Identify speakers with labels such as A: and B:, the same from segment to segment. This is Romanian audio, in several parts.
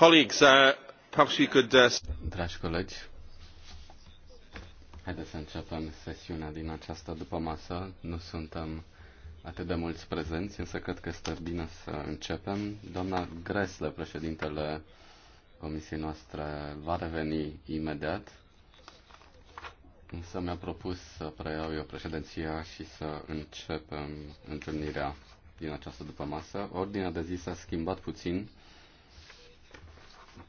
A: Uh, uh, Dragi colegi, haideți să începem sesiunea din această după masă. Nu suntem atât de mulți prezenți, însă cred că este bine să începem. Doamna Gresle, președintele comisiei noastre, va reveni imediat. Însă mi-a propus să preiau eu președinția și să începem întâlnirea din această dupămasă. Ordinea de zi s-a schimbat puțin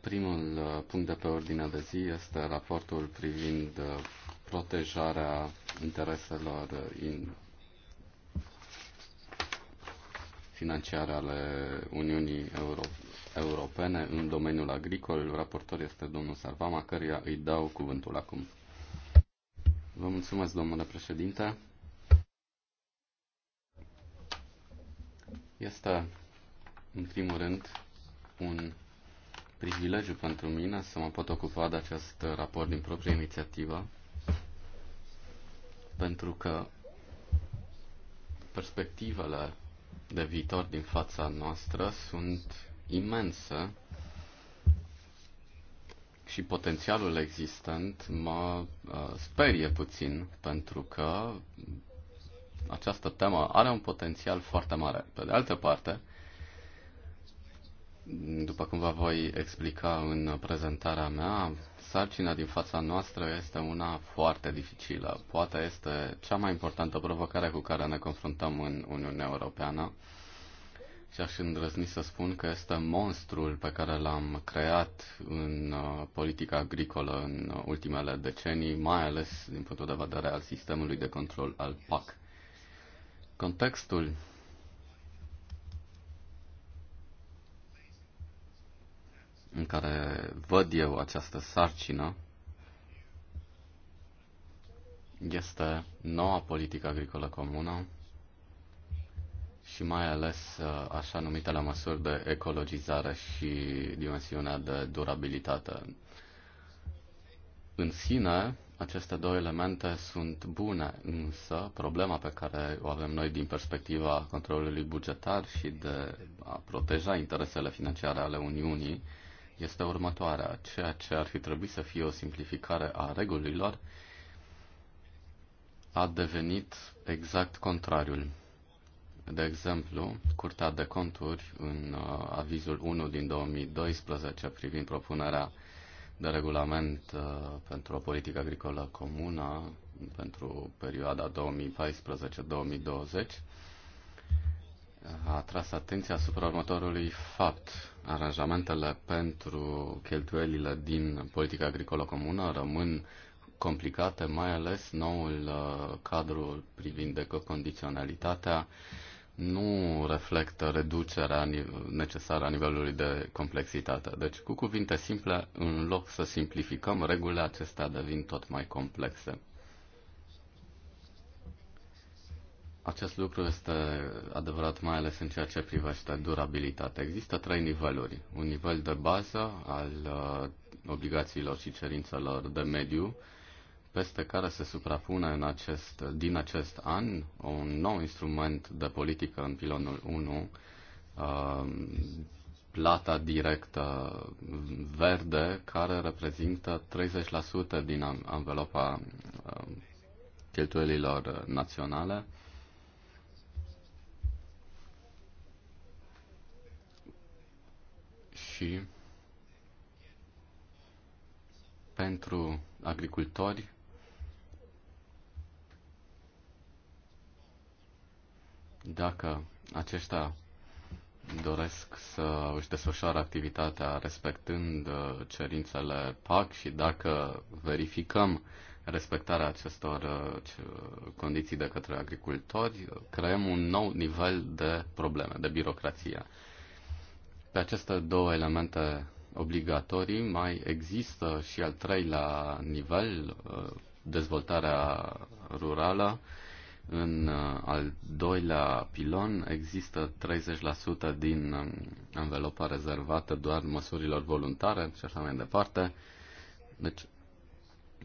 A: Primul uh, punct de pe ordinea de zi este raportul privind uh, protejarea intereselor uh, in financiare ale Uniunii Euro- Europene în domeniul agricol. Raportor este domnul Sarvama, căruia îi dau cuvântul acum. Vă mulțumesc, domnule președinte. Este, în primul rând, un privilegiu pentru mine să mă pot ocupa de acest raport din proprie inițiativă, pentru că perspectivele de viitor din fața noastră sunt imense și potențialul existent mă uh, sperie puțin pentru că această temă are un potențial foarte mare. Pe de altă parte, după cum vă voi explica în prezentarea mea, sarcina din fața noastră este una foarte dificilă. Poate este cea mai importantă provocare cu care ne confruntăm în Uniunea Europeană și aș îndrăzni să spun că este monstrul pe care l-am creat în uh, politica agricolă în ultimele decenii, mai ales din punctul de vedere al sistemului de control al PAC. Contextul în care văd eu această sarcină este noua politică agricolă comună și mai ales uh, așa numitele măsuri de ecologizare și dimensiunea de durabilitate. În sine, aceste două elemente sunt bune, însă problema pe care o avem noi din perspectiva controlului bugetar și de a proteja interesele financiare ale Uniunii este următoarea. Ceea ce ar fi trebuit să fie o simplificare a regulilor a devenit exact contrariul. De exemplu, Curtea de Conturi, în uh, avizul 1 din 2012 privind propunerea de regulament uh, pentru o politică agricolă comună pentru perioada 2014-2020, a tras atenția asupra următorului fapt aranjamentele pentru cheltuielile din politica agricolă comună rămân complicate, mai ales noul uh, cadru privind condiționalitatea nu reflectă reducerea necesară a nivelului de complexitate. Deci, cu cuvinte simple, în loc să simplificăm, regulile acestea devin tot mai complexe. Acest lucru este adevărat mai ales în ceea ce privește durabilitatea. Există trei niveluri. Un nivel de bază al uh, obligațiilor și cerințelor de mediu, peste care se suprapune în acest, din acest an un nou instrument de politică în pilonul 1, uh, plata directă verde, care reprezintă 30% din anvelopa uh, cheltuielilor naționale și pentru agricultori dacă aceștia doresc să își desfășoare activitatea respectând uh, cerințele PAC și dacă verificăm respectarea acestor uh, condiții de către agricultori, uh, creăm un nou nivel de probleme, de birocrație. Pe aceste două elemente obligatorii mai există și al treilea nivel, uh, dezvoltarea rurală. În uh, al doilea pilon există 30% din învelopa um, rezervată doar măsurilor voluntare și așa mai departe. Deci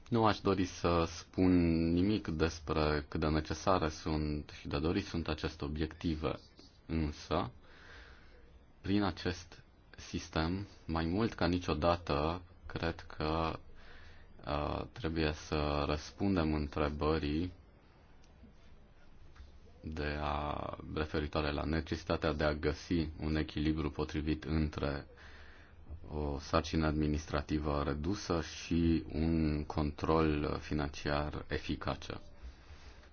A: nu aș dori să spun nimic despre cât de necesare sunt și de dorit sunt aceste obiective, însă prin acest sistem, mai mult ca niciodată, cred că uh, trebuie să răspundem întrebării de a referitoare la necesitatea de a găsi un echilibru potrivit între o sarcină administrativă redusă și un control financiar eficace.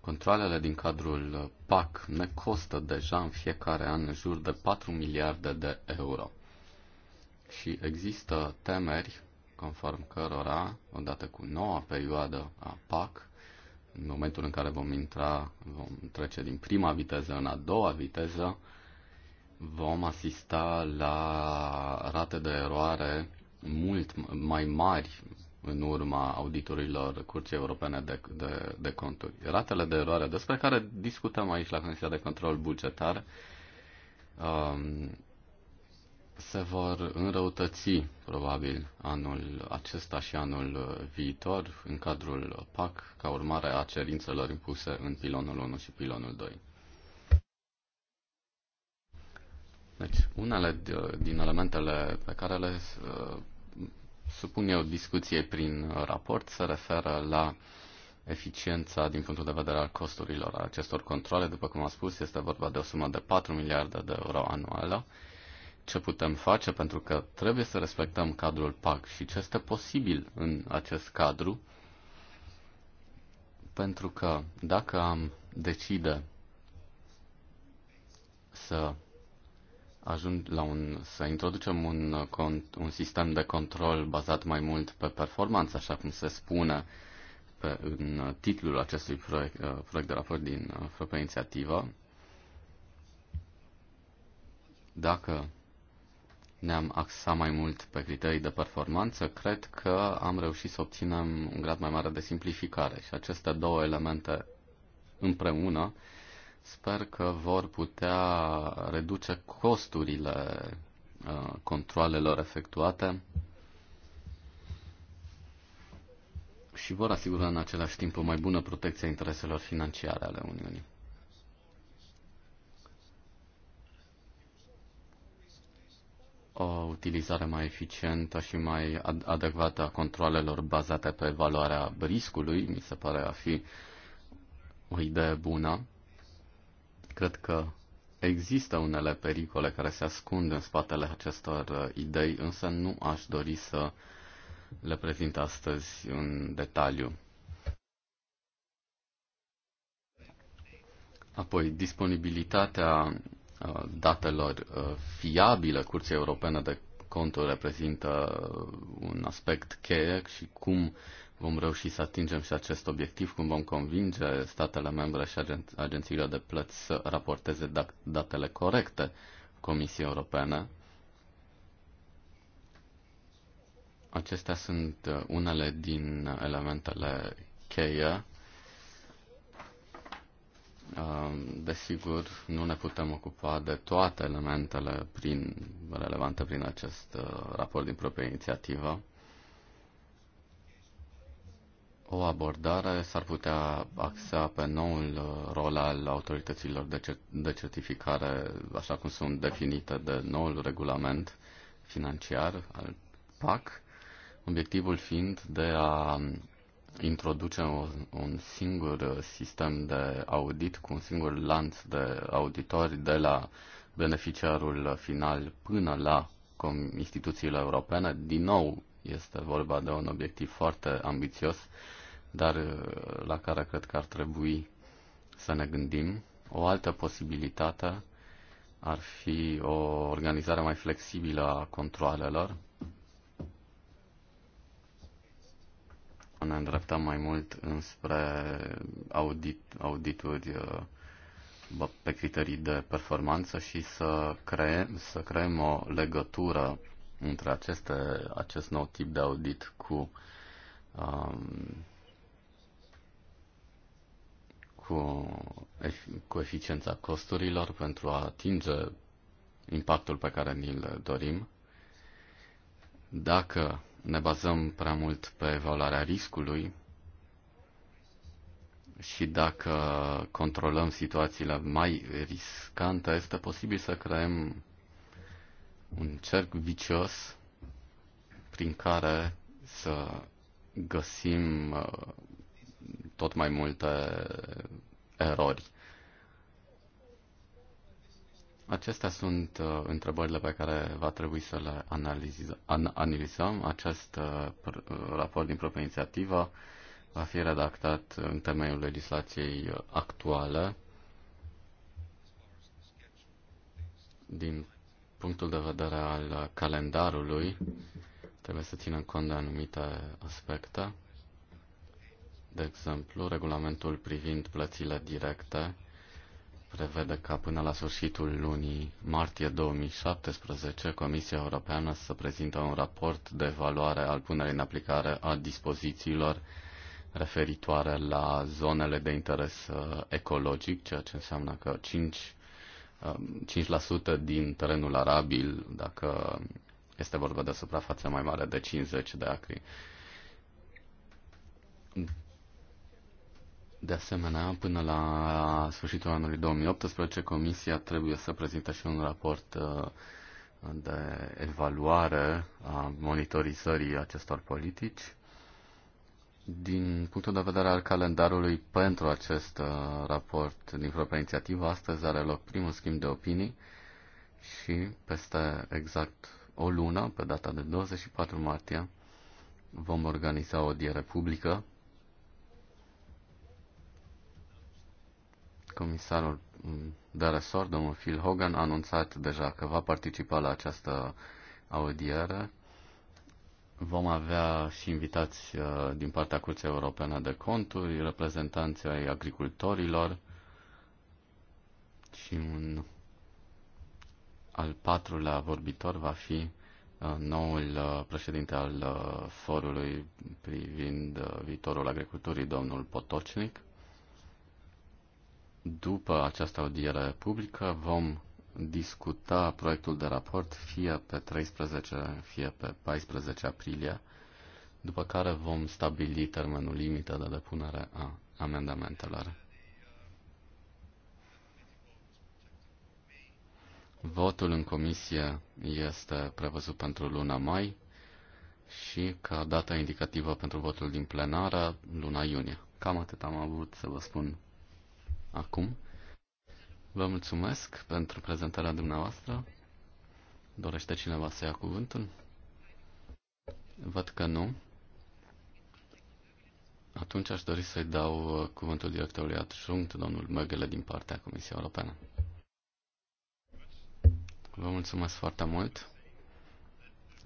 A: Controlele din cadrul PAC ne costă deja în fiecare an în jur de 4 miliarde de euro. Și există temeri conform cărora, odată cu noua perioadă a PAC, în momentul în care vom intra, vom trece din prima viteză în a doua viteză, vom asista la rate de eroare mult mai mari, în urma auditorilor Curții Europene de, de, de Conturi. Ratele de eroare despre care discutăm aici la Comisia de Control Bugetar um, se vor înrăutăți probabil anul acesta și anul viitor în cadrul PAC ca urmare a cerințelor impuse în pilonul 1 și pilonul 2. Deci, unele din elementele pe care le uh, supun eu discuție prin raport se referă la eficiența din punctul de vedere al costurilor a acestor controle. După cum am spus, este vorba de o sumă de 4 miliarde de euro anuală. Ce putem face? Pentru că trebuie să respectăm cadrul PAC și ce este posibil în acest cadru. Pentru că dacă am decide să ajung la un, să introducem un, un sistem de control bazat mai mult pe performanță, așa cum se spune pe, în titlul acestui proiect, uh, proiect de raport din uh, propria inițiativă. Dacă ne-am axat mai mult pe criterii de performanță, cred că am reușit să obținem un grad mai mare de simplificare și aceste două elemente împreună uh, Sper că vor putea reduce costurile uh, controlelor efectuate și vor asigura în același timp o mai bună protecție a intereselor financiare ale Uniunii. o utilizare mai eficientă și mai adecvată a controlelor bazate pe evaluarea riscului, mi se pare a fi o idee bună Cred că există unele pericole care se ascund în spatele acestor uh, idei, însă nu aș dori să le prezint astăzi în detaliu. Apoi, disponibilitatea uh, datelor uh, fiabile Curții Europene de Conturi reprezintă un aspect cheie și cum vom reuși să atingem și acest obiectiv, cum vom convinge statele membre și agen- agențiile de plăți să raporteze datele corecte Comisiei Europene. Acestea sunt uh, unele din elementele cheie. Uh, desigur, nu ne putem ocupa de toate elementele prin, relevante prin acest uh, raport din proprie inițiativă o abordare s-ar putea axa pe noul uh, rol al autorităților de, cer- de certificare, așa cum sunt definite de noul regulament financiar al PAC, obiectivul fiind de a um, introduce un, un singur uh, sistem de audit cu un singur lanț de auditori de la beneficiarul final până la instituțiile europene. Din nou, este vorba de un obiectiv foarte ambițios dar uh, la care cred că ar trebui să ne gândim. O altă posibilitate ar fi o organizare mai flexibilă a controlelor. Ne îndreptăm mai mult înspre audit, audituri uh, pe criterii de performanță și să, creem, să creăm o legătură între aceste, acest nou tip de audit cu um, cu, cu eficiența costurilor pentru a atinge impactul pe care ni-l dorim. Dacă ne bazăm prea mult pe evaluarea riscului și dacă controlăm situațiile mai riscante, este posibil să creăm un cerc vicios prin care să găsim uh, tot mai multe erori. Acestea sunt uh, întrebările pe care va trebui să le analizăm. An- analizăm. Acest uh, raport din propria inițiativă va fi redactat în temeiul legislației actuale. Din punctul de vedere al calendarului, trebuie să ținem cont de anumite aspecte de exemplu, regulamentul privind plățile directe prevede ca până la sfârșitul lunii martie 2017 Comisia Europeană să prezintă un raport de evaluare al punerii în aplicare a dispozițiilor referitoare la zonele de interes uh, ecologic, ceea ce înseamnă că 5, 5% uh, din terenul arabil, dacă este vorba de suprafața mai mare de 50 de acri. De asemenea, până la sfârșitul anului 2018, Comisia trebuie să prezinte și un raport uh, de evaluare a monitorizării acestor politici. Din punctul de vedere al calendarului pentru acest uh, raport din propria inițiativă, astăzi are loc primul schimb de opinii și peste exact o lună, pe data de 24 martie, vom organiza o diere publică comisarul de resort, domnul Phil Hogan, a anunțat deja că va participa la această audiere. Vom avea și invitați uh, din partea Curții Europene de Conturi, reprezentanții ai agricultorilor și un al patrulea vorbitor va fi uh, noul uh, președinte al forului privind viitorul agriculturii, domnul Potocnic. După această audiere publică vom discuta proiectul de raport fie pe 13, fie pe 14 aprilie, după care vom stabili termenul limită de depunere a amendamentelor. Votul în comisie este prevăzut pentru luna mai și ca data indicativă pentru votul din plenară luna iunie. Cam atât am avut să vă spun acum. Vă mulțumesc pentru prezentarea dumneavoastră. Dorește cineva să ia cuvântul? Văd că nu. Atunci aș dori să-i dau uh, cuvântul directorului adjunct, domnul Măgele, din partea Comisiei Europene. Vă mulțumesc foarte mult.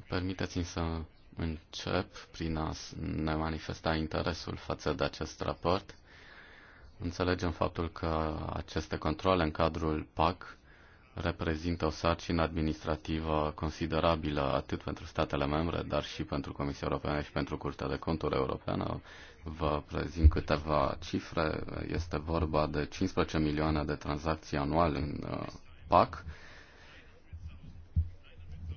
A: Permiteți-mi să încep prin a ne manifesta interesul față de acest raport Înțelegem faptul că aceste controle în cadrul PAC reprezintă o sarcină administrativă considerabilă atât pentru statele membre, dar și pentru Comisia Europeană și pentru Curtea de Conturi Europeană. Vă prezint câteva cifre. Este vorba de 15 milioane de tranzacții anual în uh, PAC,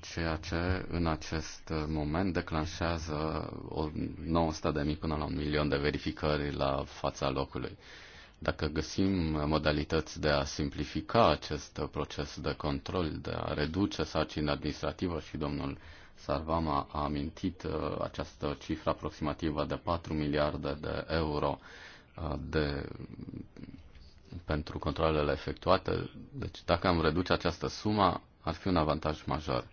A: ceea ce în acest moment declanșează 900.000 până la un milion de verificări la fața locului. Dacă găsim modalități de a simplifica acest proces de control, de a reduce sarcina administrativă și domnul Sarvama a amintit uh, această cifră aproximativă de 4 miliarde de euro uh, de, pentru controlele efectuate. Deci dacă am reduce această sumă, ar fi un avantaj major.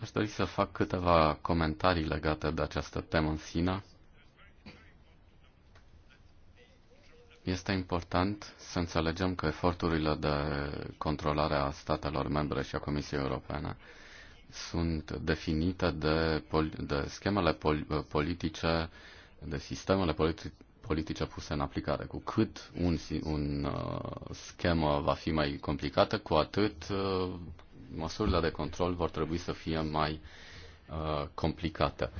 A: Aș dori să fac câteva comentarii legate de această temă în sine. Este important să înțelegem că eforturile de controlare a statelor membre și a Comisiei Europene sunt definite de, de schemele pol- politice, de sistemele politi- politice puse în aplicare. Cu cât un, un uh, schemă va fi mai complicată, cu atât uh, măsurile de control vor trebui să fie mai uh, complicate.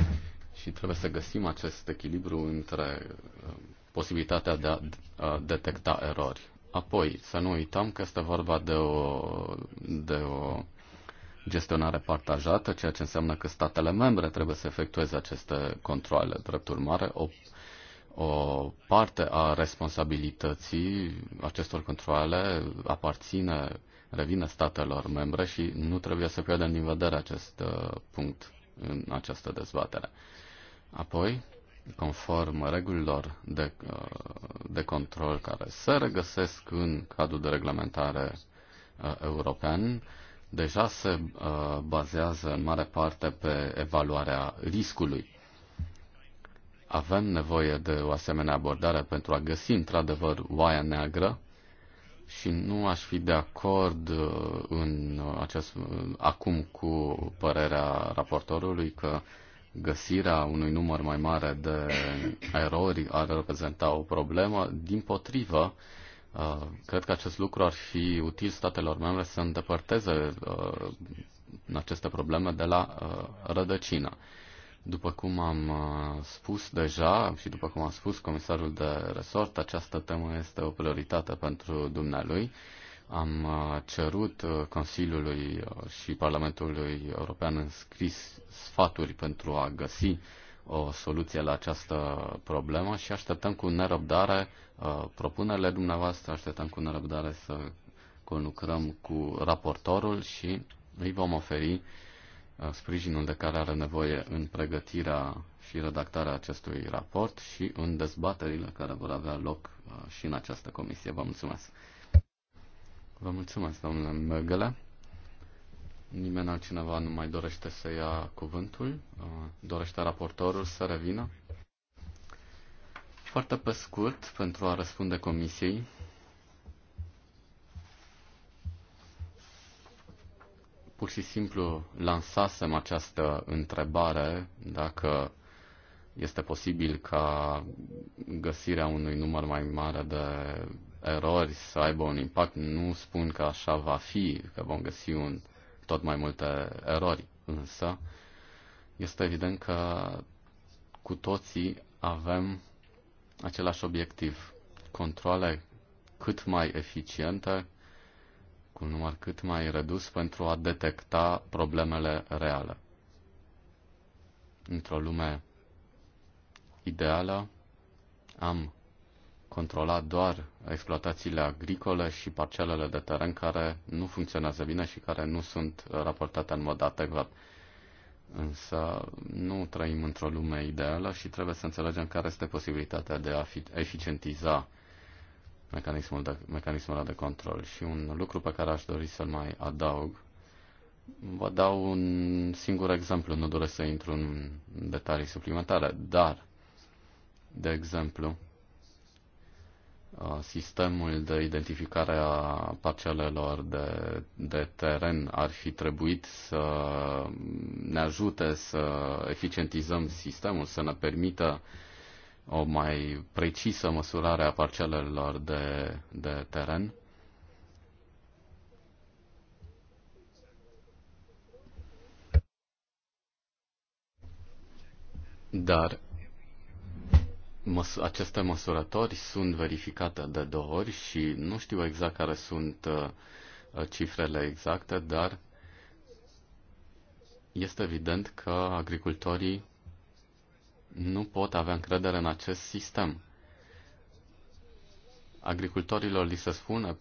A: Și trebuie să găsim acest echilibru între uh, posibilitatea de a detecta erori. Apoi, să nu uităm că este vorba de o, de o gestionare partajată, ceea ce înseamnă că statele membre trebuie să efectueze aceste controle. Drept urmare, o, o parte a responsabilității acestor controle aparține, revine statelor membre și nu trebuie să pierdem din vedere acest uh, punct în această dezbatere. Apoi, conform regulilor de, uh, de control care se regăsesc în cadrul de reglementare uh, european, deja se uh, bazează în mare parte pe evaluarea riscului. Avem nevoie de o asemenea abordare pentru a găsi într-adevăr oaia neagră și nu aș fi de acord în acest, acum cu părerea raportorului că uh, găsirea unui număr mai mare de erori ar reprezenta o problemă. Din potrivă, uh, cred că acest lucru ar fi util statelor membre să îndepărteze uh, aceste probleme de la uh, rădăcină. După cum am spus deja și după cum a spus comisarul de resort, această temă este o prioritate pentru dumnealui. Am uh, cerut uh, Consiliului uh, și Parlamentului European în scris sfaturi pentru a găsi o soluție la această problemă și așteptăm cu nerăbdare propunerile dumneavoastră, așteptăm cu nerăbdare să conlucrăm cu raportorul și îi vom oferi sprijinul de care are nevoie în pregătirea și redactarea acestui raport și în dezbaterile care vor avea loc și în această comisie. Vă mulțumesc! Vă mulțumesc, domnule Mergele. Nimeni altcineva nu mai dorește să ia cuvântul? Dorește raportorul să revină? Foarte pe scurt, pentru a răspunde comisiei, pur și simplu lansasem această întrebare dacă este posibil ca găsirea unui număr mai mare de erori să aibă un impact, nu spun că așa va fi, că vom găsi un, tot mai multe erori, însă este evident că cu toții avem același obiectiv, controle cât mai eficiente, cu un număr cât mai redus pentru a detecta problemele reale. Într-o lume ideală am controla doar exploatațiile agricole și parcelele de teren care nu funcționează bine și care nu sunt raportate în mod adecvat. Însă nu trăim într-o lume ideală și trebuie să înțelegem care este posibilitatea de a eficientiza mecanismul de, mecanismul de control. Și un lucru pe care aș dori să-l mai adaug, vă dau un singur exemplu, nu doresc să intru în detalii suplimentare, dar, de exemplu, Uh, sistemul de identificare a parcelelor de, de teren ar fi trebuit să ne ajute să eficientizăm sistemul, să ne permită o mai precisă măsurare a parcelelor de, de teren. Dar măs- aceste măsurători sunt verificate de două ori și nu știu exact care sunt uh, cifrele exacte, dar este evident că agricultorii nu pot avea încredere în acest sistem. Agricultorilor li se spune,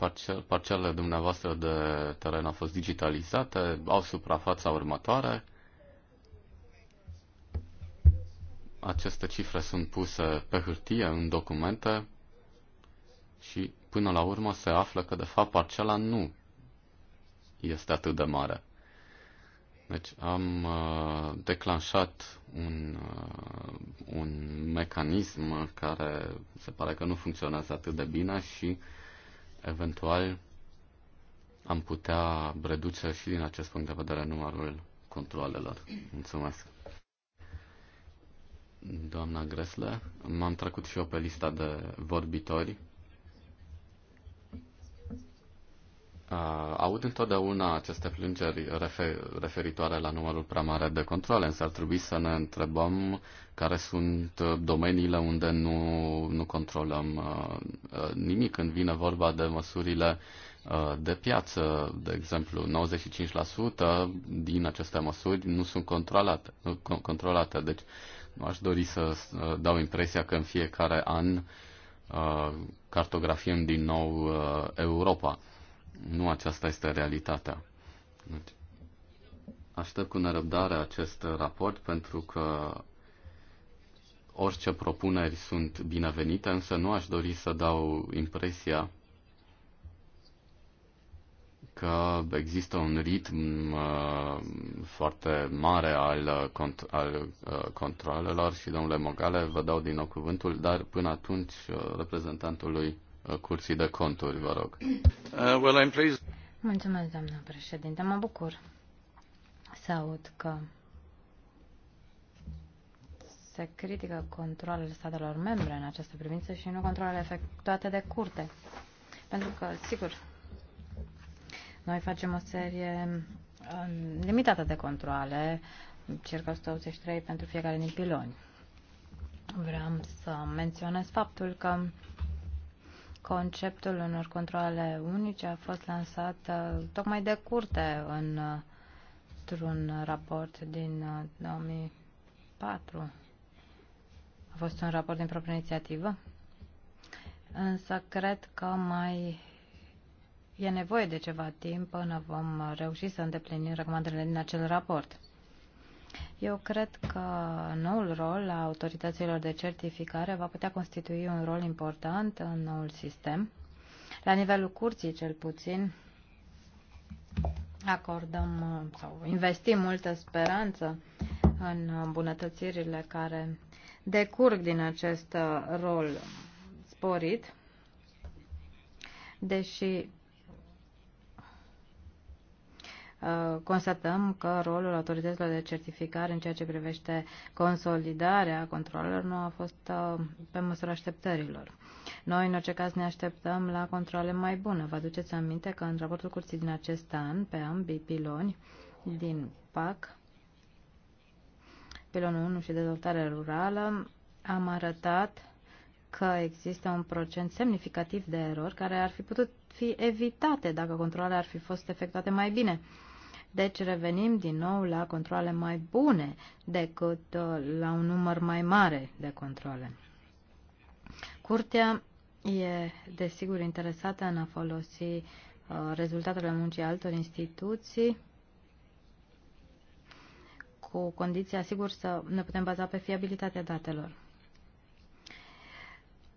A: parcelele dumneavoastră de teren au fost digitalizate, au suprafața următoare, aceste cifre sunt puse pe hârtie, în documente și până la urmă se află că de fapt parcela nu este atât de mare. Deci am uh, declanșat un, uh, un mecanism care se pare că nu funcționează atât de bine și eventual am putea reduce și din acest punct de vedere numărul controlelor. Mulțumesc! doamna Gresle. M-am trecut și eu pe lista de vorbitori. Uh, aud întotdeauna aceste plângeri refer, referitoare la numărul prea mare de controle, însă ar trebui să ne întrebăm care sunt domeniile unde nu, nu controlăm uh, nimic când vine vorba de măsurile uh, de piață. De exemplu, 95% din aceste măsuri nu sunt controlate. Nu, controlate. Deci, uh, nu aș dori să dau impresia că în fiecare an uh, cartografiem din nou uh, Europa. Nu aceasta este realitatea. Deci, aștept cu nerăbdare acest raport pentru că orice propuneri sunt binevenite, însă nu aș dori să dau impresia că există un ritm uh, foarte mare al, uh, cont- al uh, controlelor și, domnule Mogale, vă dau din nou cuvântul, dar până atunci uh, reprezentantului uh, Curții de Conturi, vă rog.
B: Uh, well, I'm pleased.
C: Mulțumesc, doamnă președinte. Mă bucur să aud că se critică controlele statelor membre în această privință și nu controlele efectuate de curte. Pentru că, sigur, noi facem o serie uh, limitată de controle, circa 183 pentru fiecare din piloni. Vreau să menționez faptul că conceptul unor controle unice a fost lansat uh, tocmai de curte în uh, într-un raport din 2004. A fost un raport din proprie inițiativă. Însă cred că mai E nevoie de ceva timp până vom reuși să îndeplinim recomandările din acel raport. Eu cred că noul rol a autorităților de certificare va putea constitui un rol important în noul sistem. La nivelul curții, cel puțin, acordăm sau investim multă speranță în îmbunătățirile care decurg din acest rol sporit, deși Uh, constatăm că rolul autorităților de certificare în ceea ce privește consolidarea controlelor nu a fost uh, pe măsura așteptărilor. Noi, în orice caz, ne așteptăm la controle mai bune. Vă aduceți aminte că în raportul curții din acest an, pe ambii piloni din PAC, pilonul 1 și dezvoltare rurală, am arătat că există un procent semnificativ de erori care ar fi putut fi evitate dacă controlele ar fi fost efectuate mai bine. Deci revenim din nou la controle mai bune decât uh, la un număr mai mare de controle. Curtea e, desigur, interesată în a folosi uh, rezultatele muncii altor instituții cu condiția, sigur, să ne putem baza pe fiabilitatea datelor.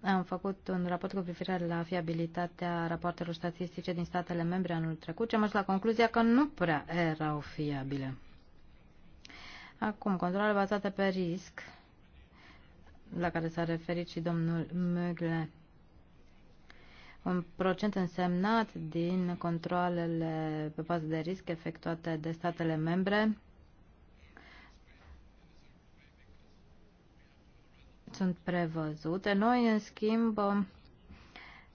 C: Am făcut un raport cu privire la fiabilitatea rapoartelor statistice din statele membre anul trecut și am ajuns la concluzia că nu prea erau fiabile. Acum, controlele bazate pe risc, la care s-a referit și domnul Mugle, un procent însemnat din controlele pe bază de risc efectuate de statele membre sunt prevăzute. Noi, în schimb,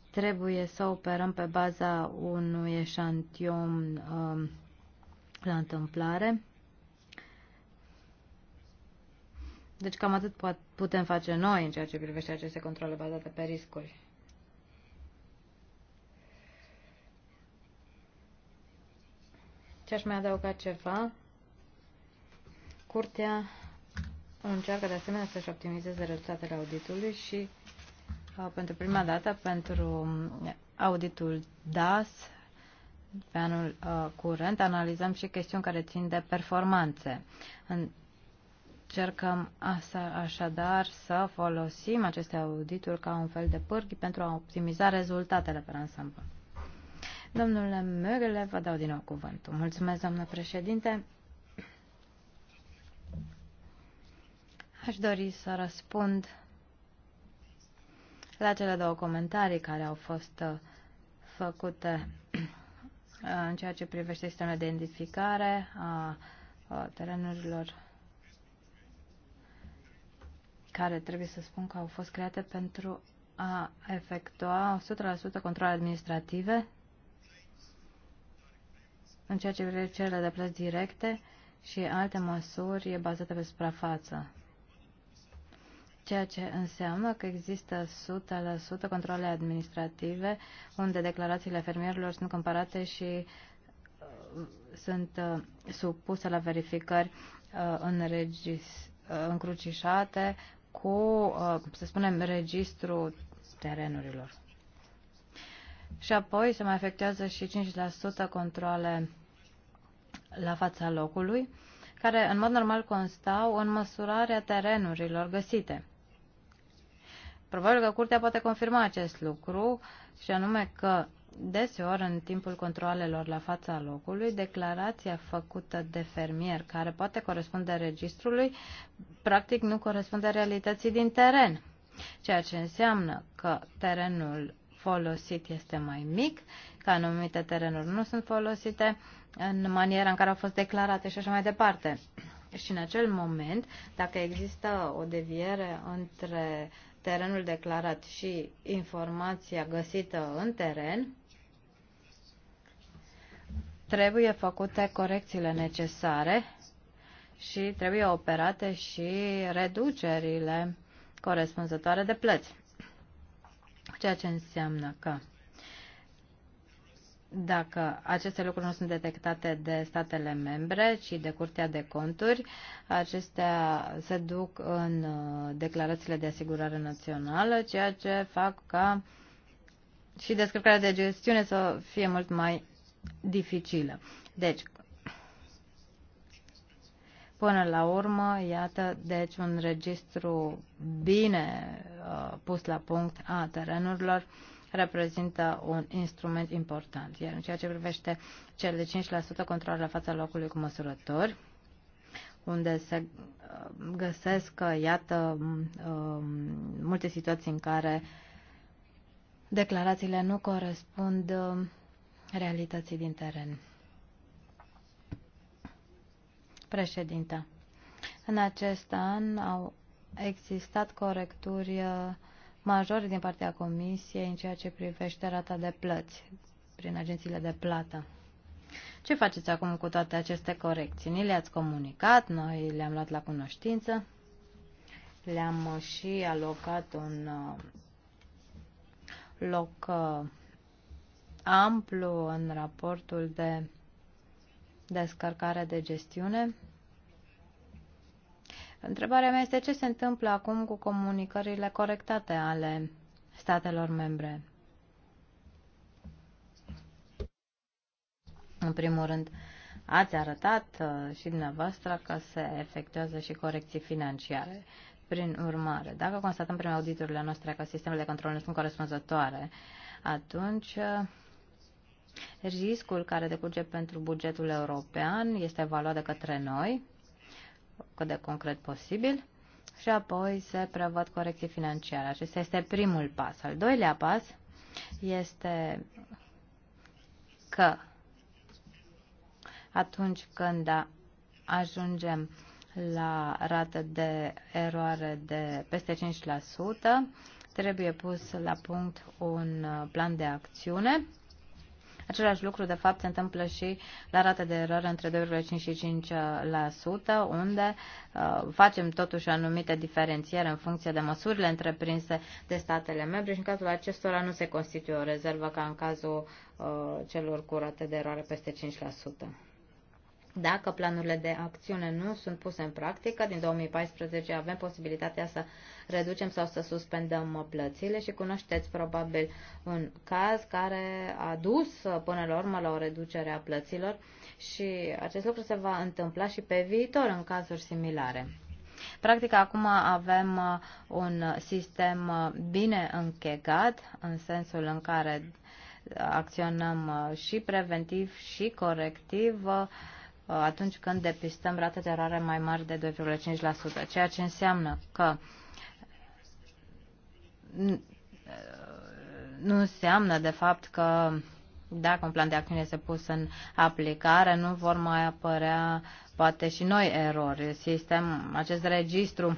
C: trebuie să operăm pe baza unui eșantion um, la întâmplare. Deci cam atât putem face noi în ceea ce privește aceste controle bazate pe riscuri. Ce aș mai adăuga ceva? Curtea încearcă de asemenea să-și optimizeze rezultatele auditului și uh, pentru prima dată pentru uh, auditul DAS pe anul uh, curent analizăm și chestiuni care țin de performanțe. Încercăm asa, așadar să folosim aceste audituri ca un fel de pârghi pentru a optimiza rezultatele pe ansamblu. Domnule Mögele, vă dau din nou cuvântul. Mulțumesc, doamnă președinte. Aș dori să răspund la cele două comentarii care au fost uh, făcute uh, în ceea ce privește sistemele de identificare a terenurilor care trebuie să spun că au fost create pentru a efectua 100% controle administrative în ceea ce privește cele de plăți directe și alte măsuri bazate pe suprafață ceea ce înseamnă că există 100% controle administrative unde declarațiile fermierilor sunt comparate și uh, sunt uh, supuse la verificări uh, înregis, încrucișate cu, să spunem, registrul terenurilor. Și apoi se mai efectuează și 5% controle la fața locului, care în mod normal constau în măsurarea terenurilor găsite. Probabil că curtea poate confirma acest lucru și anume că deseori în timpul controalelor la fața locului, declarația făcută de fermier care poate corespunde registrului, practic nu corespunde realității din teren. Ceea ce înseamnă că terenul folosit este mai mic, că anumite terenuri nu sunt folosite în maniera în care au fost declarate și așa mai departe. Și în acel moment, dacă există o deviere între terenul declarat și informația găsită în teren, trebuie făcute corecțiile necesare și trebuie operate și reducerile corespunzătoare de plăți. Ceea ce înseamnă că dacă aceste lucruri nu sunt detectate de statele membre, ci de Curtea de Conturi, acestea se duc în uh, declarațiile de asigurare națională, ceea ce fac ca și descărcarea de gestiune să fie mult mai dificilă. Deci, până la urmă, iată, deci un registru bine uh, pus la punct a terenurilor uh, reprezintă un instrument important. Iar în ceea ce privește cele de 5% control la fața locului cu măsurători, unde se uh, găsesc, iată, um, multe situații în care declarațiile nu corespund uh, realității din teren. Președinte, în acest an au existat corecturi uh, majore din partea Comisiei în ceea ce privește rata de plăți prin agențiile de plată. Ce faceți acum cu toate aceste corecții? Ni le-ați comunicat, noi le-am luat la cunoștință, le-am și alocat un uh, loc uh, amplu în raportul de descărcare de gestiune Întrebarea mea este ce se întâmplă acum cu comunicările corectate ale statelor membre. În primul rând, ați arătat uh, și dumneavoastră că se efectuează și corecții financiare. Prin urmare, dacă constatăm prin auditurile noastre că sistemele de control nu sunt corespunzătoare, atunci uh, riscul care decurge pentru bugetul european este evaluat de către noi cât de concret posibil și apoi se prevăd corecții financiare. Acesta este primul pas. Al doilea pas este că atunci când ajungem la rată de eroare de peste 5%, trebuie pus la punct un plan de acțiune Același lucru, de fapt, se întâmplă și la rate de eroare între 2,5 și 5%, unde uh, facem totuși anumite diferențiere în funcție de măsurile întreprinse de statele membre și în cazul acestora nu se constituie o rezervă ca în cazul uh, celor cu rate de eroare peste 5%. Dacă planurile de acțiune nu sunt puse în practică, din 2014 avem posibilitatea să reducem sau să suspendăm plățile și cunoașteți probabil un caz care a dus până la urmă la o reducere a plăților și acest lucru se va întâmpla și pe viitor în cazuri similare. Practic, acum avem uh, un sistem uh, bine închegat, în sensul în care uh, acționăm și preventiv și corectiv Uh, atunci când depistăm rate de eroare mai mari de 2,5%, ceea ce înseamnă că uh, nu înseamnă de fapt că dacă un plan de acțiune este pus în aplicare, nu vor mai apărea poate și noi erori. Sistem, acest registru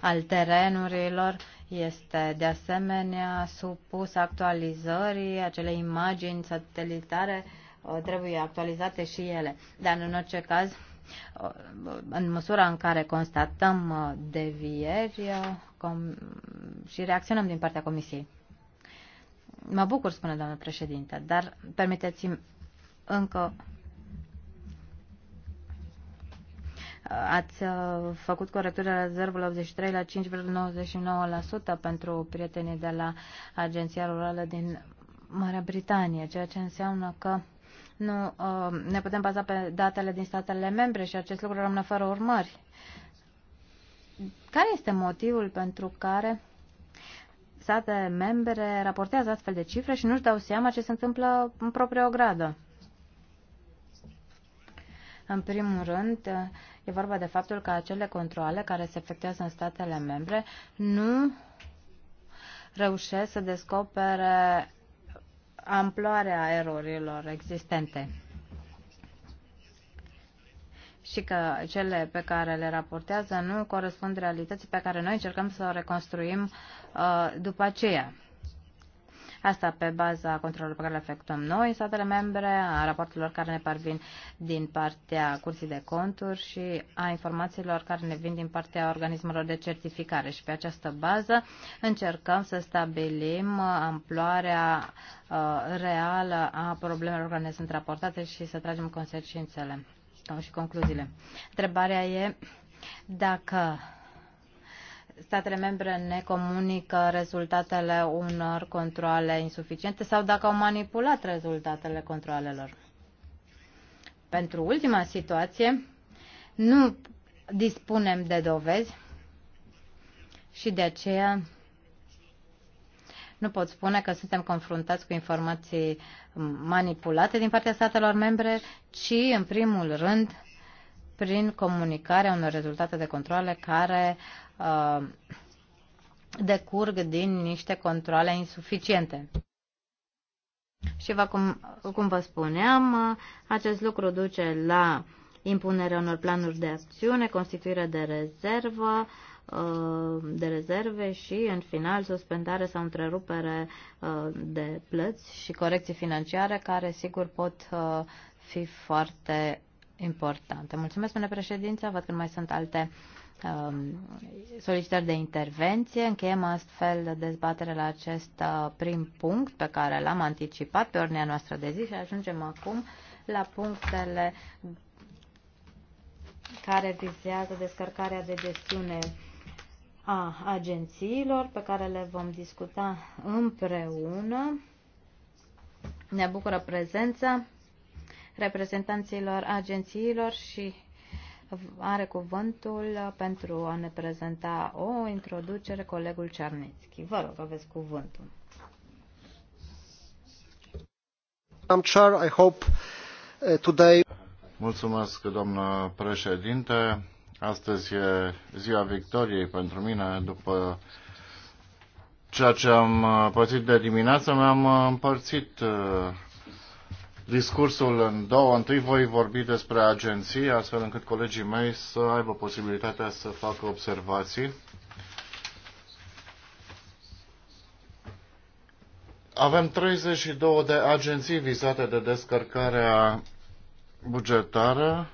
C: al terenurilor este de asemenea supus actualizării acelei imagini satelitare uh, Uh, trebuie actualizate și ele. Dar în orice caz, uh, în măsura în care constatăm uh, devieri și reacționăm din partea Comisiei. Mă bucur, spune doamnă președinte, dar permiteți-mi încă Ați făcut corectura la 83 la 5,99% pentru prietenii de la Agenția Rurală din Marea Britanie, ceea ce înseamnă că nu uh, ne putem baza pe datele din statele membre și acest lucru rămâne fără urmări. Care este motivul pentru care state membre raportează astfel de cifre și nu-și dau seama ce se întâmplă în propria ogradă? În primul rând, e vorba de faptul că acele controle care se efectuează în statele membre nu reușesc să descopere amploarea erorilor existente și că cele pe care le raportează nu corespund realității pe care noi încercăm să o reconstruim uh, după aceea. Asta pe baza controlului pe care le efectuăm noi, statele membre, a raportelor care ne parvin din partea Curții de Conturi și a informațiilor care ne vin din partea organismelor de certificare. Și pe această bază încercăm să stabilim amploarea uh, reală a problemelor care ne sunt raportate și să tragem consecințele și concluziile. Întrebarea e dacă statele membre ne comunică rezultatele unor controle insuficiente sau dacă au manipulat rezultatele controlelor. Pentru ultima situație, nu dispunem de dovezi și de aceea nu pot spune că suntem confruntați cu informații manipulate din partea statelor membre, ci, în primul rând, prin comunicarea unor rezultate de controle care uh, decurg din niște controle insuficiente. Și va, cum, cum vă spuneam, acest lucru duce la impunerea unor planuri de acțiune, constituirea de rezervă, uh, de rezerve și, în final, suspendare sau întrerupere uh, de plăți și corecții financiare, care, sigur, pot fi foarte importantă. Mulțumesc, domnule președință. Văd că mai sunt alte um, solicitări de intervenție. Încheiem astfel dezbaterea la acest uh, prim punct pe care l-am anticipat pe ordinea noastră de zi și ajungem acum la punctele care vizează descărcarea de gestiune a agențiilor pe care le vom discuta împreună. Ne bucură prezența reprezentanților agențiilor și are cuvântul pentru a ne prezenta o introducere colegul Cernețchi. Vă rog, aveți cuvântul. I hope uh, today...
B: Mulțumesc, doamnă președinte. Astăzi e ziua victoriei pentru mine. După ceea ce am uh, pățit de dimineață, mi-am uh, împărțit discursul în două. Întâi voi vorbi despre agenții, astfel încât colegii mei să aibă posibilitatea să facă observații. Avem 32 de agenții vizate de descărcarea bugetară.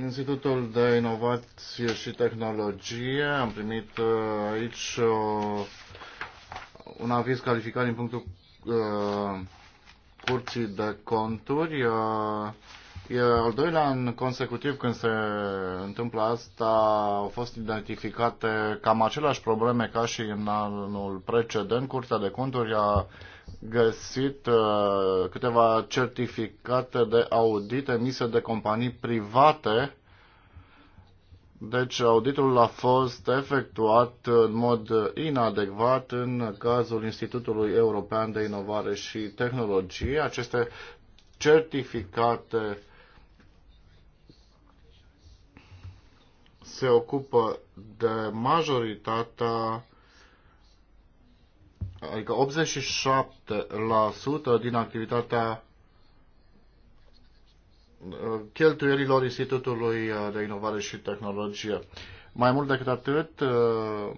B: Institutul de Inovație și Tehnologie. Am primit uh, aici uh, un aviz calificat din punctul Uh, curții de conturi. Uh, e al doilea an consecutiv când se întâmplă asta au fost identificate cam aceleași probleme ca și în anul precedent. Curtea de conturi a găsit uh, câteva certificate de audit emise de companii private deci auditul a fost efectuat în mod inadecvat în cazul Institutului European de Inovare și Tehnologie. Aceste certificate se ocupă de majoritatea, adică 87% din activitatea cheltuielilor Institutului de Inovare și Tehnologie. Mai mult decât atât, uh,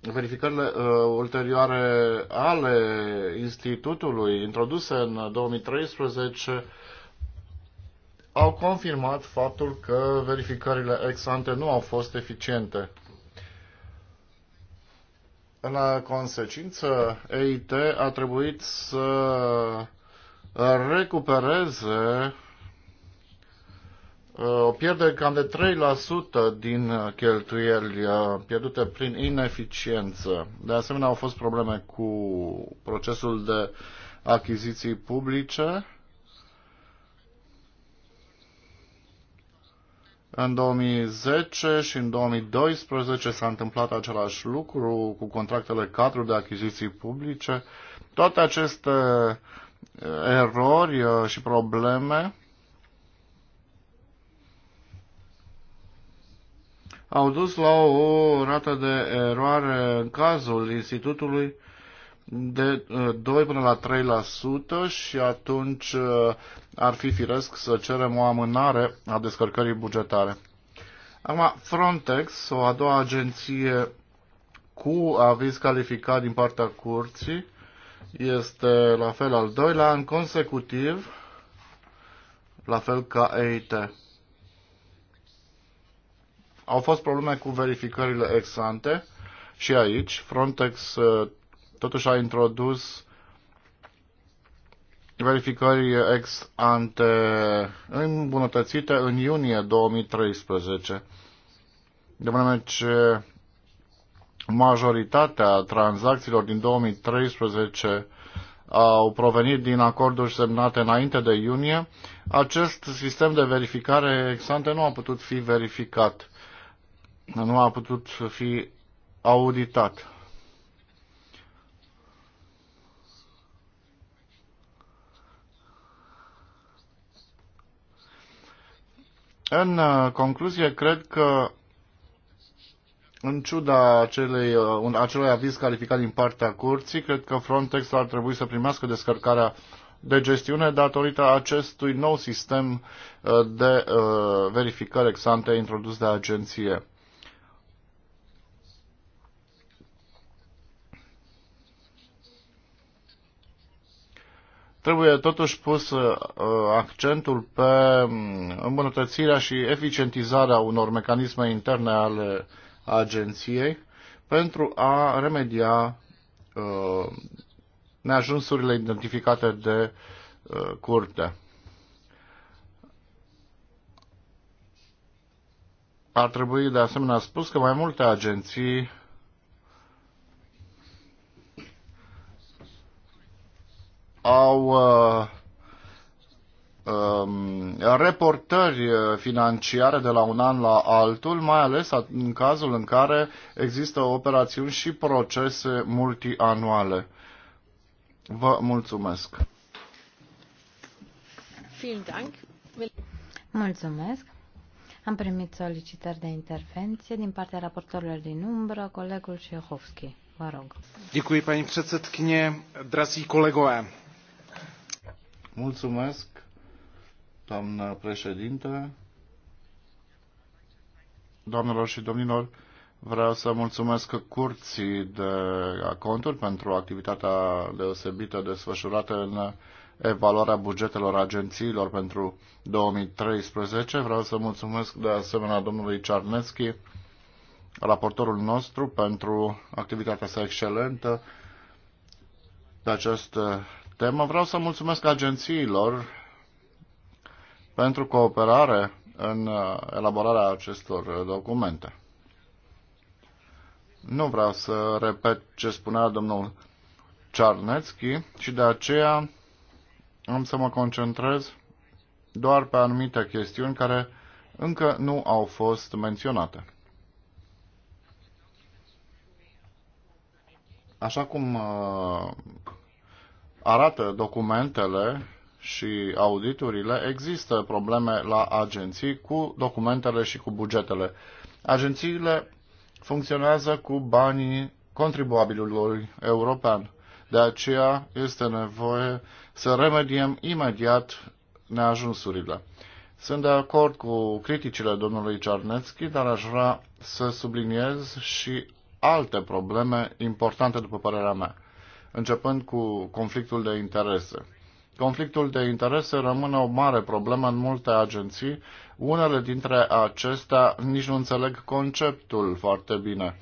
B: verificările uh, ulterioare ale Institutului introduse în 2013 au confirmat faptul că verificările ex ante nu au fost eficiente. În consecință, EIT a trebuit să recupereze Uh, o pierdere cam de 3% din uh, cheltuieli uh, pierdute prin ineficiență. De asemenea, au fost probleme cu procesul de achiziții publice. În 2010 și în 2012 s-a întâmplat același lucru cu contractele 4 de achiziții publice. Toate aceste erori și probleme au dus la o rată de eroare în cazul institutului de 2 uh, până la 3% și atunci uh, ar fi firesc să cerem o amânare a descărcării bugetare. Acum, Frontex, o a doua agenție cu aviz calificat din partea curții, este la fel al doilea an consecutiv, la fel ca EIT. Au fost probleme cu verificările ex ante și aici Frontex uh, totuși a introdus verificări ex ante îmbunătățite în iunie 2013. De vreme ce majoritatea tranzacțiilor din 2013 au provenit din acorduri semnate înainte de iunie, acest sistem de verificare ex ante nu a putut fi verificat nu a putut fi auditat. În uh, concluzie, cred că în ciuda acelei, uh, acelui aviz calificat din partea curții, cred că Frontex ar trebui să primească descărcarea de gestiune datorită acestui nou sistem uh, de verificare ex introdus de agenție. Trebuie totuși pus uh, accentul pe mm, îmbunătățirea și eficientizarea unor mecanisme interne ale agenției pentru a remedia uh, neajunsurile identificate de uh, curte. Ar trebui de asemenea spus că mai multe agenții au uh, um, reportări financiare de la un an la altul, mai ales în cazul în care există operațiuni și procese multianuale. Vă mulțumesc!
C: Mulțumesc! Am primit solicitări de intervenție din partea raportorilor din umbră, colegul Șehovski. Vă rog.
B: Děkuji, paní předsedkyně, drazí kolegové Mulțumesc, doamnă președinte. Doamnelor și domnilor, vreau să mulțumesc curții de conturi pentru activitatea deosebită desfășurată în evaluarea bugetelor agențiilor pentru 2013. Vreau să mulțumesc de asemenea domnului Cerneschi, raportorul nostru, pentru activitatea sa excelentă pe acest temă. Vreau să mulțumesc agențiilor pentru cooperare în uh, elaborarea acestor uh, documente. Nu vreau să repet ce spunea domnul Czarnecki și de aceea am să mă concentrez doar pe anumite chestiuni care încă nu au fost menționate. Așa cum uh, arată documentele și auditurile, există probleme la agenții cu documentele și cu bugetele. Agențiile funcționează cu banii contribuabilului european. De aceea este nevoie să remediem imediat neajunsurile. Sunt de acord cu criticile domnului Cernețchi, dar aș vrea să subliniez și alte probleme importante, după părerea mea începând cu conflictul de interese. Conflictul de interese rămâne o mare problemă în multe agenții. Unele dintre acestea nici nu înțeleg conceptul foarte bine.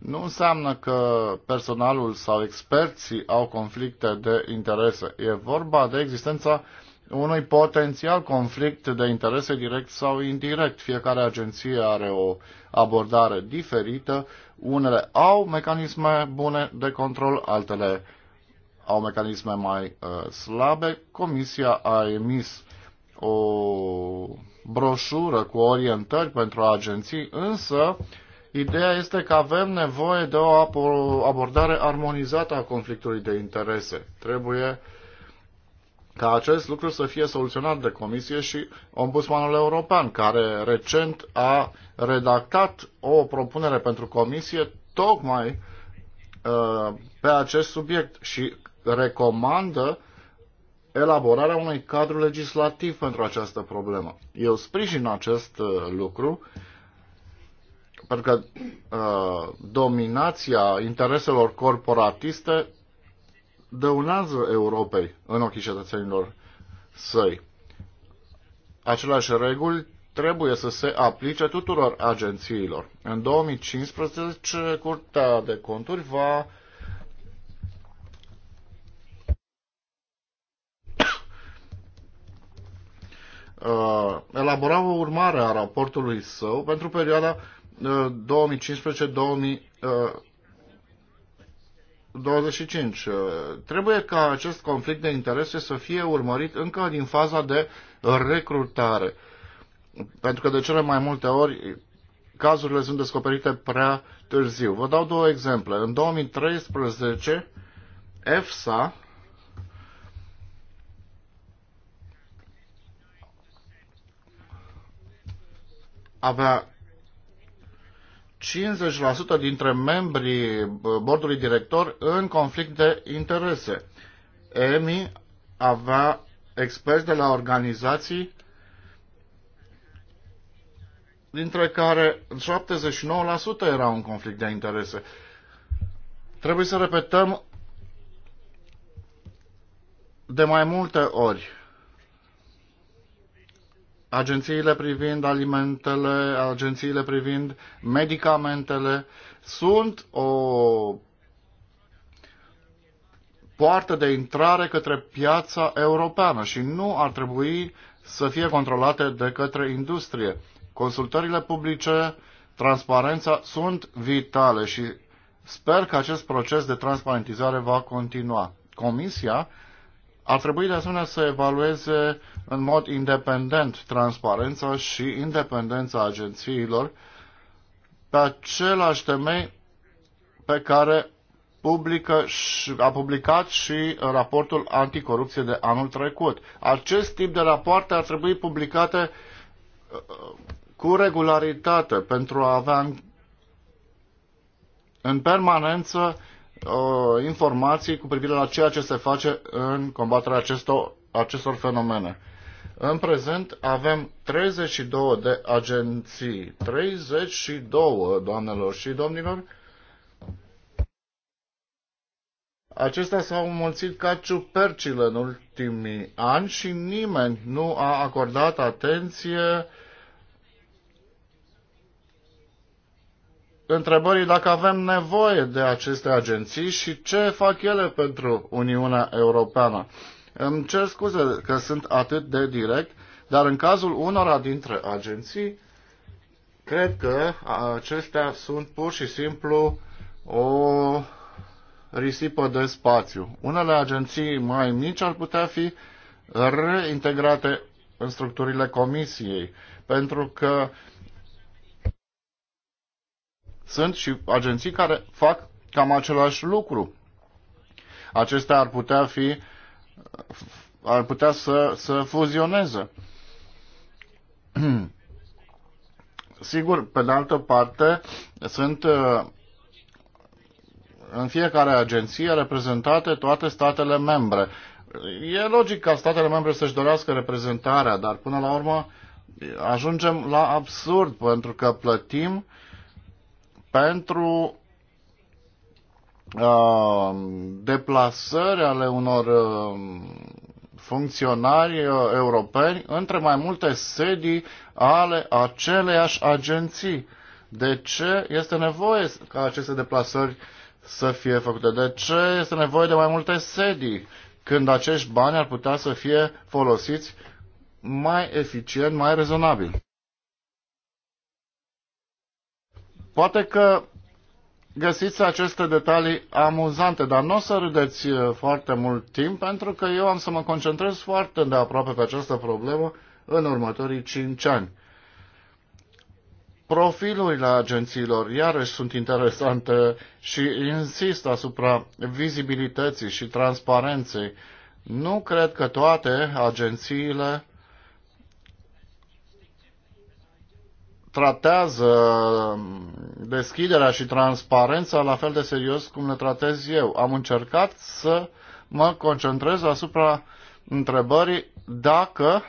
B: Nu înseamnă că personalul sau experții au conflicte de interese. E vorba de existența unui potențial conflict de interese direct sau indirect. Fiecare agenție are o abordare diferită. Unele au mecanisme bune de control, altele au mecanisme mai uh, slabe, Comisia a emis o broșură cu orientări pentru agenții, însă ideea este că avem nevoie de o abordare armonizată a conflictului de interese. Trebuie ca acest lucru să fie soluționat de Comisie și Ombudsmanul European, care recent a redactat o propunere pentru Comisie tocmai uh, pe acest subiect și recomandă elaborarea unui cadru legislativ pentru această problemă. Eu sprijin acest uh, lucru pentru că uh, dominația intereselor corporatiste dăunează Europei în ochii cetățenilor săi. Aceleași reguli trebuie să se aplice tuturor agențiilor. În 2015, Curtea de Conturi va uh, elabora o urmare a raportului său pentru perioada uh, 2015-2025. Uh, uh, trebuie ca acest conflict de interese să fie urmărit încă din faza de recrutare. Pentru că de cele mai multe ori cazurile sunt descoperite prea târziu. Vă dau două exemple. În 2013, EFSA avea 50% dintre membrii bordului director în conflict de interese. EMI avea experți de la organizații dintre care 79% era un conflict de interese. Trebuie să repetăm de mai multe ori agențiile privind alimentele, agențiile privind medicamentele, sunt o poartă de intrare către piața europeană și nu ar trebui să fie controlate de către industrie. Consultările publice, transparența sunt vitale și sper că acest proces de transparentizare va continua. Comisia ar trebui de asemenea să evalueze în mod independent transparența și independența agențiilor pe același temei pe care publică și, a publicat și raportul anticorupție de anul trecut. Acest tip de rapoarte ar trebui publicate uh, cu regularitate pentru a avea în, în permanență uh, informații cu privire la ceea ce se face în combaterea acestor, acestor fenomene. În prezent avem 32 de agenții, 32, doamnelor și domnilor. Acestea s-au mulțit ca ciupercile în ultimii ani și nimeni nu a acordat atenție uh, întrebării dacă avem nevoie de aceste agenții și ce fac ele pentru Uniunea Europeană. Îmi cer scuze că sunt atât de direct, dar în cazul unora dintre agenții, cred că acestea sunt pur și simplu o risipă de spațiu. Unele agenții mai mici ar putea fi reintegrate în structurile comisiei, pentru că uh, sunt și agenții care fac cam același lucru. Acestea ar putea fi ar putea să, să fuzioneze. Sigur, pe de altă parte, sunt uh, în fiecare agenție reprezentate toate statele membre. E logic ca statele membre să-și dorească reprezentarea, dar până la urmă ajungem la absurd, pentru că plătim uh, pentru uh, deplasări ale unor uh, funcționari uh, europeni între mai multe sedii ale aceleiași agenții. De ce este nevoie ca aceste deplasări să fie făcute? De ce este nevoie de mai multe sedii când acești bani ar putea să fie folosiți mai eficient, mai rezonabil? Poate că găsiți aceste detalii amuzante, dar nu o să râdeți uh, foarte mult timp, pentru că eu am să mă concentrez foarte de aproape pe această problemă în următorii 5 ani. Profilurile agențiilor iarăși sunt interesante și insist asupra vizibilității și transparenței. Nu cred că toate agențiile tratează deschiderea și transparența la fel de serios cum le tratez eu. Am încercat să mă concentrez asupra întrebării dacă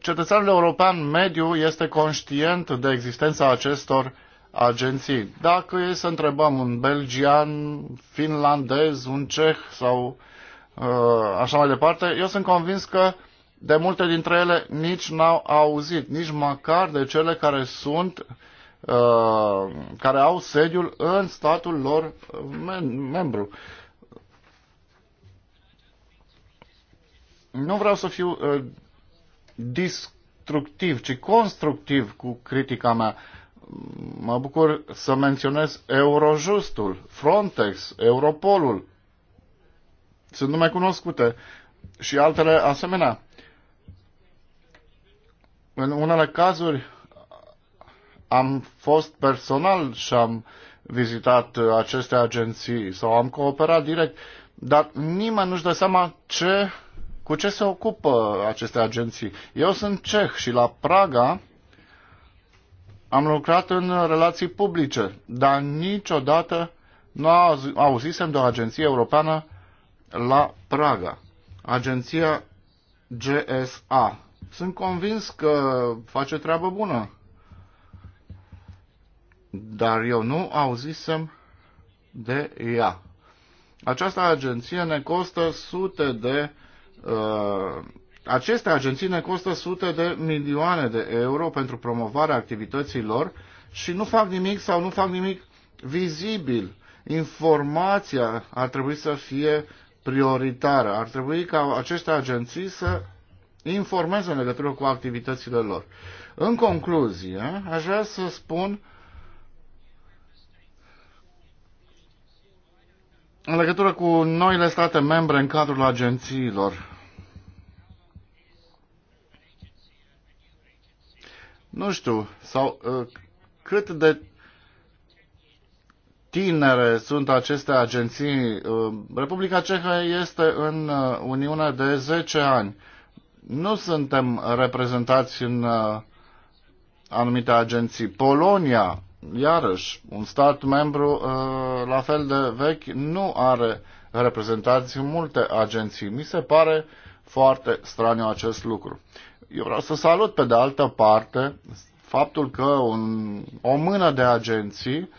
B: cetățeanul european mediu este conștient de existența acestor agenții. Dacă e să întrebăm un belgian, finlandez, un ceh sau uh, așa mai departe, eu sunt convins că uh, de multe dintre ele nici n-au auzit, nici măcar de cele care sunt uh, care au sediul în statul lor uh, membru. Nu vreau să fiu uh, destructiv, ci constructiv cu critica mea. Mă bucur să menționez Eurojustul, Frontex, Europolul. Sunt nume cunoscute și altele asemenea. În unele cazuri am fost personal și am vizitat aceste agenții sau am cooperat direct, dar nimeni nu-și dă seama ce, cu ce se ocupă aceste agenții. Eu sunt ceh și la Praga am lucrat în relații publice, dar niciodată nu auzisem de o agenție europeană la Praga. Agenția GSA, sunt convins că face treabă bună. Dar eu nu auzisem de ea. Această agenție ne costă sute de. Uh, aceste agenții ne costă sute de milioane de euro pentru promovarea activităților și nu fac nimic sau nu fac nimic vizibil. Informația ar trebui să fie prioritară. Ar trebui ca aceste agenții să informeze în legătură cu activitățile lor. În concluzie, aș vrea să spun în legătură cu noile state membre în cadrul agențiilor. Nu știu, sau ă, cât de tinere sunt aceste agenții. Ă, Republica Cehă este în ă, Uniunea de 10 ani nu suntem reprezentați în uh, anumite agenții. Polonia, iarăși, un stat membru uh, la fel de vechi, nu are reprezentați în multe agenții. Mi se pare foarte straniu acest lucru. Eu vreau să salut pe de altă parte faptul că un, o mână de agenții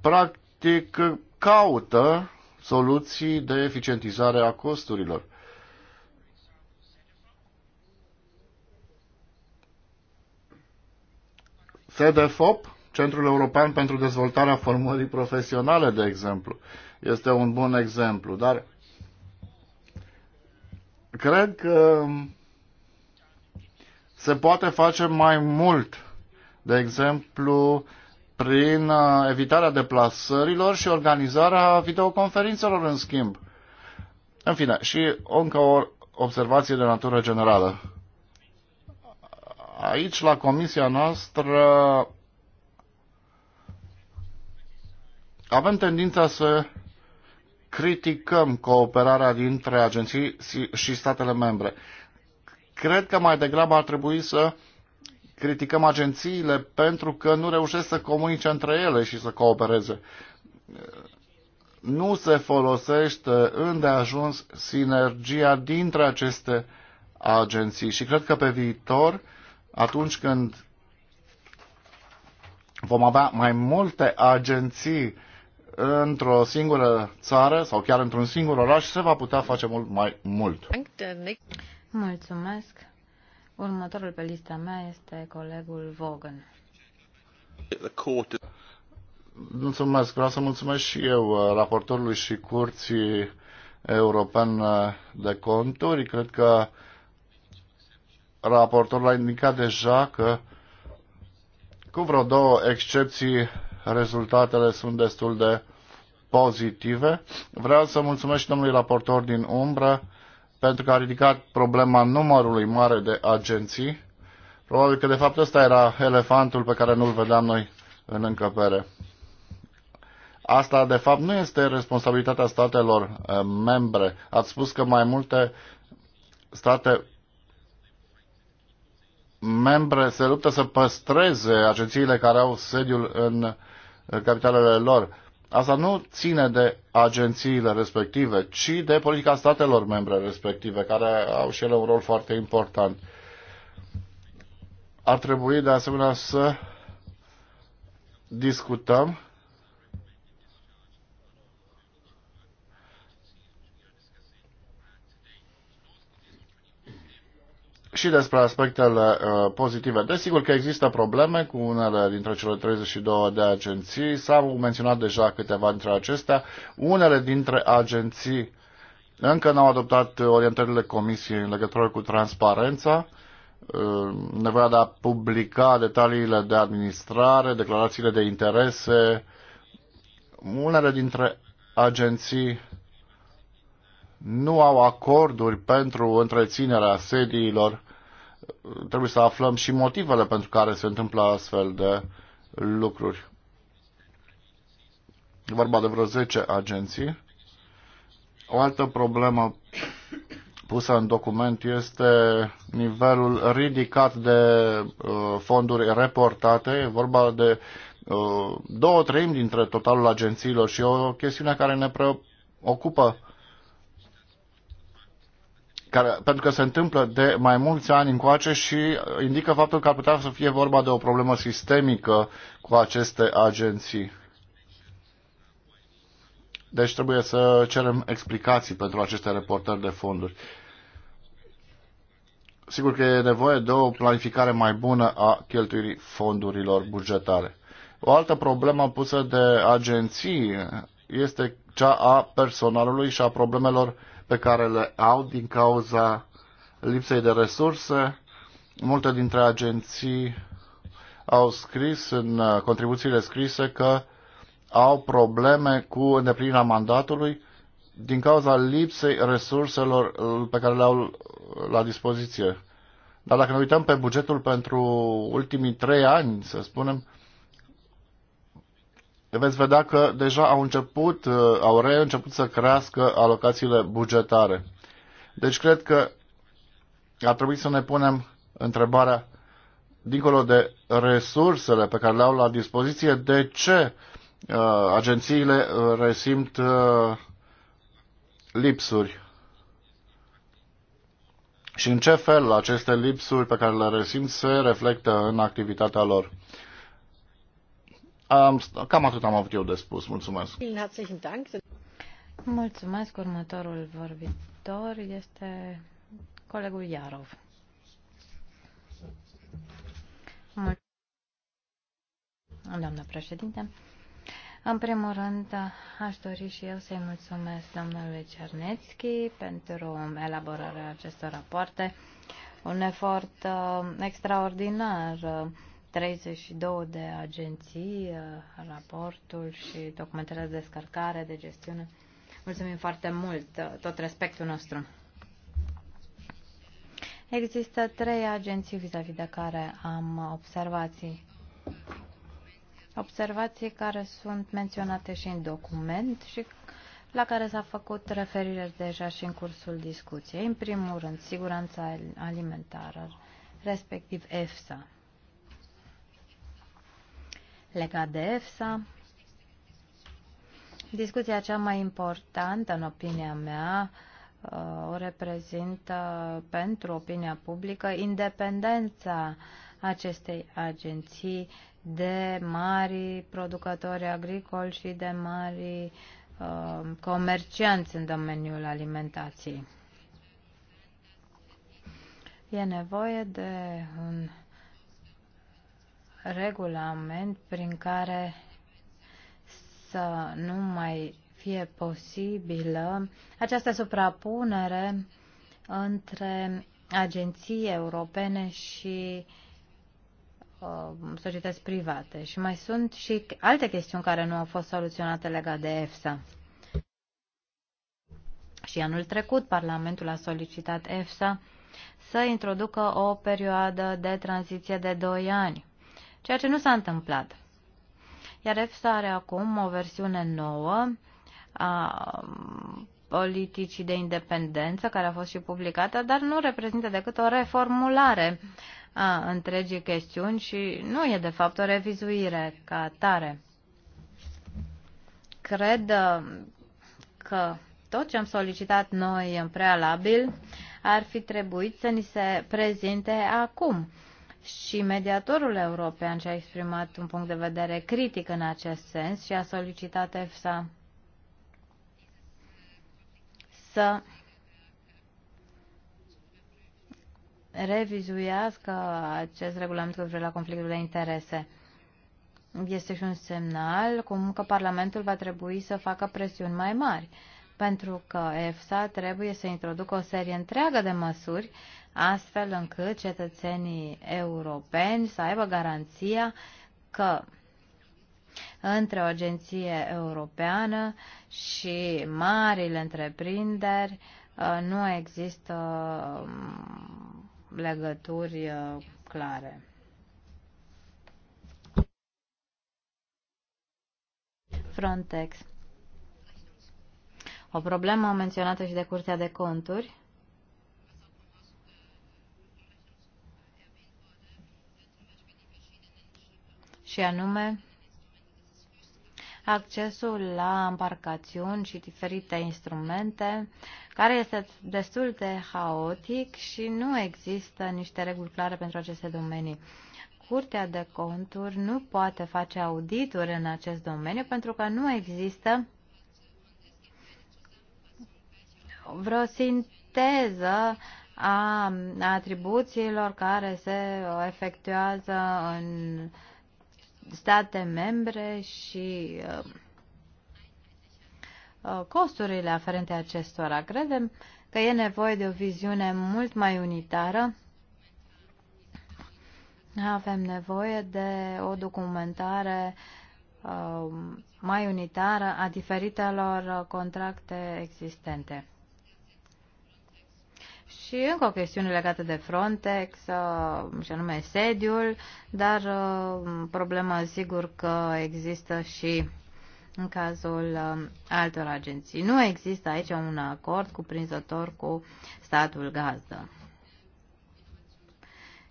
B: practic caută soluții de eficientizare a costurilor. CDFOP, Centrul European pentru Dezvoltarea Formării Profesionale, de exemplu, este un bun exemplu, dar cred că se poate face mai mult, de exemplu, prin uh, evitarea deplasărilor și organizarea videoconferințelor, în schimb. În fine, și încă o observație de natură generală. Aici, la comisia noastră, avem tendința să criticăm cooperarea dintre agenții și statele membre. Cred că mai degrabă ar trebui să criticăm agențiile pentru că nu reușesc să comunice între ele și să coopereze. Nu se folosește îndeajuns sinergia dintre aceste agenții și cred că pe viitor atunci când vom avea mai multe agenții într-o singură țară sau chiar într-un singur oraș, se va putea face mult mai mult.
C: Mulțumesc. Următorul pe lista mea este colegul Vogan.
B: Mulțumesc. Vreau să mulțumesc și eu uh, raportorului și curții european de conturi. Cred că uh, raportorul a indicat deja că, cu vreo două excepții, rezultatele sunt destul de pozitive. Vreau să mulțumesc și domnului raportor din umbră pentru că a ridicat problema numărului mare de agenții. Probabil că, de fapt, ăsta era elefantul pe care nu-l vedeam noi în încăpere. Asta, de fapt, nu este responsabilitatea statelor eh, membre. Ați spus că mai multe state membre se luptă să păstreze agențiile care au sediul în capitalele lor. Asta nu ține de agențiile respective, ci de politica statelor membre respective, care au și ele un rol foarte important. Ar trebui de asemenea să discutăm și despre aspectele uh, pozitive. Desigur că există probleme cu unele dintre cele 32 de agenții. S-au menționat deja câteva dintre acestea. Unele dintre agenții încă n-au adoptat orientările comisiei în legătură cu transparența, uh, nevoia de a publica detaliile de administrare, declarațiile de interese. Unele dintre agenții nu au acorduri pentru întreținerea sediilor trebuie să aflăm și motivele pentru care se întâmplă astfel de lucruri. E vorba de vreo 10 agenții. O altă problemă pusă în document este nivelul ridicat de uh, fonduri reportate. E vorba de uh, două treimi dintre totalul agențiilor și o chestiune care ne preocupă care, pentru că se întâmplă de mai mulți ani încoace și indică faptul că ar putea să fie vorba de o problemă sistemică cu aceste agenții. Deci trebuie să cerem explicații pentru aceste reportări de fonduri. Sigur că e nevoie de o planificare mai bună a cheltuirii fondurilor bugetare. O altă problemă pusă de agenții este cea a personalului și a problemelor pe care le au din cauza lipsei de resurse. Multe dintre agenții au scris în uh, contribuțiile scrise că au probleme cu îndeplinirea mandatului din cauza lipsei resurselor uh, pe care le au uh, la dispoziție. Dar dacă ne uităm pe bugetul pentru ultimii trei ani, să spunem, veți vedea că deja au început, uh, au reînceput să crească alocațiile bugetare. Deci cred că ar trebui să ne punem întrebarea, dincolo de resursele pe care le au la dispoziție, de ce uh, agențiile uh, resimt uh, lipsuri? Și în ce fel aceste lipsuri pe care le resimt se reflectă în activitatea lor? cam atât am avut eu de spus. Mulțumesc.
C: Mulțumesc. Următorul vorbitor este colegul Iarov. Mulțumesc. Doamnă președinte, în primul rând aș dori și eu să-i mulțumesc domnului Cernețchi pentru elaborarea acestor rapoarte. Un efort uh, extraordinar uh, 32 de agenții, uh, raportul și documentele de descărcare, de gestiune. Mulțumim foarte mult, uh, tot respectul nostru. Există trei agenții vis-a-vis de care am observații. Observații care sunt menționate și în document și la care s-a făcut referire deja și în cursul discuției. În primul rând, siguranța alimentară, respectiv EFSA legat de EFSA. Discuția cea mai importantă, în opinia mea, uh, o reprezintă pentru opinia publică independența acestei agenții de mari producători agricoli și de mari uh, comercianți în domeniul alimentației. E nevoie de un regulament prin care să nu mai fie posibilă această suprapunere între agenții europene și uh, societăți private. Și mai sunt și alte chestiuni care nu au fost soluționate legate de EFSA. Și anul trecut Parlamentul a solicitat EFSA să introducă o perioadă de tranziție de 2 ani ceea ce nu s-a întâmplat. Iar EFSA are acum o versiune nouă a um, politicii de independență, care a fost și publicată, dar nu reprezintă decât o reformulare a întregii chestiuni și nu e de fapt o revizuire ca atare. Cred um, că tot ce am solicitat noi în prealabil ar fi trebuit să ni se prezinte acum și mediatorul european și-a exprimat un punct de vedere critic în acest sens și a solicitat EFSA să revizuiască acest regulament cu privire la conflictul de interese. Este și un semnal cum că Parlamentul va trebui să facă presiuni mai mari pentru că EFSA trebuie să introducă o serie întreagă de măsuri astfel încât cetățenii europeni să aibă garanția că între o agenție europeană și marile întreprinderi uh, nu există um, legături uh, clare. Frontex. O problemă menționată și de Curtea de Conturi și anume accesul la embarcațiuni și diferite instrumente, care este destul de haotic și nu există niște reguli clare pentru aceste domenii. Curtea de conturi nu poate face audituri în acest domeniu pentru că nu există vreo sinteză a atribuțiilor care se efectuează în state membre și uh, uh, costurile aferente acestora. Credem că e nevoie de o viziune mult mai unitară. Avem nevoie de o documentare uh, mai unitară a diferitelor contracte existente. Și încă o chestiune legată de Frontex, uh, și anume sediul, dar uh, problema sigur că există și în cazul uh, altor agenții. Nu există aici un acord cuprinzător cu statul gazdă.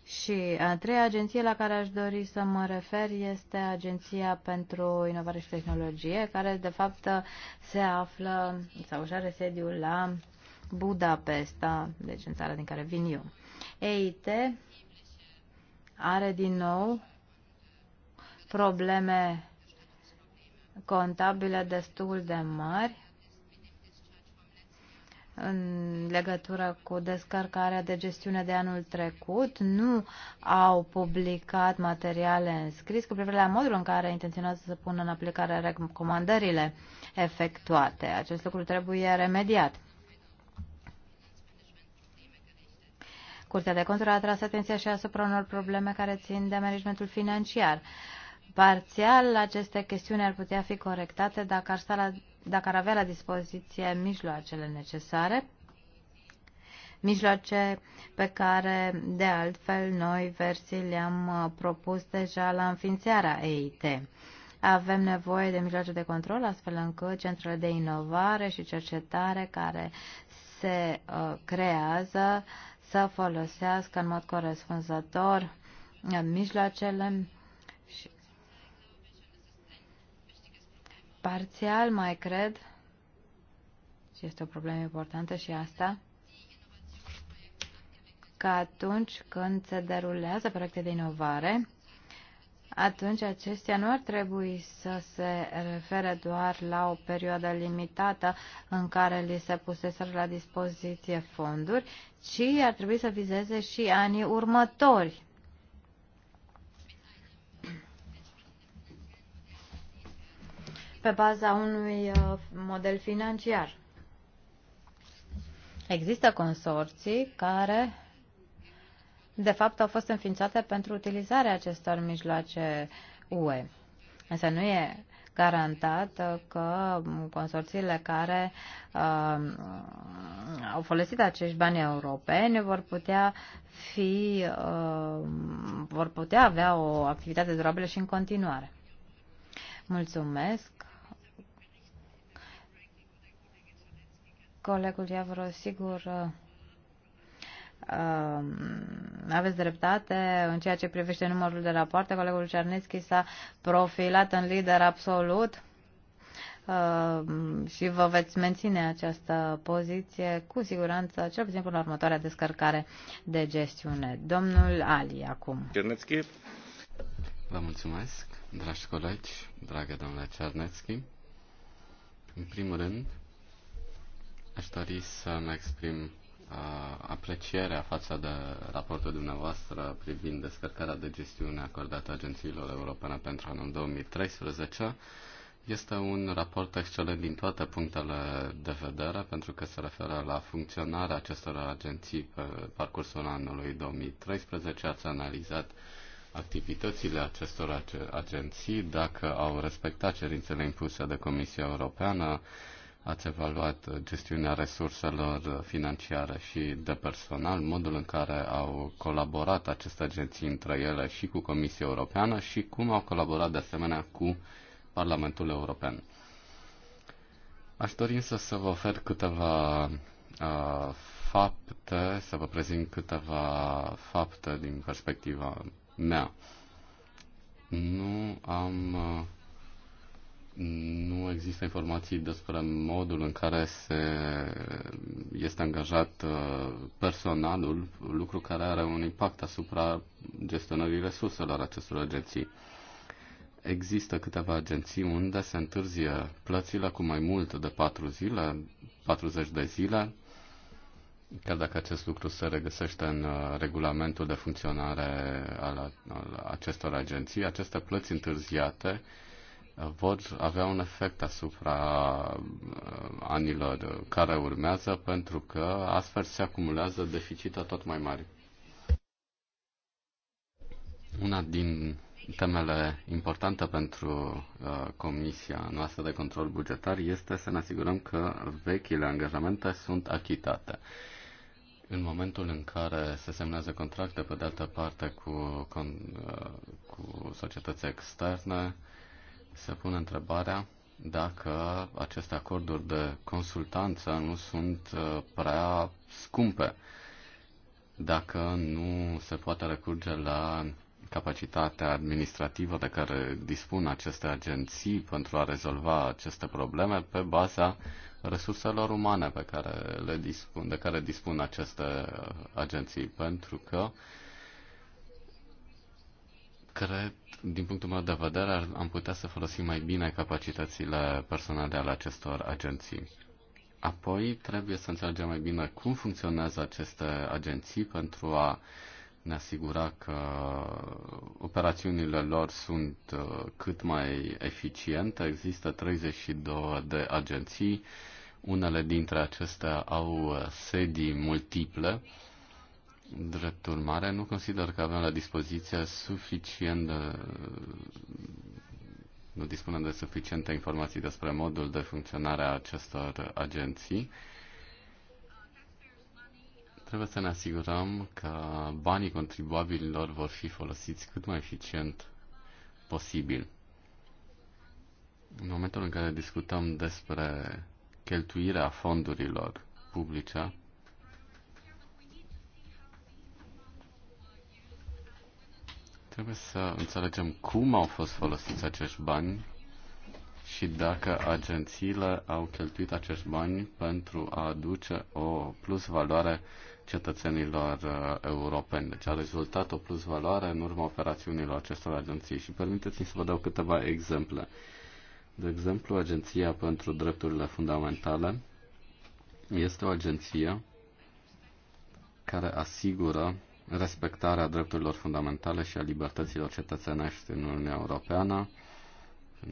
C: Și a treia agenție la care aș dori să mă refer este Agenția pentru Inovare și Tehnologie, care de fapt se află sau își are sediul la Budapesta, deci în țara din care vin eu. EIT are din nou probleme contabile destul de mari în legătură cu descărcarea de gestiune de anul trecut, nu au publicat materiale înscris cu privire la modul în care intenționează să pună în aplicare recomandările efectuate. Acest lucru trebuie remediat. Curtea de Conturi a atras atenția și asupra unor probleme care țin de managementul financiar. Parțial, aceste chestiuni ar putea fi corectate dacă ar, sta la, dacă ar avea la dispoziție mijloacele necesare, mijloace pe care, de altfel, noi versii le-am uh, propus deja la înființarea EIT. Avem nevoie de mijloace de control, astfel încât centrele de inovare și cercetare care se uh, creează să folosească în mod corespunzător în mijloacele și parțial mai cred și este o problemă importantă și asta că atunci când se derulează proiecte de inovare, atunci acestea nu ar trebui să se refere doar la o perioadă limitată în care li se puseseră la dispoziție fonduri, ci ar trebui să vizeze și anii următori. pe baza unui uh, model financiar. Există consorții care de fapt, au fost înființate pentru utilizarea acestor mijloace UE. Însă nu e garantat că consorțiile care uh, au folosit acești bani europeni vor putea fi uh, vor putea avea o activitate durabilă și în continuare. Mulțumesc. Colegul Iavro, sigur uh, aveți dreptate în ceea ce privește numărul de rapoarte. Colegul Cerneschi s-a profilat în lider absolut uh, și vă veți menține această poziție cu siguranță, cel puțin până la următoarea descărcare de gestiune. Domnul Ali, acum.
A: Cerneschi. Vă mulțumesc, dragi colegi, dragă domnule Cerneschi. În primul rând, aș dori să-mi exprim aprecierea față de raportul dumneavoastră privind descărcarea de gestiune acordată agențiilor europene pentru anul 2013. Este un raport excelent din toate punctele de vedere, pentru că se referă la funcționarea acestor agenții pe parcursul anului 2013. Ați analizat activitățile acestor agenții, dacă au respectat cerințele impuse de Comisia Europeană, ați evaluat gestiunea resurselor financiare și de personal, modul în care au colaborat aceste agenții între ele și cu Comisia Europeană și cum au colaborat de asemenea cu Parlamentul European. Aș dori însă să vă ofer câteva uh, fapte, să vă prezint câteva fapte din perspectiva mea. Nu am uh, nu există informații despre modul în care se este angajat uh, personalul, lucru care are un impact asupra gestionării resurselor acestor agenții. Există câteva agenții unde se întârzie plățile cu mai mult de 4 zile, 40 de zile, chiar dacă acest lucru se regăsește în uh, regulamentul de funcționare al, al acestor agenții, aceste plăți întârziate uh, vor avea un efect asupra uh, anilor care urmează, pentru că astfel se acumulează deficite tot mai mari. Una din temele importante pentru uh, Comisia noastră de control bugetar este să ne asigurăm că vechile angajamente sunt achitate. În momentul în care se semnează contracte, pe de altă parte, cu, uh, cu societăți externe, se pune întrebarea dacă aceste acorduri de consultanță nu sunt uh, prea scumpe, dacă nu se poate recurge la capacitatea administrativă de care dispun aceste agenții pentru a rezolva aceste probleme pe baza resurselor umane pe care le dispun, de care dispun aceste uh, agenții, pentru că cred din punctul meu de vedere, am putea să folosim mai bine capacitățile personale ale acestor agenții. Apoi trebuie să înțelegem mai bine cum funcționează aceste agenții pentru a ne asigura că operațiunile lor sunt uh, cât mai eficiente. Există 32 de agenții, unele dintre acestea au uh, sedii multiple Drept urmare, nu consider că avem la dispoziție suficient de, nu dispunem de suficiente informații despre modul de funcționare a acestor agenții. Trebuie să ne asigurăm că banii contribuabililor vor fi folosiți cât mai eficient posibil. În momentul în care discutăm despre cheltuirea fondurilor publice, Trebuie să înțelegem cum au fost folosiți acești bani și dacă agențiile au cheltuit acești bani pentru a aduce o plus valoare cetățenilor uh, europeni. Deci a rezultat o plus valoare în urma operațiunilor acestor agenții. Și permiteți-mi să vă dau câteva exemple. De exemplu, Agenția pentru Drepturile Fundamentale este o agenție care asigură respectarea drepturilor fundamentale și a libertăților cetățenești în Uniunea Europeană.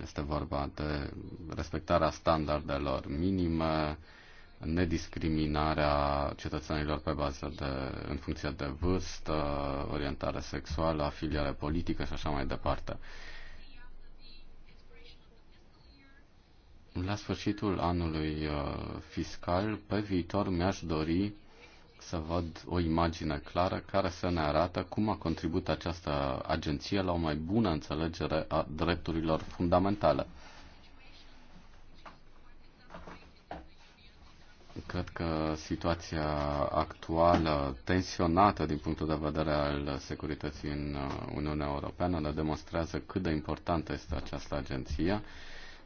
A: Este vorba de respectarea standardelor minime, nediscriminarea cetățenilor pe bază de, în funcție de vârstă, orientare sexuală, afiliare politică și așa mai departe. La sfârșitul anului uh, fiscal, pe viitor mi-aș dori să văd o imagine clară care să ne arată cum a contribuit această agenție la o mai bună înțelegere a drepturilor fundamentale. Cred că situația actuală, tensionată din punctul de vedere al securității în uh, Uniunea Europeană, ne demonstrează cât de importantă este această agenție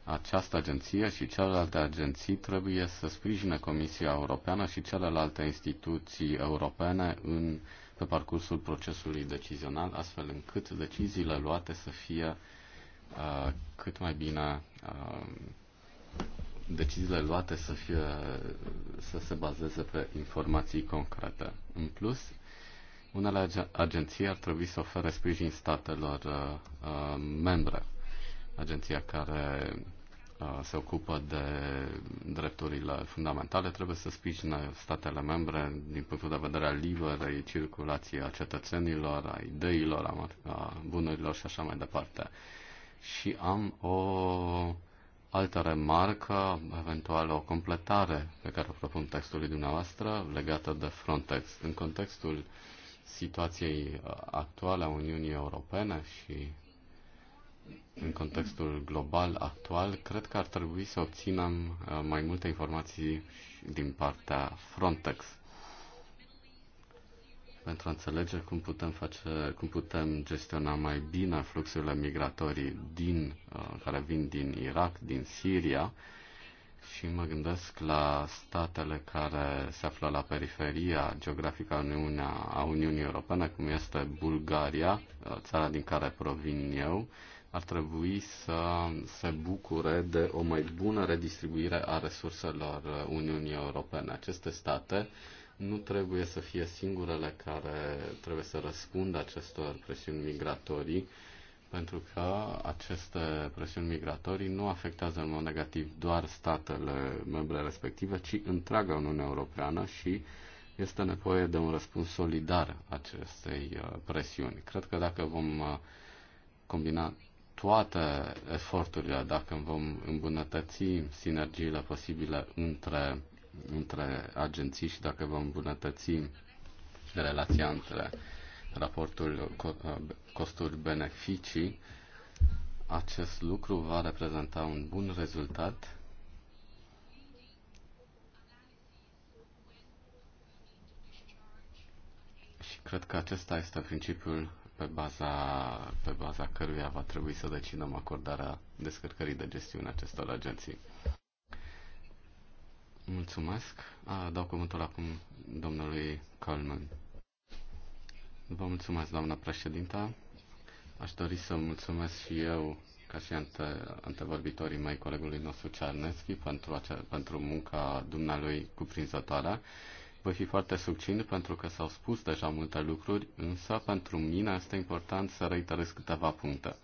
A: această agenție și celelalte agenții trebuie să sprijine Comisia Europeană și celelalte instituții europene în, pe parcursul procesului decizional, astfel încât deciziile luate să fie uh, cât mai bine uh, deciziile luate să, fie, să se bazeze pe informații concrete. În plus, unele agenții ar trebui să ofere sprijin statelor uh, uh membre agenția care uh, se ocupă de drepturile fundamentale, trebuie să sprijine statele membre din punctul de vedere al liberei circulației a cetățenilor, a ideilor, a bunurilor și așa mai departe. Și am o altă remarcă, eventual o completare pe care o propun textului dumneavoastră legată de Frontex. În contextul situației uh, actuale a Uniunii Europene și în contextul global actual, cred că ar trebui să obținem uh, mai multe informații din partea Frontex pentru a înțelege cum putem, face, cum putem gestiona mai bine fluxurile migratorii din, uh, care vin din Irak, din Siria și mă gândesc la statele care se află la periferia geografică a a Uniunii Europene, cum este Bulgaria, uh, țara din care provin eu, ar trebui să se bucure de o mai bună redistribuire a resurselor Uniunii Europene. Aceste state nu trebuie să fie singurele care trebuie să răspundă acestor presiuni migratorii, pentru că aceste presiuni migratorii nu afectează în mod negativ doar statele membre respective, ci întreaga Uniune Europeană și este nevoie de un răspuns solidar acestei uh, presiuni. Cred că dacă vom uh, combina toate eforturile, dacă vom îmbunătăți sinergiile posibile între, între agenții și dacă vom îmbunătăți relația între raportul costuri-beneficii, acest lucru va reprezenta un bun rezultat și cred că acesta este principiul pe baza, pe baza căruia va trebui să decinăm acordarea descărcării de gestiune acestor agenții. Mulțumesc. A, dau cuvântul acum domnului Coleman. Vă mulțumesc, doamna președinta. Aș dori să mulțumesc și eu, ca și ante, antevorbitorii mei, colegului nostru Cearneschi, pentru, acea, pentru munca dumnealui cuprinzătoare voi fi foarte succint pentru că s-au spus deja multe lucruri, însă pentru mine este important să reiterez câteva puncte.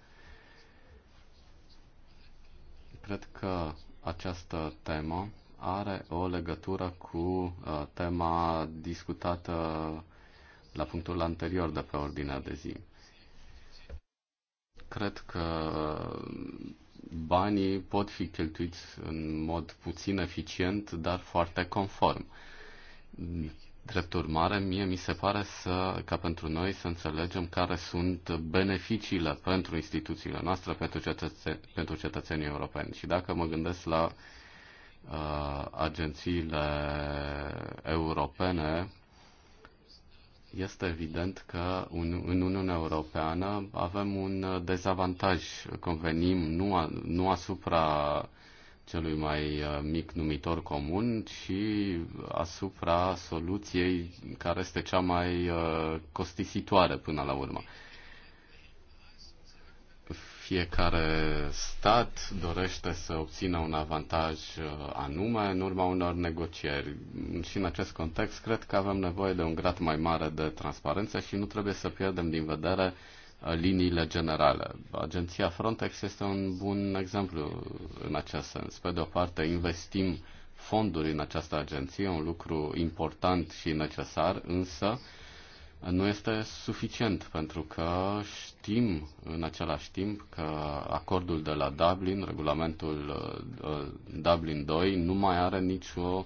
A: Cred că această temă are o legătură cu uh, tema discutată la punctul anterior de pe ordinea de zi. Cred că banii pot fi cheltuiți în mod puțin eficient, dar foarte conform. Uh, Drept urmare, mie mi se pare să, ca pentru noi să înțelegem care sunt beneficiile pentru instituțiile noastre, pentru, cetățe, pentru cetățenii europeni. Și dacă mă gândesc la uh, agențiile europene, este evident că în Uniunea Europeană avem un dezavantaj. Convenim nu, a, nu asupra celui mai uh, mic numitor comun și asupra soluției care este cea mai uh, costisitoare până la urmă. Fiecare stat dorește să obțină un avantaj uh, anume în urma unor negocieri. Și în acest context cred că avem nevoie de un grad mai mare de transparență și nu trebuie să pierdem din vedere uh, Uh, liniile generale. Agenția Frontex este un bun exemplu în acest sens. Pe de o parte, investim fonduri în această agenție, un lucru important și necesar, însă nu este suficient pentru că știm în același timp că acordul de la Dublin, regulamentul uh, Dublin 2, nu mai are nicio,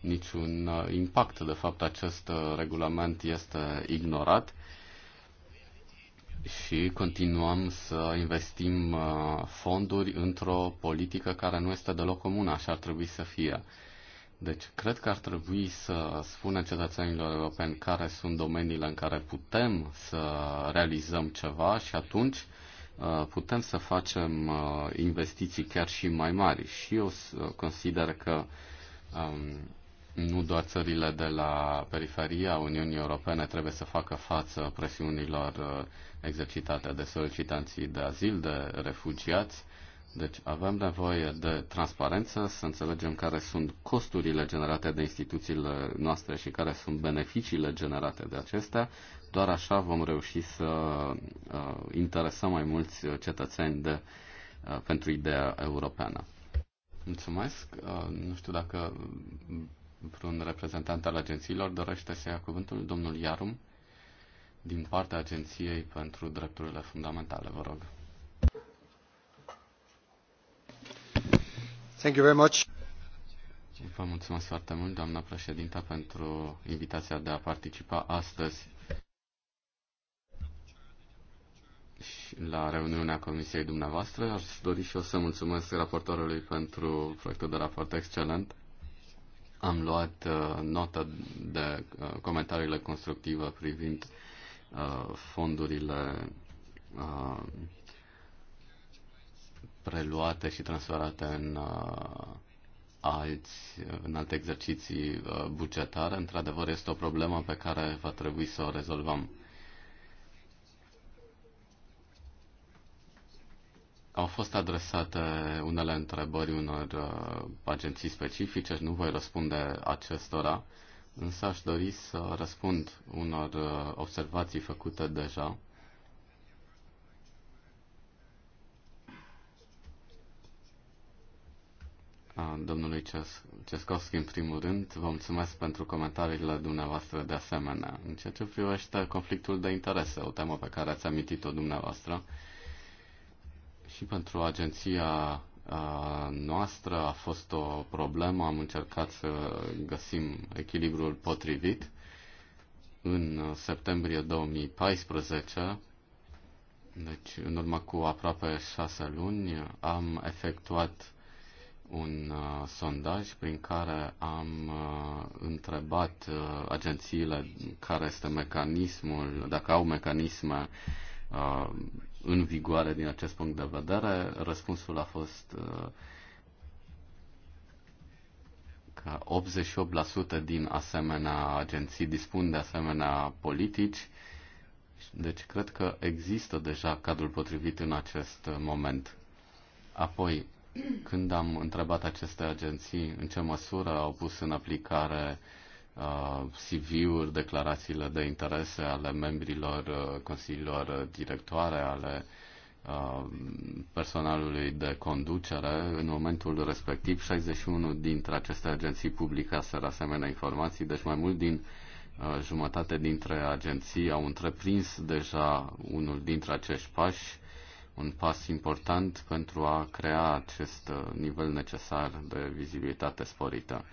A: niciun uh, impact. De fapt, acest regulament este ignorat și continuăm să investim uh, fonduri într-o politică care nu este deloc comună, așa ar trebui să fie. Deci, cred că ar trebui să spunem cetățenilor europeni care sunt domeniile în care putem să realizăm ceva și atunci uh, putem să facem uh, investiții chiar și mai mari. Și eu consider că um, nu doar țările de la periferia Uniunii Europene trebuie să facă față presiunilor exercitate de solicitanții de azil, de refugiați. Deci avem nevoie de transparență, să înțelegem care sunt costurile generate de instituțiile noastre și care sunt beneficiile generate de acestea. Doar așa vom reuși să uh, interesăm mai mulți cetățeni de, uh, pentru ideea europeană. Mulțumesc. Uh, nu știu dacă vreun reprezentant al agențiilor dorește să ia cuvântul, domnul Iarum din partea Agenției pentru Drepturile Fundamentale. Vă rog. Thank you very much. Vă mulțumesc foarte mult, doamna președinte, pentru invitația de a participa astăzi la reuniunea comisiei dumneavoastră. Aș dori și eu să mulțumesc raportorului pentru proiectul de raport excelent. Am luat uh, notă de uh, comentariile constructive privind uh, Uh, fondurile uh, preluate și transferate în uh, alți, în alte exerciții bugetare. Într-adevăr, este o problemă pe care va trebui să o rezolvăm. Au fost adresate unele întrebări unor agenții specifice și nu voi răspunde acestora însă aș dori să răspund unor uh, observații făcute deja. domnului Ces- Cescovski, în primul rând. Vă mulțumesc pentru comentariile dumneavoastră de asemenea. În ceea ce privește conflictul de interese, o temă pe care ați amintit-o dumneavoastră, și pentru Agenția noastră a fost o problemă, am încercat să găsim echilibrul potrivit. În septembrie 2014, deci în urmă cu aproape șase luni, am efectuat un uh, sondaj prin care am uh, întrebat uh, agențiile care este mecanismul, dacă au mecanisme uh, în vigoare din acest punct de vedere. Răspunsul a fost uh, că 88% din asemenea agenții dispun de asemenea politici, deci cred că există deja cadrul potrivit în acest moment. Apoi, când am întrebat aceste agenții în ce măsură au pus în aplicare uh, Uh, CV-uri, declarațiile de interese ale membrilor uh, consiliilor directoare, ale uh, personalului de conducere. În momentul respectiv, 61 dintre aceste agenții publicaseră asemenea informații, deci mai mult din jumătate dintre agenții au întreprins deja unul dintre acești pași, un pas important pentru a crea acest nivel necesar de vizibilitate sporită.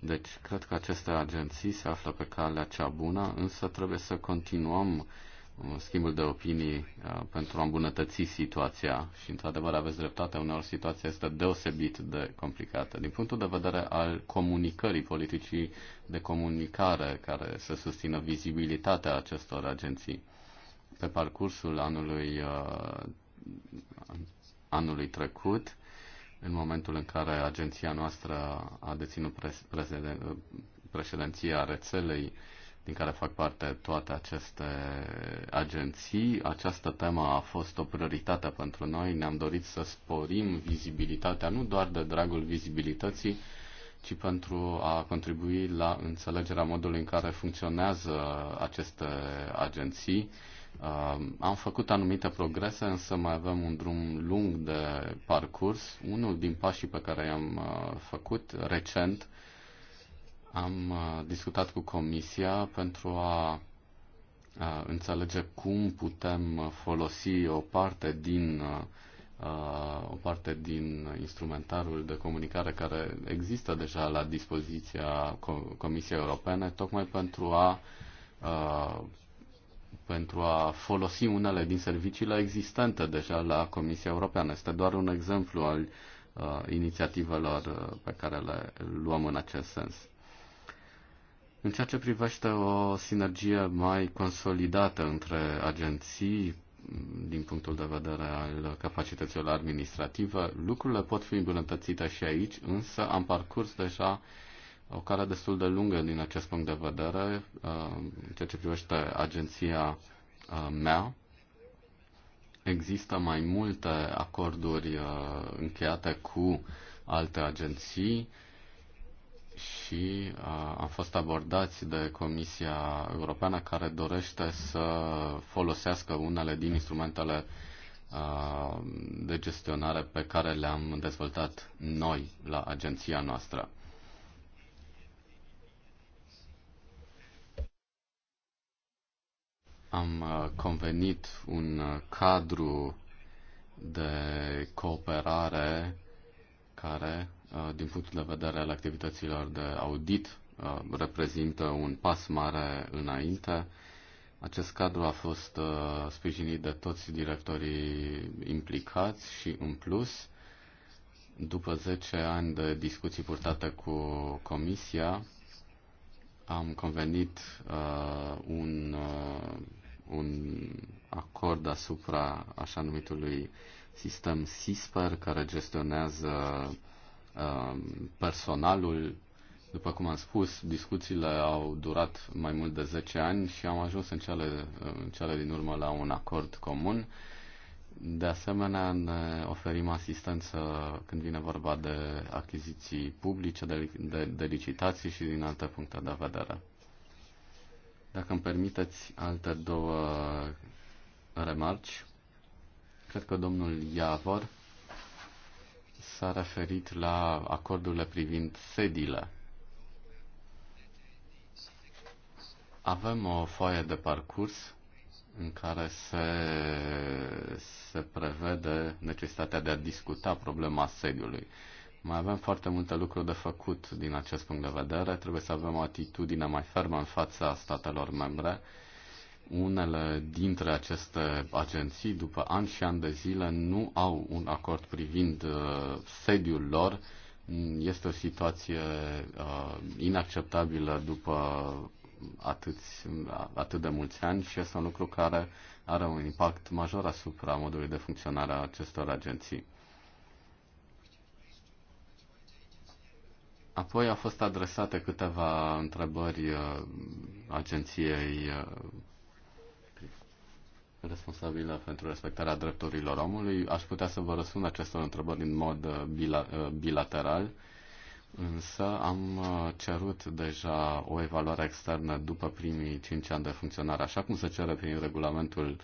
A: Deci, cred că aceste agenții se află pe calea cea bună, însă trebuie să continuăm uh, schimbul de opinii uh, pentru a îmbunătăți situația și, într-adevăr, aveți dreptate, uneori situația este deosebit de complicată. Din punctul de vedere al comunicării, politicii de comunicare care să susțină vizibilitatea acestor agenții, pe parcursul anului, uh, anului trecut, în momentul în care agenția noastră a deținut președinția rețelei din care fac parte toate aceste agenții. Această temă a fost o prioritate pentru noi. Ne-am dorit să sporim vizibilitatea, nu doar de dragul vizibilității, ci pentru a contribui la înțelegerea modului în care funcționează aceste agenții Um, am făcut anumite progrese, însă mai avem un drum lung de parcurs. Unul din pașii pe care i-am uh, făcut recent, am uh, discutat cu Comisia pentru a uh, înțelege cum putem folosi o parte din o parte din instrumentarul de comunicare care există deja la dispoziția Comisiei Europene, tocmai pentru a pentru a folosi unele din serviciile existente deja la Comisia Europeană. Este doar un exemplu al uh, inițiativelor uh, pe care le luăm în acest sens. În ceea ce privește o sinergie mai consolidată între agenții, din punctul de vedere al capacităților administrative, lucrurile pot fi îmbunătățite și aici, însă am parcurs deja uh, o cale destul de lungă din acest punct de vedere, uh, în ceea ce privește agenția uh, mea. Există mai multe acorduri uh, încheiate cu alte agenții și am fost abordați de Comisia Europeană care dorește să folosească unele din instrumentele de gestionare pe care le-am dezvoltat noi la agenția noastră. Am uh, convenit un uh, cadru de cooperare care, uh, din punctul de vedere al activităților de audit, reprezintă un pas mare înainte. Acest cadru a fost sprijinit de toți directorii implicați și, în plus, după 10 ani de discuții purtate cu Comisia, am convenit uh, un, uh, un acord asupra așa numitului sistem SISPER care gestionează uh, personalul. După cum am spus, discuțiile au durat mai mult de 10 ani și am ajuns în cele, în cele din urmă la un acord comun. Uh, de asemenea, ne oferim asistență când vine vorba de achiziții publice, de, de, de licitații și din alte puncte de vedere. Dacă îmi permiteți alte două remarci, cred că domnul Iavor s-a referit la acordurile privind sedile. Avem o foaie de parcurs în care se, se prevede necesitatea de a discuta problema sediului. Mai avem foarte multe lucruri de făcut din acest punct de vedere. Trebuie să avem o atitudine mai fermă în fața statelor membre. Unele dintre aceste agenții, după ani și ani de zile, nu au un acord privind uh, sediul lor. Este o situație uh, inacceptabilă după atâți, atât de mulți ani și este un lucru care are un impact major asupra modului de funcționare a acestor agenții. Apoi au fost adresate câteva întrebări uh, agenției uh, responsabilă pentru respectarea drepturilor omului. Aș putea să vă răspund acestor întrebări în mod uh, bilateral Însă am uh, cerut deja o evaluare externă după primii 5 ani de funcționare, așa cum se cere prin regulamentul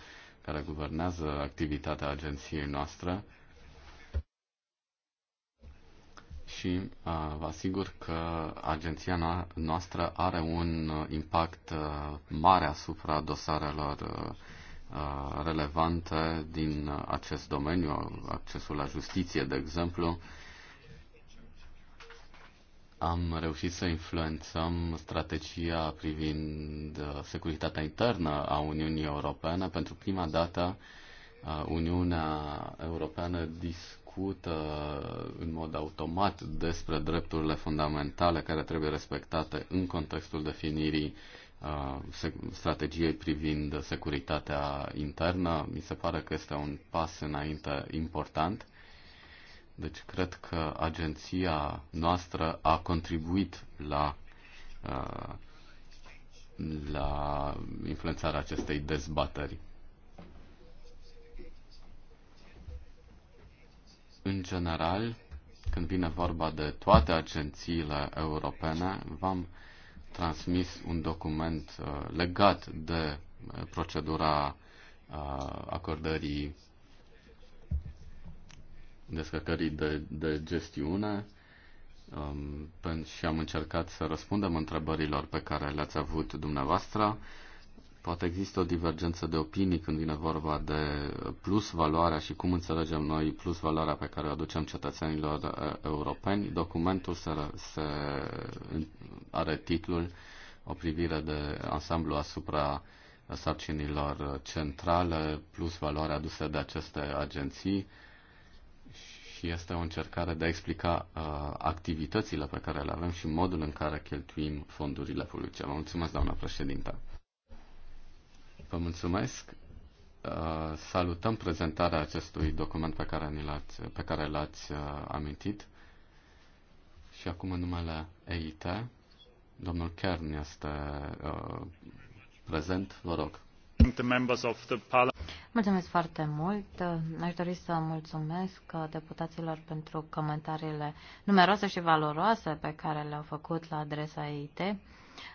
A: care guvernează activitatea agenției noastre. Și uh, vă asigur că agenția noastră are un uh, impact mare asupra dosarelor relevante din acest domeniu, accesul la justiție, de exemplu, am reușit să influențăm strategia privind uh, securitatea internă a Uniunii Europene. Pentru prima dată, uh, Uniunea Europeană discută în mod automat despre drepturile fundamentale care trebuie respectate în contextul definirii uh, strategiei privind securitatea internă. Mi se pare că este un pas înainte important deci cred că agenția noastră a contribuit la, uh, la influențarea acestei dezbateri. În general, când vine vorba de toate agențiile europene, v-am transmis un document uh, legat de uh, procedura acordării descărcării de, de gestiune um, și am încercat să răspundem întrebărilor pe care le-ați avut dumneavoastră. Poate există o divergență de opinii când vine vorba de plus valoarea și cum înțelegem noi plus valoarea pe care o aducem cetățenilor uh, europeni. Documentul se, se are titlul O privire de ansamblu asupra sarcinilor centrale plus valoarea adusă de aceste agenții și este o încercare de a explica uh, activitățile pe care le avem și modul în care cheltuim fondurile publice. Vă mulțumesc, doamna președintă. Vă mulțumesc. Uh, salutăm prezentarea acestui document pe care, ni l-ați, pe care l-ați uh, amintit. Și acum în numele EIT, domnul Kern este uh, prezent. Vă rog.
C: Mulțumesc foarte mult. Aș dori să mulțumesc deputaților pentru comentariile numeroase și valoroase pe care le-au făcut la adresa EIT,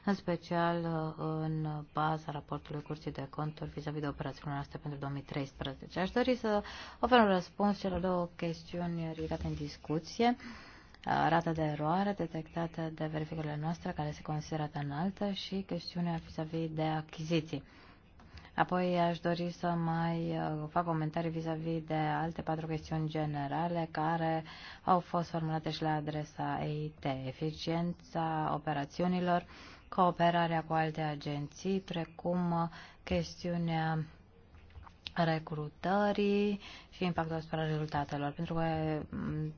C: în special în baza raportului Curții de Conturi vis-a-vis de operațiunile noastre pentru 2013. Aș dori să ofer un răspuns celor două chestiuni ridicate în discuție rata de eroare detectată de verificările noastre, care se consideră înaltă, și chestiunea vis-a-vis -vis de achiziții. Apoi aș dori să mai uh, fac comentarii vis-a-vis -vis de alte patru chestiuni generale care au fost formulate și la adresa EIT. Eficiența operațiunilor, cooperarea cu alte agenții, precum uh, chestiunea recrutării și impactul asupra rezultatelor, pentru că mm,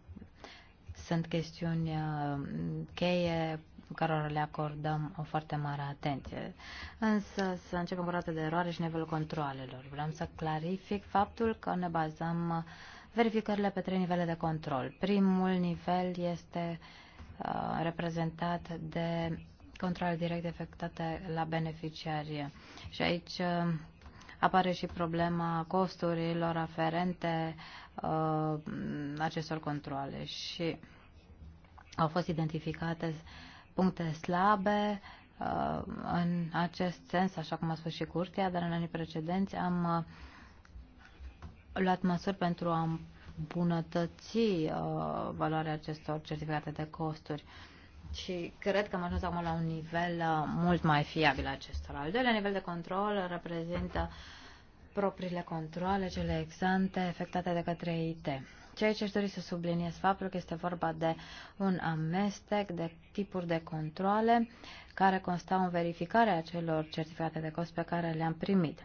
C: sunt chestiuni uh, cheie cărora le acordăm o foarte mare atenție. Însă să începem cu rata de eroare și nivelul controlelor. Vreau să clarific faptul că ne bazăm verificările pe trei nivele de control. Primul nivel este uh, reprezentat de controle direct efectuate la beneficiarie. Și aici uh, apare și problema costurilor aferente uh, acestor controle și au fost identificate puncte slabe uh, în acest sens, așa cum a spus și Curtea, dar în anii precedenți am uh, luat măsuri pentru a îmbunătăți uh, valoarea acestor certificate de costuri. Și cred că am ajuns acum la un nivel mult mai fiabil acestor. Al doilea nivel de control reprezintă propriile controle, cele exante efectuate de către IT. Ceea ce aș dori să subliniez faptul că este vorba de un amestec de tipuri de controle care constau în verificarea acelor certificate de cost pe care le-am primit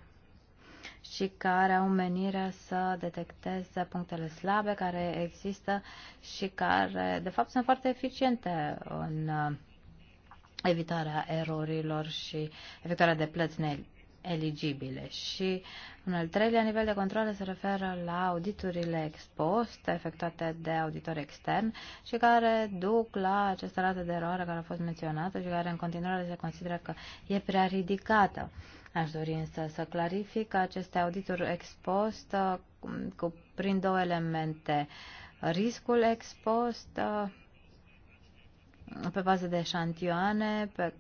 C: și care au menirea să detecteze punctele slabe care există și care, de fapt, sunt foarte eficiente în uh, evitarea erorilor și evitarea de plăți eligibile. Și un al treilea nivel de control se referă la auditurile expost, efectuate de auditori extern și care duc la această rată de eroare care a fost menționată și care în continuare se consideră că e prea ridicată. Aș dori însă să clarific că aceste audituri expost uh, cuprind două elemente. Riscul expost uh, pe bază de șantioane pe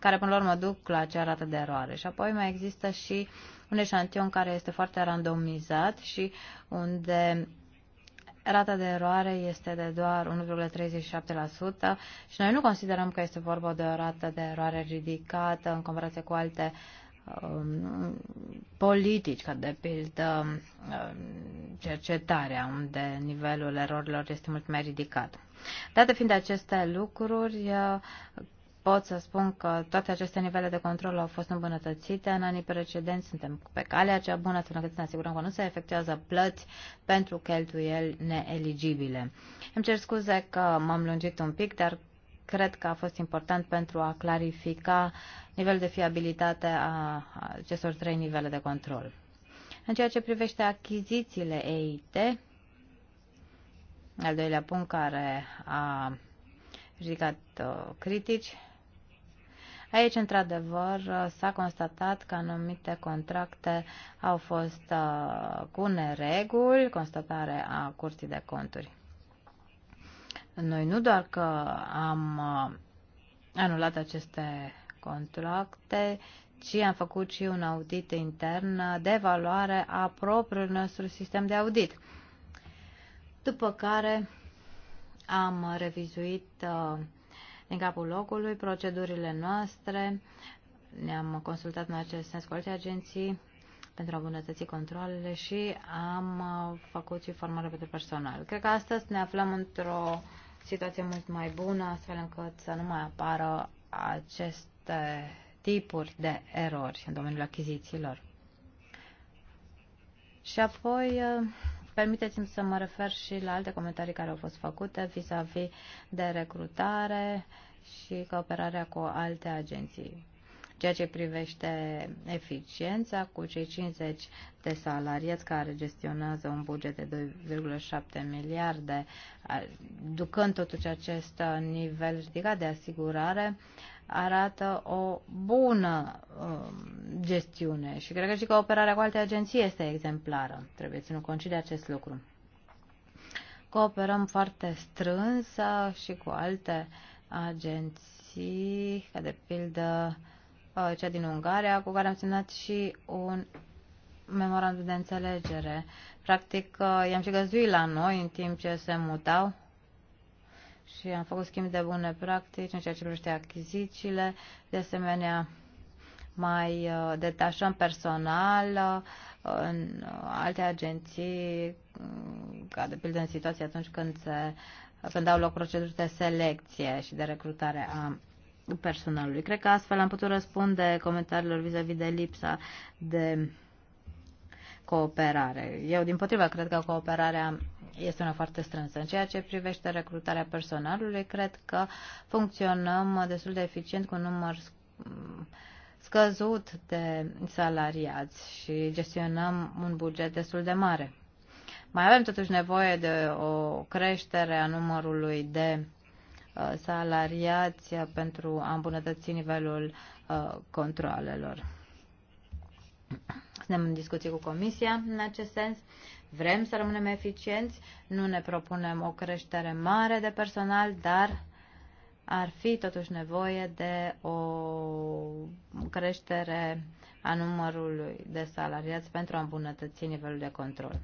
C: care până la urmă duc la acea arată de eroare. Și apoi mai există și un eșantion care este foarte randomizat și unde rata de eroare este de doar 1,37% și noi nu considerăm că este vorba de o rată de eroare ridicată în comparație cu alte um, politici, ca de pildă um, cercetarea, unde nivelul erorilor este mult mai ridicat. Date fiind aceste lucruri, uh, pot să spun că toate aceste nivele de control au fost îmbunătățite. În anii precedenți suntem pe calea cea bună până când ne asigurăm că nu se efectuează plăți pentru cheltuieli neeligibile. Îmi cer scuze că m-am lungit un pic, dar cred că a fost important pentru a clarifica nivelul de fiabilitate a acestor trei nivele de control. În ceea ce privește achizițiile EIT, al doilea punct care a ridicat uh, critici, Aici, într-adevăr, s-a constatat că anumite contracte au fost uh, cu nereguli, constatare a Curții de Conturi. Noi nu doar că am uh, anulat aceste contracte, ci am făcut și un audit intern de valoare a propriului nostru sistem de audit. După care am revizuit uh, din capul locului procedurile noastre. Ne-am consultat în acest sens cu alte agenții pentru a îmbunătăți controlele și am făcut și formare pentru personal. Cred că astăzi ne aflăm într-o situație mult mai bună, astfel încât să nu mai apară aceste tipuri de erori în domeniul achizițiilor. Și apoi Permiteți-mi să mă refer și la alte comentarii care au fost făcute vis-a-vis -vis de recrutare și cooperarea cu alte agenții ceea ce privește eficiența cu cei 50 de salariați care gestionează un buget de 2,7 miliarde, ducând totuși acest nivel ridicat de asigurare, arată o bună um, gestiune și cred că și cooperarea cu alte agenții este exemplară. Trebuie să nu concide acest lucru. Cooperăm foarte strânsă uh, și cu alte agenții, ca de pildă uh, Uh, cea din Ungaria, cu care am semnat și un memorandum de înțelegere. Practic, uh, i-am și găzduit la noi în timp ce se mutau și am făcut schimb de bune practici în ceea ce privește achizițiile. De asemenea, mai uh, detașăm personal în alte agenții, mm, ca de pildă în situații atunci când, se, când au loc proceduri de selecție și de recrutare a personalului. Cred că astfel am putut răspunde comentariilor vis-a-vis -vis de lipsa de cooperare. Eu, din potriva, cred că cooperarea este una foarte strânsă. În ceea ce privește recrutarea personalului, cred că funcționăm destul de eficient cu un număr scăzut de salariați și gestionăm un buget destul de mare. Mai avem totuși nevoie de o creștere a numărului de Uh, salariați pentru a îmbunătăți nivelul uh, controlelor. Suntem în discuție cu Comisia în acest sens. Vrem să rămânem eficienți, nu ne propunem o creștere mare de personal, dar ar fi totuși nevoie de o creștere a numărului de salariați pentru a îmbunătăți nivelul de control.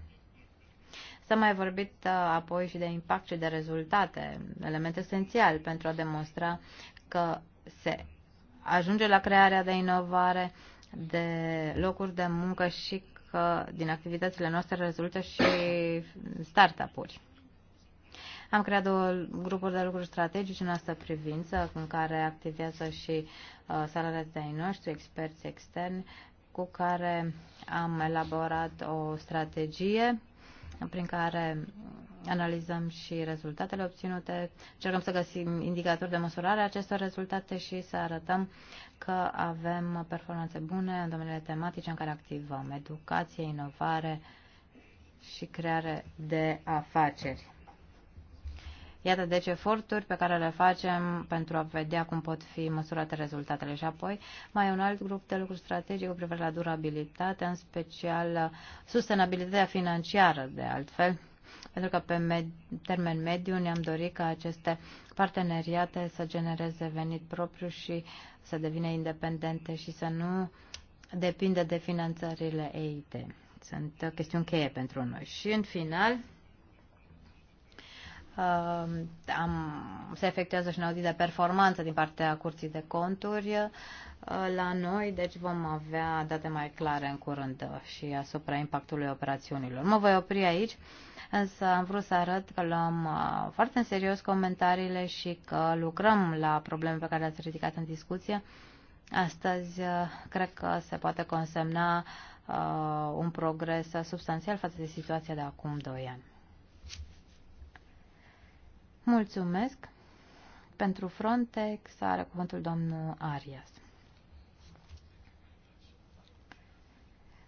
C: S-a mai vorbit uh, apoi și de impact și de rezultate, element esențial pentru a demonstra că se ajunge la crearea de inovare, de locuri de muncă și că din activitățile noastre rezultă și startup-uri. Am creat două grupuri de lucruri strategice în această privință, în care activează și uh, salariații noștri, experți externi, cu care am elaborat o strategie prin care analizăm și rezultatele obținute, încercăm să găsim indicatori de măsurare a acestor rezultate și să arătăm că avem performanțe bune în domeniile tematice în care activăm, educație, inovare și creare de afaceri. Iată deci eforturi pe care le facem pentru a vedea cum pot fi măsurate rezultatele. Și apoi mai un alt grup de lucruri strategic cu privire la durabilitate, în special uh, sustenabilitatea financiară, de altfel, pentru că pe med- termen mediu ne-am dorit ca aceste parteneriate să genereze venit propriu și să devină independente și să nu depindă de finanțările EIT. Sunt uh, chestiuni cheie pentru noi. Și în final, am, se efectuează și un audit de performanță din partea Curții de Conturi uh, la noi, deci vom avea date mai clare în curând uh, și asupra impactului operațiunilor. Mă voi opri aici, însă am vrut să arăt că luăm uh, foarte în serios comentariile și că lucrăm la probleme pe care le-ați ridicat în discuție. Astăzi cred că se poate consemna uh, un progres substanțial față de situația de acum 2 ani. Mulțumesc. Pentru Frontex are cuvântul domnul Arias.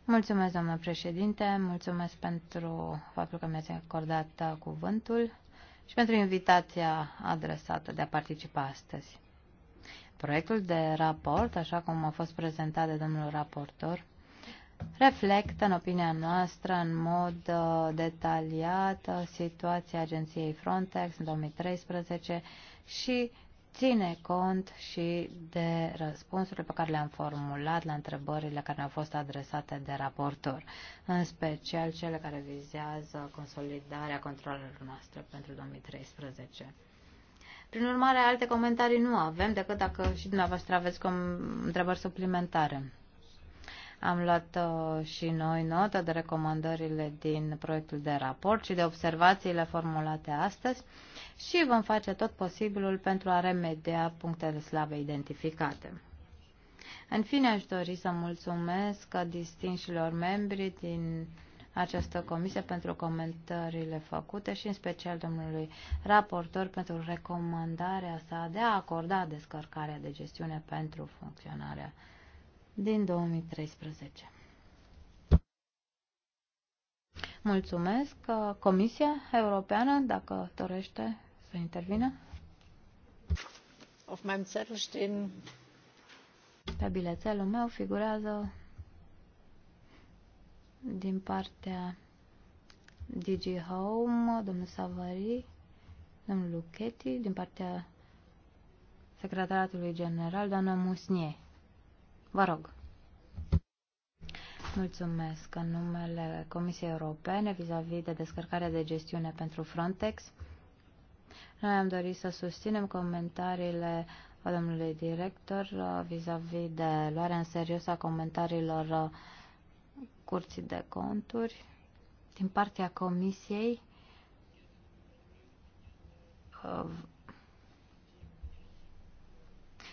C: Mulțumesc, domnul președinte, mulțumesc pentru faptul că mi-ați acordat cuvântul și pentru invitația adresată de a participa astăzi. Proiectul de raport, așa cum a fost prezentat de domnul raportor, reflectă, în opinia noastră, în mod uh, detaliat uh, situația agenției Frontex în 2013 și ține cont și de răspunsurile pe care le-am formulat la întrebările care ne-au fost adresate de raportor, în special cele care vizează consolidarea controlelor noastre pentru 2013. Prin urmare, alte comentarii nu avem, decât dacă și dumneavoastră aveți întrebări suplimentare. Am luat uh, și noi notă de recomandările din proiectul de raport și de observațiile formulate astăzi și vom face tot posibilul pentru a remedia punctele slabe identificate. În fine, aș dori să mulțumesc distinșilor membri din această comisie pentru comentariile făcute și în special domnului raportor pentru recomandarea sa de a acorda descărcarea de gestiune pentru funcționarea din 2013. Mulțumesc. Uh, Comisia Europeană, dacă dorește să intervină. Auf meinem Zettel stehen... Pe bilețelul meu figurează din partea DG Home, domnul Savary, domnul Luchetti, din partea Secretariatului General, doamna Musnier. Vă rog. Mulțumesc. În numele Comisiei Europene vis-a-vis -vis de descărcarea de gestiune pentru Frontex, noi am dorit să susținem comentariile a domnului director uh, vis-a-vis -vis de luarea în serios a comentariilor uh, curții de conturi din partea Comisiei uh,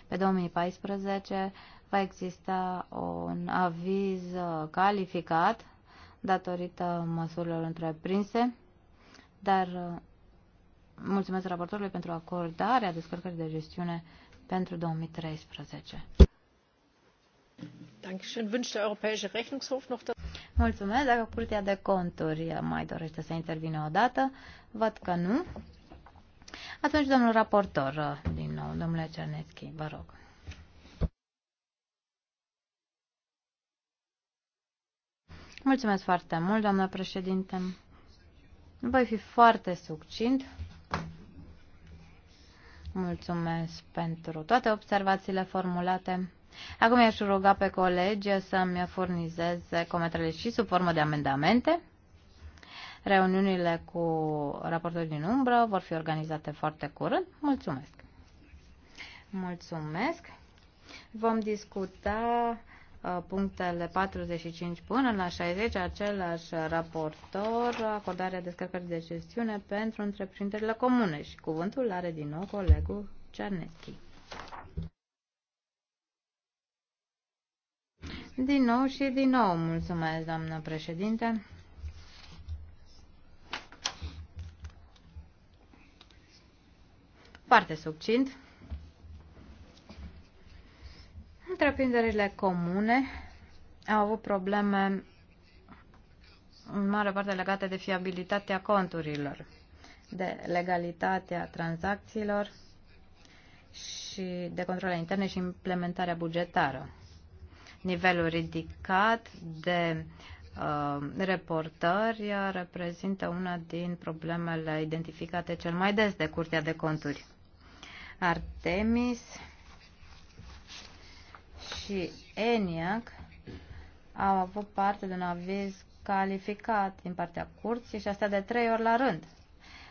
C: pe 2014 va exista un aviz uh, calificat datorită măsurilor întreprinse, dar uh, mulțumesc raportorului pentru acordarea descărcării de gestiune pentru 2013. Mulțumesc. Dacă Curtea de Conturi mai dorește să intervine o dată, văd că nu. Atunci, domnul raportor, uh, din nou, domnule Cerneschi, vă rog. Mulțumesc foarte mult, doamnă președinte. Voi fi foarte succint. Mulțumesc pentru toate observațiile formulate. Acum i-aș ruga pe colegi să-mi furnizeze comentariile și sub formă de amendamente. Reuniunile cu raportori din umbră vor fi organizate foarte curând. Mulțumesc! Mulțumesc! Vom discuta Uh, punctele 45 până la 60, același raportor, acordarea descărcării de gestiune pentru întreprinderile comune. Și cuvântul are din nou colegul Cerneschi. Din nou și din nou mulțumesc, doamnă președinte. Foarte succint. Întreprinderile comune au avut probleme în mare parte legate de fiabilitatea conturilor, de legalitatea tranzacțiilor și de controle interne și implementarea bugetară. Nivelul ridicat de uh, reportări reprezintă una din problemele identificate cel mai des de Curtea de Conturi. Artemis și ENIAC au avut parte de un aviz calificat din partea curții și astea de trei ori la rând.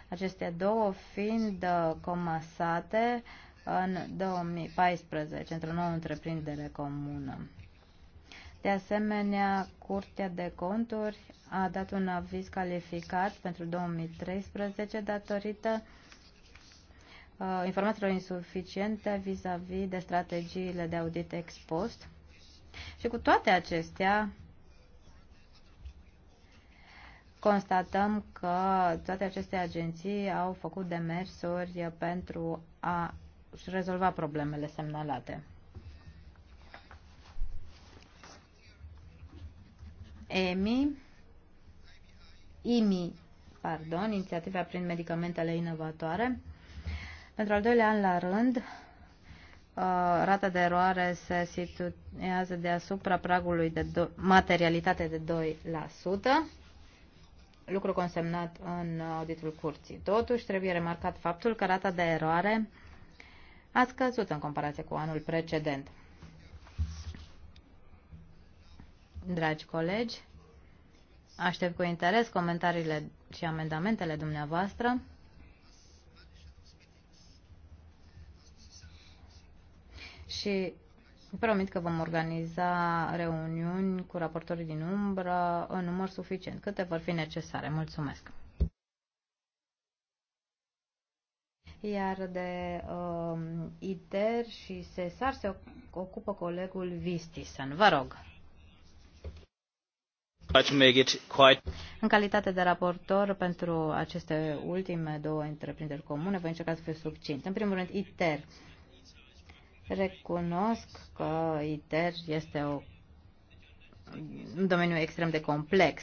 C: Aceste două fiind uh, comasate în 2014 într-o nouă întreprindere comună. De asemenea, Curtea de Conturi a dat un aviz calificat pentru 2013 datorită Uh, informațiilor insuficiente vis-a-vis -vis de strategiile de audit ex post. Și cu toate acestea, constatăm că toate aceste agenții au făcut demersuri pentru a rezolva problemele semnalate. EMI, IMI, pardon, Inițiativa prin Medicamentele Inovatoare, pentru al doilea an la rând, uh, rata de eroare se situează deasupra pragului de materialitate de 2%, lucru consemnat în auditul curții. Totuși, trebuie remarcat faptul că rata de eroare a scăzut în comparație cu anul precedent. Dragi colegi, aștept cu interes comentariile și amendamentele dumneavoastră. și promit că vom organiza reuniuni cu raportorii din umbră în număr suficient, câte vor fi necesare. Mulțumesc! Iar de uh, ITER și SESAR se ocupă colegul Vistisen. Vă rog! În calitate de raportor pentru aceste ultime două întreprinderi comune, voi încerca să fiu succint. În primul rând, ITER. Recunosc că ITER este o, un domeniu extrem de complex.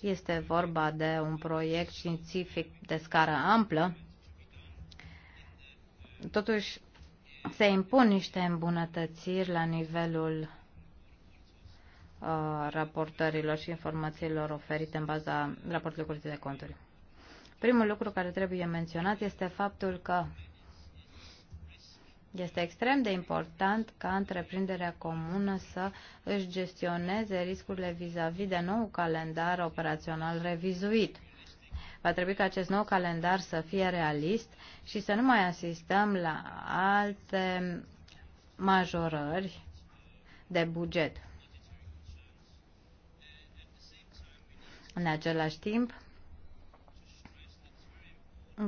C: Este vorba de un proiect științific de scară amplă. Totuși, se impun niște îmbunătățiri la nivelul uh, raportărilor și informațiilor oferite în baza raportului Curții de Conturi. Primul lucru care trebuie menționat este faptul că este extrem de important ca întreprinderea comună să își gestioneze riscurile vis-a-vis -vis de nou calendar operațional revizuit. Va trebui ca acest nou calendar să fie realist și să nu mai asistăm la alte majorări de buget. În același timp,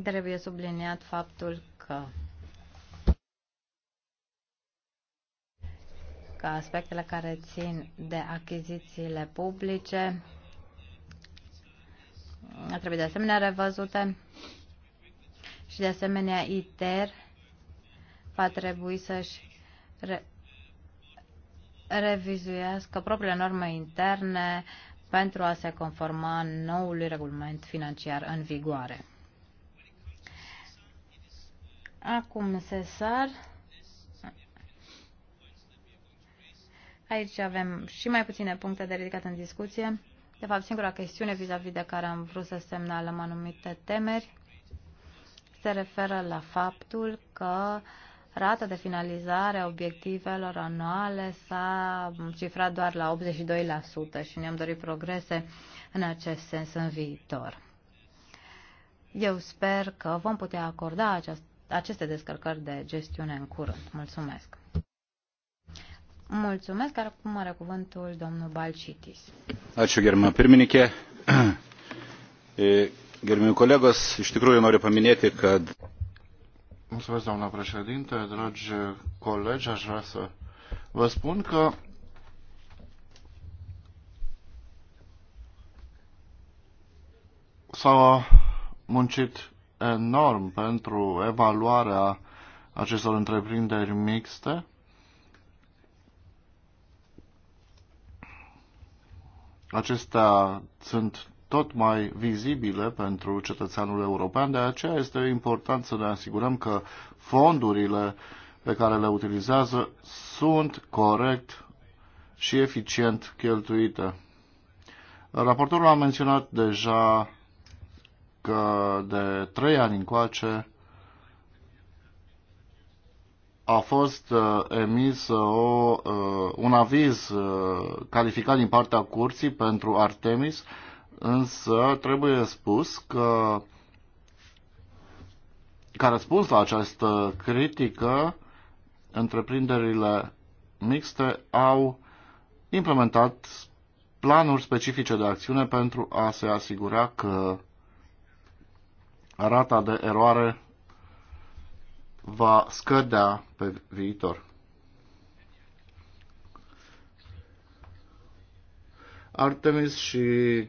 C: trebuie subliniat faptul că că aspectele care țin de achizițiile publice ar trebui de asemenea revăzute și de asemenea ITER va trebui să-și re- revizuiască propriile norme interne pentru a se conforma noului regulament financiar în vigoare. Acum sar. Aici avem și mai puține puncte de ridicat în discuție. De fapt, singura chestiune vis-a-vis -vis de care am vrut să semnalăm anumite temeri se referă la faptul că rata de finalizare a obiectivelor anuale s-a cifrat doar la 82% și ne-am dorit progrese în acest sens în viitor. Eu sper că vom putea acorda aceste descărcări de gestiune în curând. Mulțumesc! Mulțumesc, acum are cuvântul domnul Balcitis. Ačiū,
B: germa pirmininkė. Gerbiami kolegos, iš tikrųjų noriu paminėti, kad... Mulțumesc, doamna președinte, dragi colegi, aș vrea să vă spun că s-a muncit enorm pentru evaluarea acestor întreprinderi mixte Acestea sunt tot mai vizibile pentru cetățeanul european, de aceea este important să ne asigurăm că fondurile pe care le utilizează sunt corect și eficient cheltuite. Raportorul a menționat deja că de trei ani încoace a fost uh, emis uh, o, uh, un aviz uh, calificat din partea curții pentru Artemis, însă trebuie spus că ca răspuns la această critică, întreprinderile mixte au implementat planuri specifice de acțiune pentru a se asigura că rata de eroare va scădea pe viitor. Artemis și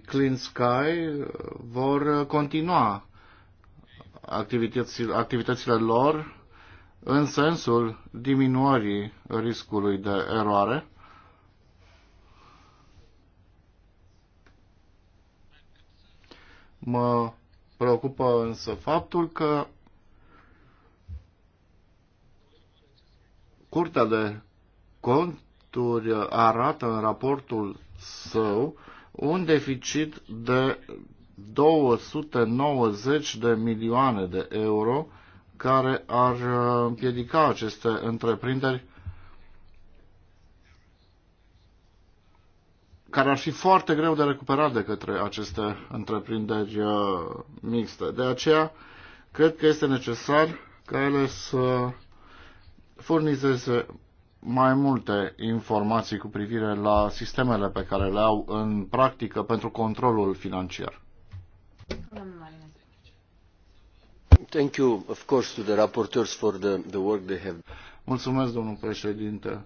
B: Clean Sky vor continua activitățile, activitățile lor în sensul diminuării riscului de eroare. Mă preocupă însă faptul că Curtea de conturi arată în raportul său un deficit de 290 de milioane de euro care ar uh, împiedica aceste întreprinderi care ar fi foarte greu de recuperat de către aceste întreprinderi uh, mixte. De aceea, cred că este necesar ca ele să furnizeze mai multe informații cu privire la sistemele pe care le au în practică pentru controlul financiar. Thank you, of course, to the rapporteurs for the, the work they have. Mulțumesc, domnul președinte.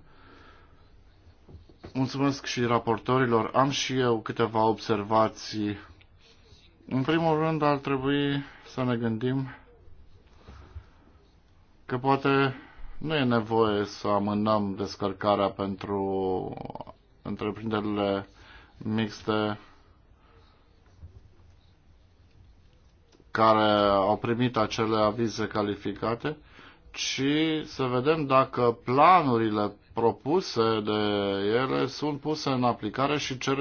B: Mulțumesc și raportorilor. Am și eu câteva observații. În primul rând, ar trebui să ne gândim că poate nu e nevoie să amânăm descărcarea pentru întreprinderile mixte care au primit acele avize calificate, ci să vedem dacă planurile propuse de ele sunt puse în aplicare și ce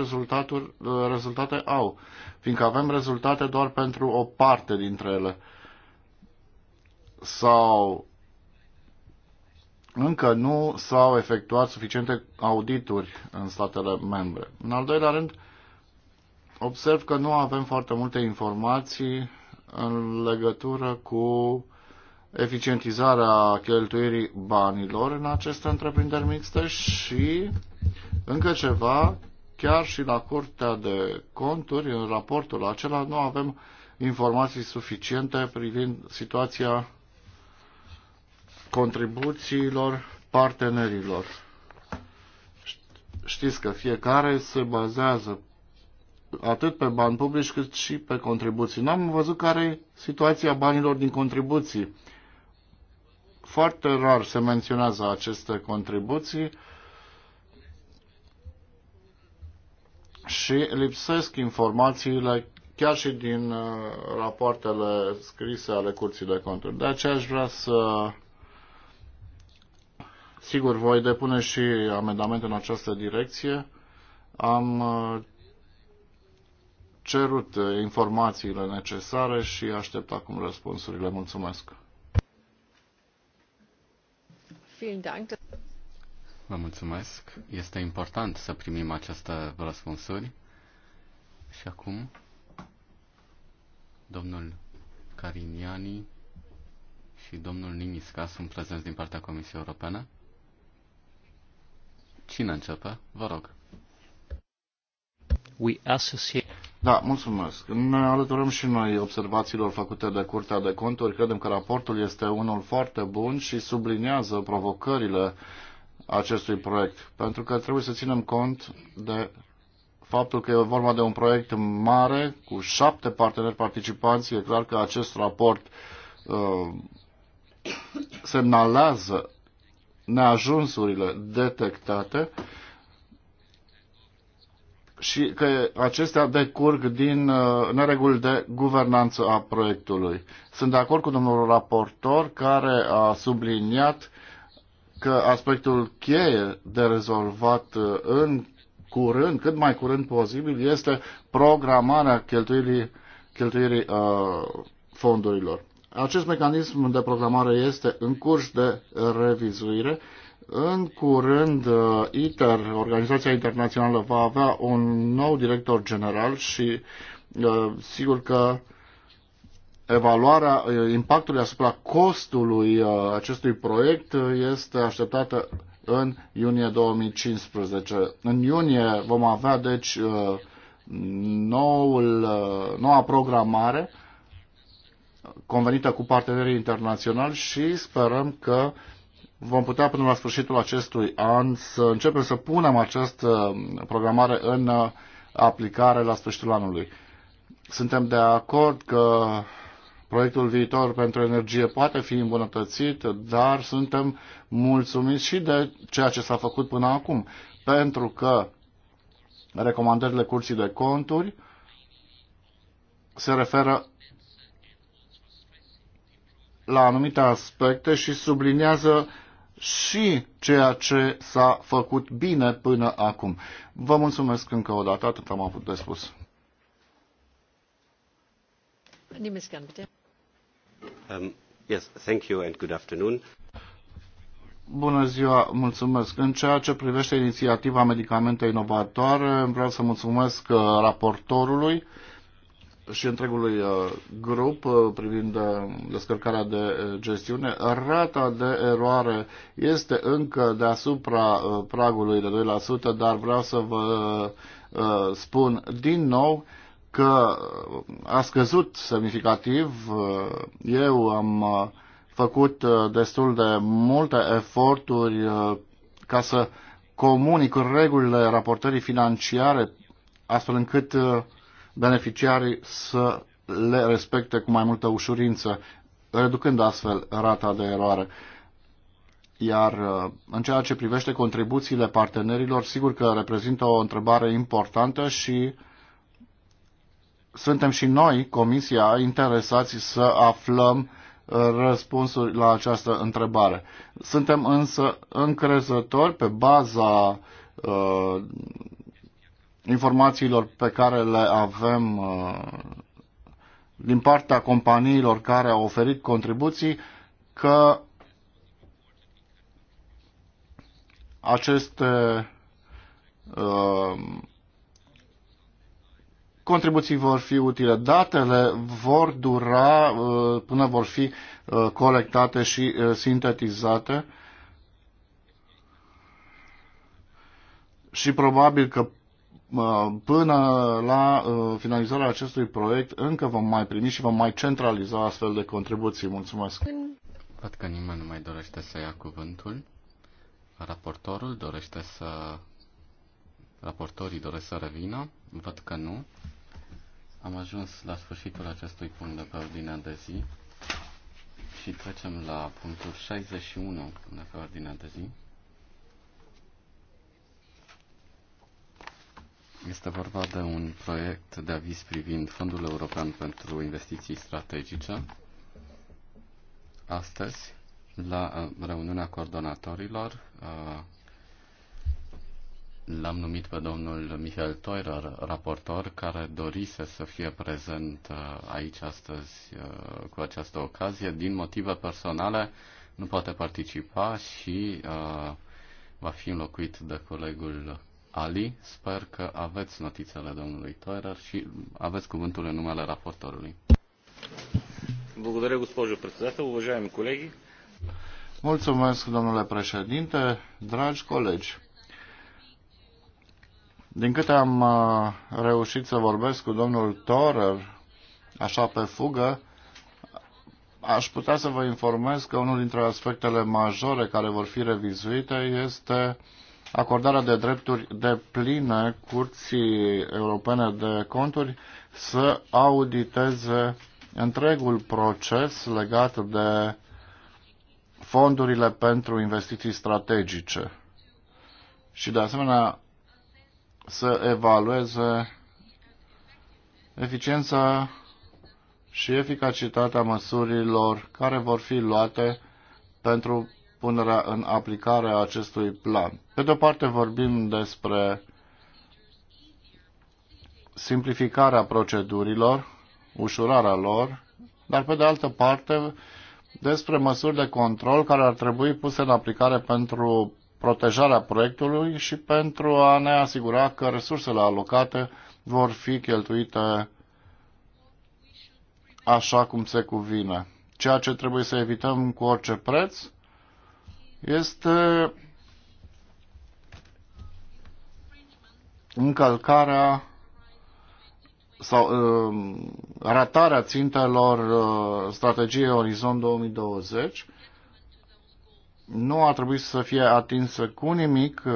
B: rezultate au, fiindcă avem rezultate doar pentru o parte dintre ele. Sau încă nu s-au efectuat suficiente audituri în statele membre. În al doilea rând, observ că nu avem foarte multe informații în legătură cu eficientizarea cheltuirii banilor în aceste întreprinderi mixte și încă ceva, chiar și la Curtea de Conturi, în raportul acela, nu avem informații suficiente privind situația contribuțiilor partenerilor. Știți că fiecare se bazează atât pe bani publici cât și pe contribuții. N-am văzut care e situația banilor din contribuții. Foarte rar se menționează aceste contribuții și lipsesc informațiile chiar și din uh, rapoartele scrise ale curții de conturi. De aceea aș vrea să Sigur, voi depune și amendamente în această direcție. Am uh, cerut uh, informațiile necesare și aștept acum răspunsurile. Mulțumesc!
A: Vă mulțumesc. Este important să primim aceste răspunsuri. Și acum, domnul Cariniani și domnul Nimisca sunt prezenți din partea Comisiei Europene.
B: Cine începe? Vă rog. We associate... Da, mulțumesc. Ne alăturăm și noi observațiilor făcute de Curtea de Conturi. Credem că raportul este unul foarte bun și subliniază provocările acestui proiect, pentru că trebuie să ținem cont de faptul că e vorba de un proiect mare cu șapte parteneri participanți. E clar că acest raport uh, semnalează neajunsurile detectate și că acestea decurg din uh, nereguli de guvernanță a proiectului. Sunt de acord cu domnul raportor care a subliniat că aspectul cheie de rezolvat uh, în curând, cât mai curând posibil, este programarea cheltuirii, cheltuirii uh, fondurilor. Acest mecanism de programare este în curs de revizuire. În curând, uh, ITER, Organizația Internațională, va avea un nou director general și uh, sigur că evaluarea uh, impactului asupra costului acestui proiect este așteptată în iunie 2015. În iunie vom avea, deci, noul, noua programare convenită cu partenerii internaționali și sperăm că vom putea până la sfârșitul acestui an să începem să punem această programare în uh, aplicare la sfârșitul anului. Suntem de acord că proiectul viitor pentru energie poate fi îmbunătățit, dar suntem mulțumiți și de ceea ce s-a făcut până acum, pentru că recomandările curții de conturi se referă la anumite aspecte și subliniază și ceea ce s-a făcut bine până acum. Vă mulțumesc încă o dată, atât am avut de spus.
A: Um, yes, thank you and good afternoon.
B: Bună ziua, mulțumesc. În ceea ce privește inițiativa medicamente inovatoare, vreau să mulțumesc uh, raportorului și întregului uh, grup uh, privind uh, descărcarea de gestiune, rata de eroare este încă deasupra pragului de 2%, dar vreau să vă spun din nou că a scăzut semnificativ. Eu am făcut destul de multe eforturi ca să comunic regulile raportării financiare astfel încât beneficiarii să le respecte cu mai multă ușurință, reducând astfel rata de eroare. Iar uh, în ceea ce privește contribuțiile partenerilor, sigur că reprezintă o întrebare importantă și suntem și noi, Comisia, interesați să aflăm uh, răspunsuri la această întrebare. Suntem însă încrezători pe baza uh, informațiilor pe care le avem uh, din partea companiilor care au oferit contribuții că aceste uh, contribuții vor fi utile. Datele vor dura uh, până vor fi colectate și sintetizate și probabil că până la uh, finalizarea acestui proiect încă vom mai primi și vom mai centraliza astfel de contribuții. Mulțumesc!
A: Văd că nimeni nu mai dorește să ia cuvântul. Raportorul dorește să... Raportorii doresc să revină. Văd că nu. Am ajuns la sfârșitul acestui punct de pe ordinea de zi și trecem la punctul 61 de pe ordinea de zi. Este vorba de un proiect de aviz privind Fondul European pentru Investiții Strategice. Astăzi, la uh, reuniunea coordonatorilor, uh, l-am numit pe domnul Michael Toirer, raportor, care dorise să fie prezent uh, aici astăzi cu această ocazie. Din motive personale, nu poate participa și va fi înlocuit de colegul Ali. Sper că aveți notițele domnului Toerer și aveți cuvântul în numele raportorului.
B: Mulțumesc, domnule președinte, dragi colegi. Din câte am uh, reușit să vorbesc cu domnul Torer, așa pe fugă, aș putea să vă informez că unul dintre aspectele majore care vor fi revizuite este uh, acordarea de drepturi de plină Curții Europene de Conturi să auditeze întregul proces legat de fondurile pentru investiții strategice și de asemenea să evalueze eficiența și eficacitatea măsurilor care vor fi luate pentru punerea în aplicare a acestui plan. Pe de o parte vorbim despre simplificarea procedurilor, ușurarea lor, dar pe de altă parte despre măsuri de control care ar trebui puse în aplicare pentru protejarea proiectului și pentru a ne asigura că resursele alocate vor fi cheltuite așa cum se cuvine. Ceea ce trebuie să evităm cu orice preț este încălcarea sau uh, ratarea țintelor uh, strategiei Orizont 2020 nu ar trebui să fie atinsă cu nimic uh,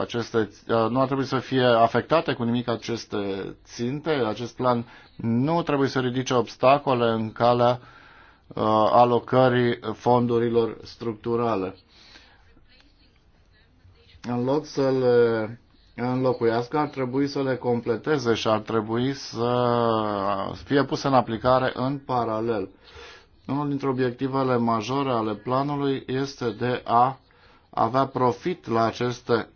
B: aceste, uh, nu ar trebui să fie afectate cu nimic aceste ținte, acest plan nu trebuie să ridice obstacole în calea uh, alocării fondurilor structurale în loc să le înlocuiască, ar trebui să le completeze și ar trebui să fie puse în aplicare în paralel. Unul dintre obiectivele majore ale planului este de a avea profit la aceste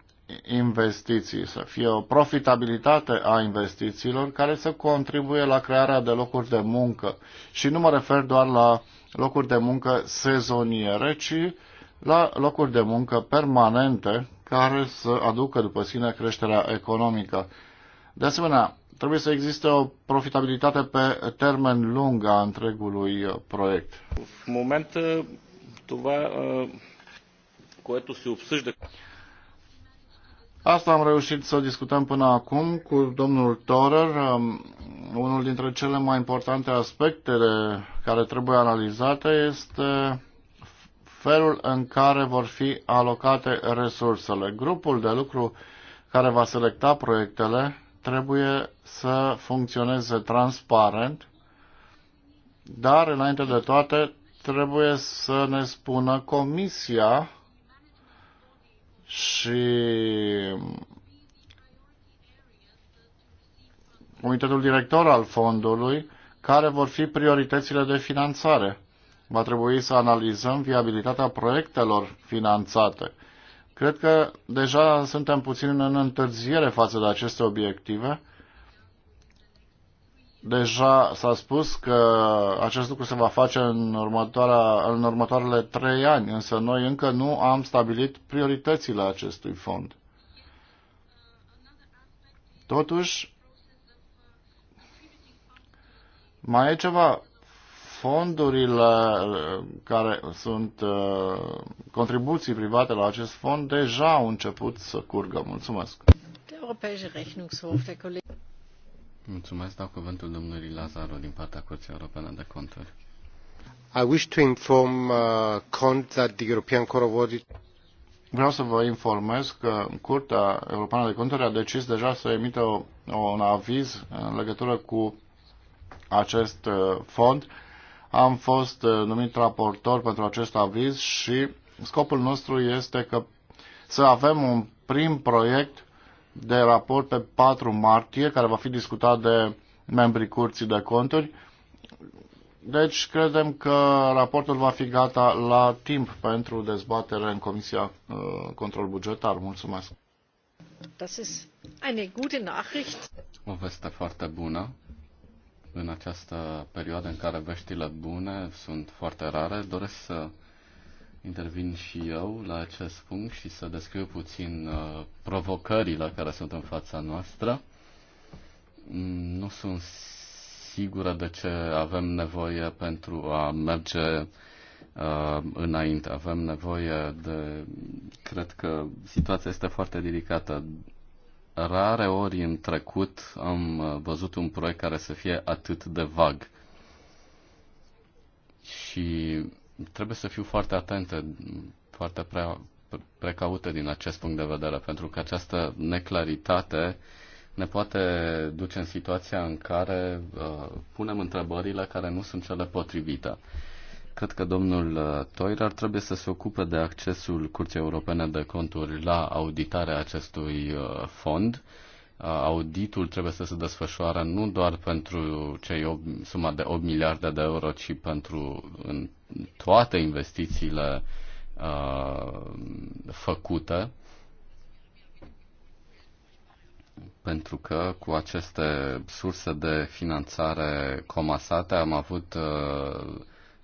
B: investiții, să fie o profitabilitate a investițiilor care să contribuie la crearea de locuri de muncă. Și nu mă refer doar la locuri de muncă sezoniere, ci la locuri de muncă permanente care să aducă după sine creșterea economică. De asemenea, trebuie să existe o profitabilitate pe termen lung a întregului proiect. În момента toată което se обсъжда. Asta am reușit să discutăm până acum cu domnul Torer. Um, unul dintre cele mai importante aspecte care trebuie analizate este felul în care vor fi alocate resursele. Grupul de lucru care va selecta proiectele trebuie să funcționeze transparent, dar înainte de toate trebuie să ne spună comisia și comitetul director al fondului care vor fi prioritățile de finanțare va trebui să analizăm viabilitatea proiectelor finanțate. Cred că deja suntem puțin în întârziere față de aceste obiective. Deja s-a spus că acest lucru se va face în, următoarea, în următoarele trei ani, însă noi încă nu am stabilit prioritățile acestui fond. Totuși, mai e ceva fondurile uh, care sunt uh, contribuții private la acest fond deja au început să curgă. Mulțumesc!
A: Mulțumesc, dau cuvântul domnului Lazaro din partea Curții Europene de Conturi.
B: I wish to inform uh, Cont that the European Court of Audit Vreau să vă informez că Curtea Europeană de Conturi a decis deja să emită o, un aviz în legătură cu acest uh, fond am fost uh, numit raportor pentru acest aviz și scopul nostru este că să avem un prim proiect de raport pe 4 martie, care va fi discutat de membrii Curții de Conturi. Deci credem că raportul va fi gata la timp pentru dezbatere în Comisia uh, Control Bugetar. Mulțumesc!
C: Das ist eine gute Nachricht.
B: O veste foarte
A: bună în această perioadă în care veștile bune sunt foarte rare, doresc să intervin și eu la acest punct și să descriu puțin uh, provocările care sunt în fața noastră. Mm, nu sunt sigură de ce avem nevoie pentru a merge uh, înainte. Avem nevoie de. Cred că situația este foarte delicată rare ori în trecut am uh, văzut un proiect care să fie atât de vag. Și trebuie să fiu foarte atentă, foarte prea precaută din acest punct de vedere, pentru că această neclaritate ne poate duce în situația în care uh, punem întrebările care nu sunt cele potrivite. Cred că domnul uh, Toirar trebuie să se ocupe de accesul Curții Europene de Conturi la auditarea acestui uh, fond. Uh, auditul trebuie să se desfășoare nu doar pentru cei 8, suma de 8 miliarde de euro, ci pentru în toate investițiile uh, făcute pentru că cu aceste surse de finanțare comasate am avut uh,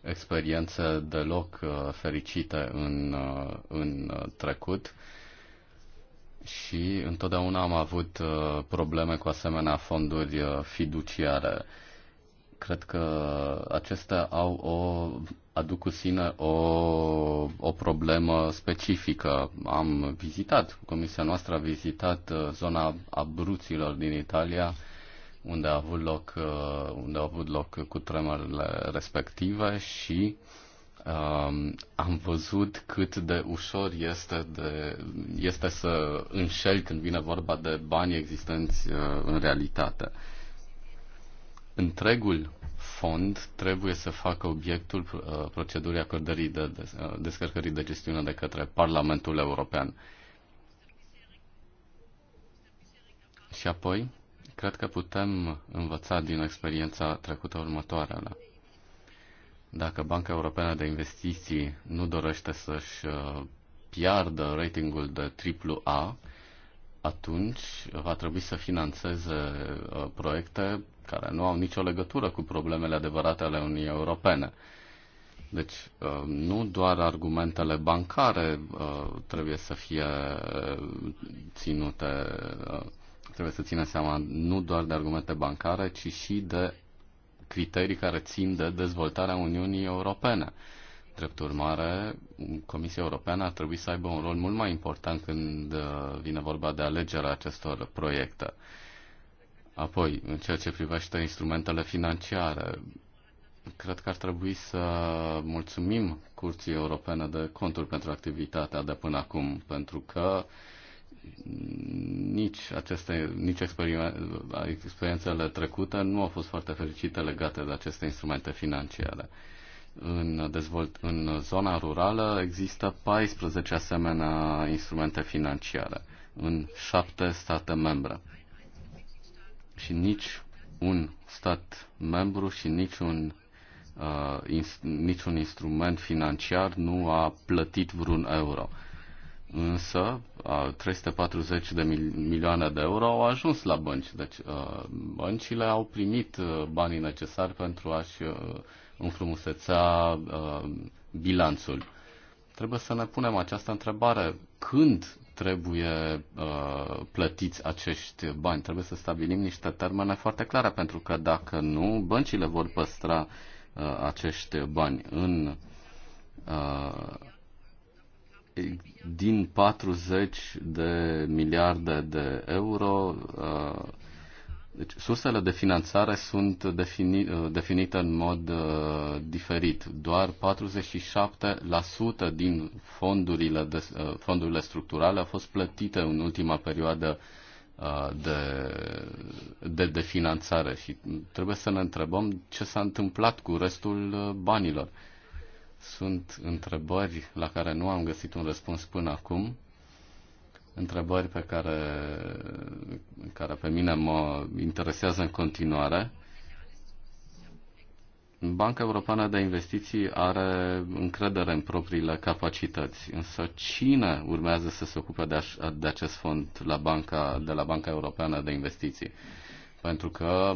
A: experiențe deloc uh, fericite în, uh, în uh, trecut și întotdeauna am avut probleme cu asemenea fonduri fiduciare. Cred că acestea au o, aduc cu sine o, o problemă specifică. Am vizitat, comisia noastră a vizitat zona Abruților din Italia, unde a avut loc, uh, unde au avut loc cu tremurile respective și um, am văzut cât de ușor este, de, este să înșel când vine vorba de bani existenți uh, în realitate. Întregul fond trebuie să facă obiectul uh, procedurii acordării de, de uh, descărcării de gestiune de către Parlamentul European. Și apoi, Cred că putem învăța din experiența trecută următoarele. Dacă Banca Europeană de Investiții nu dorește să-și uh, piardă ratingul de AAA, atunci va trebui să financeze uh, proiecte care nu au nicio legătură cu problemele adevărate ale Uniunii Europene. Deci uh, nu doar argumentele bancare trebuie să fie ținute trebuie să țină seama nu doar de argumente bancare, ci și de criterii care țin de dezvoltarea Uniunii Europene. Drept urmare, Comisia Europeană ar trebui să aibă un rol mult mai important când uh, vine vorba de alegerea acestor proiecte. Apoi, în ceea ce privește instrumentele financiare, cred că ar trebui să mulțumim Curții Europene de Conturi pentru activitatea de până acum, pentru că uh, nici, aceste, nici experiențele trecute nu au fost foarte fericite legate de aceste instrumente financiare. În, dezvolt, în zona rurală există 14 asemenea instrumente financiare în șapte state membre. Și nici un stat membru și niciun, uh, ins, niciun instrument financiar nu a plătit vreun euro. Uh, însă 340 de milioane de euro au ajuns la bănci. Deci băncile au primit banii necesari pentru a-și înfrumusețea bilanțul. Trebuie să ne punem această întrebare. Când trebuie plătiți acești bani? Trebuie să stabilim niște termene foarte clare, pentru că dacă nu, băncile vor păstra acești bani în din 40 de miliarde de euro, uh, deci sursele de finanțare sunt defini, uh, definite în mod uh, diferit. Doar 47% din fondurile, de, fondurile structurale au fost plătite în ultima perioadă de, de, de finanțare și trebuie să ne întrebăm ce s-a întâmplat cu restul banilor. Sunt întrebări la care nu am găsit un răspuns până acum, întrebări pe care, care pe mine mă interesează în continuare. Banca Europeană de Investiții are încredere în propriile capacități, însă cine urmează să se ocupe de, aș, de acest fond la banca, de la Banca Europeană de Investiții? pentru că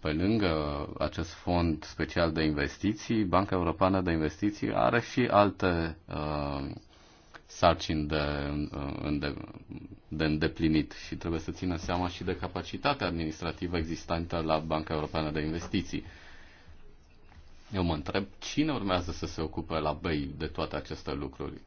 A: pe lângă acest fond special de investiții, Banca Europeană de Investiții are și alte uh, sarcini de, uh, de, de îndeplinit și trebuie să țină seama și de capacitatea administrativă existentă la Banca Europeană de Investiții. Eu mă întreb cine urmează să se ocupe la BEI de toate aceste lucruri.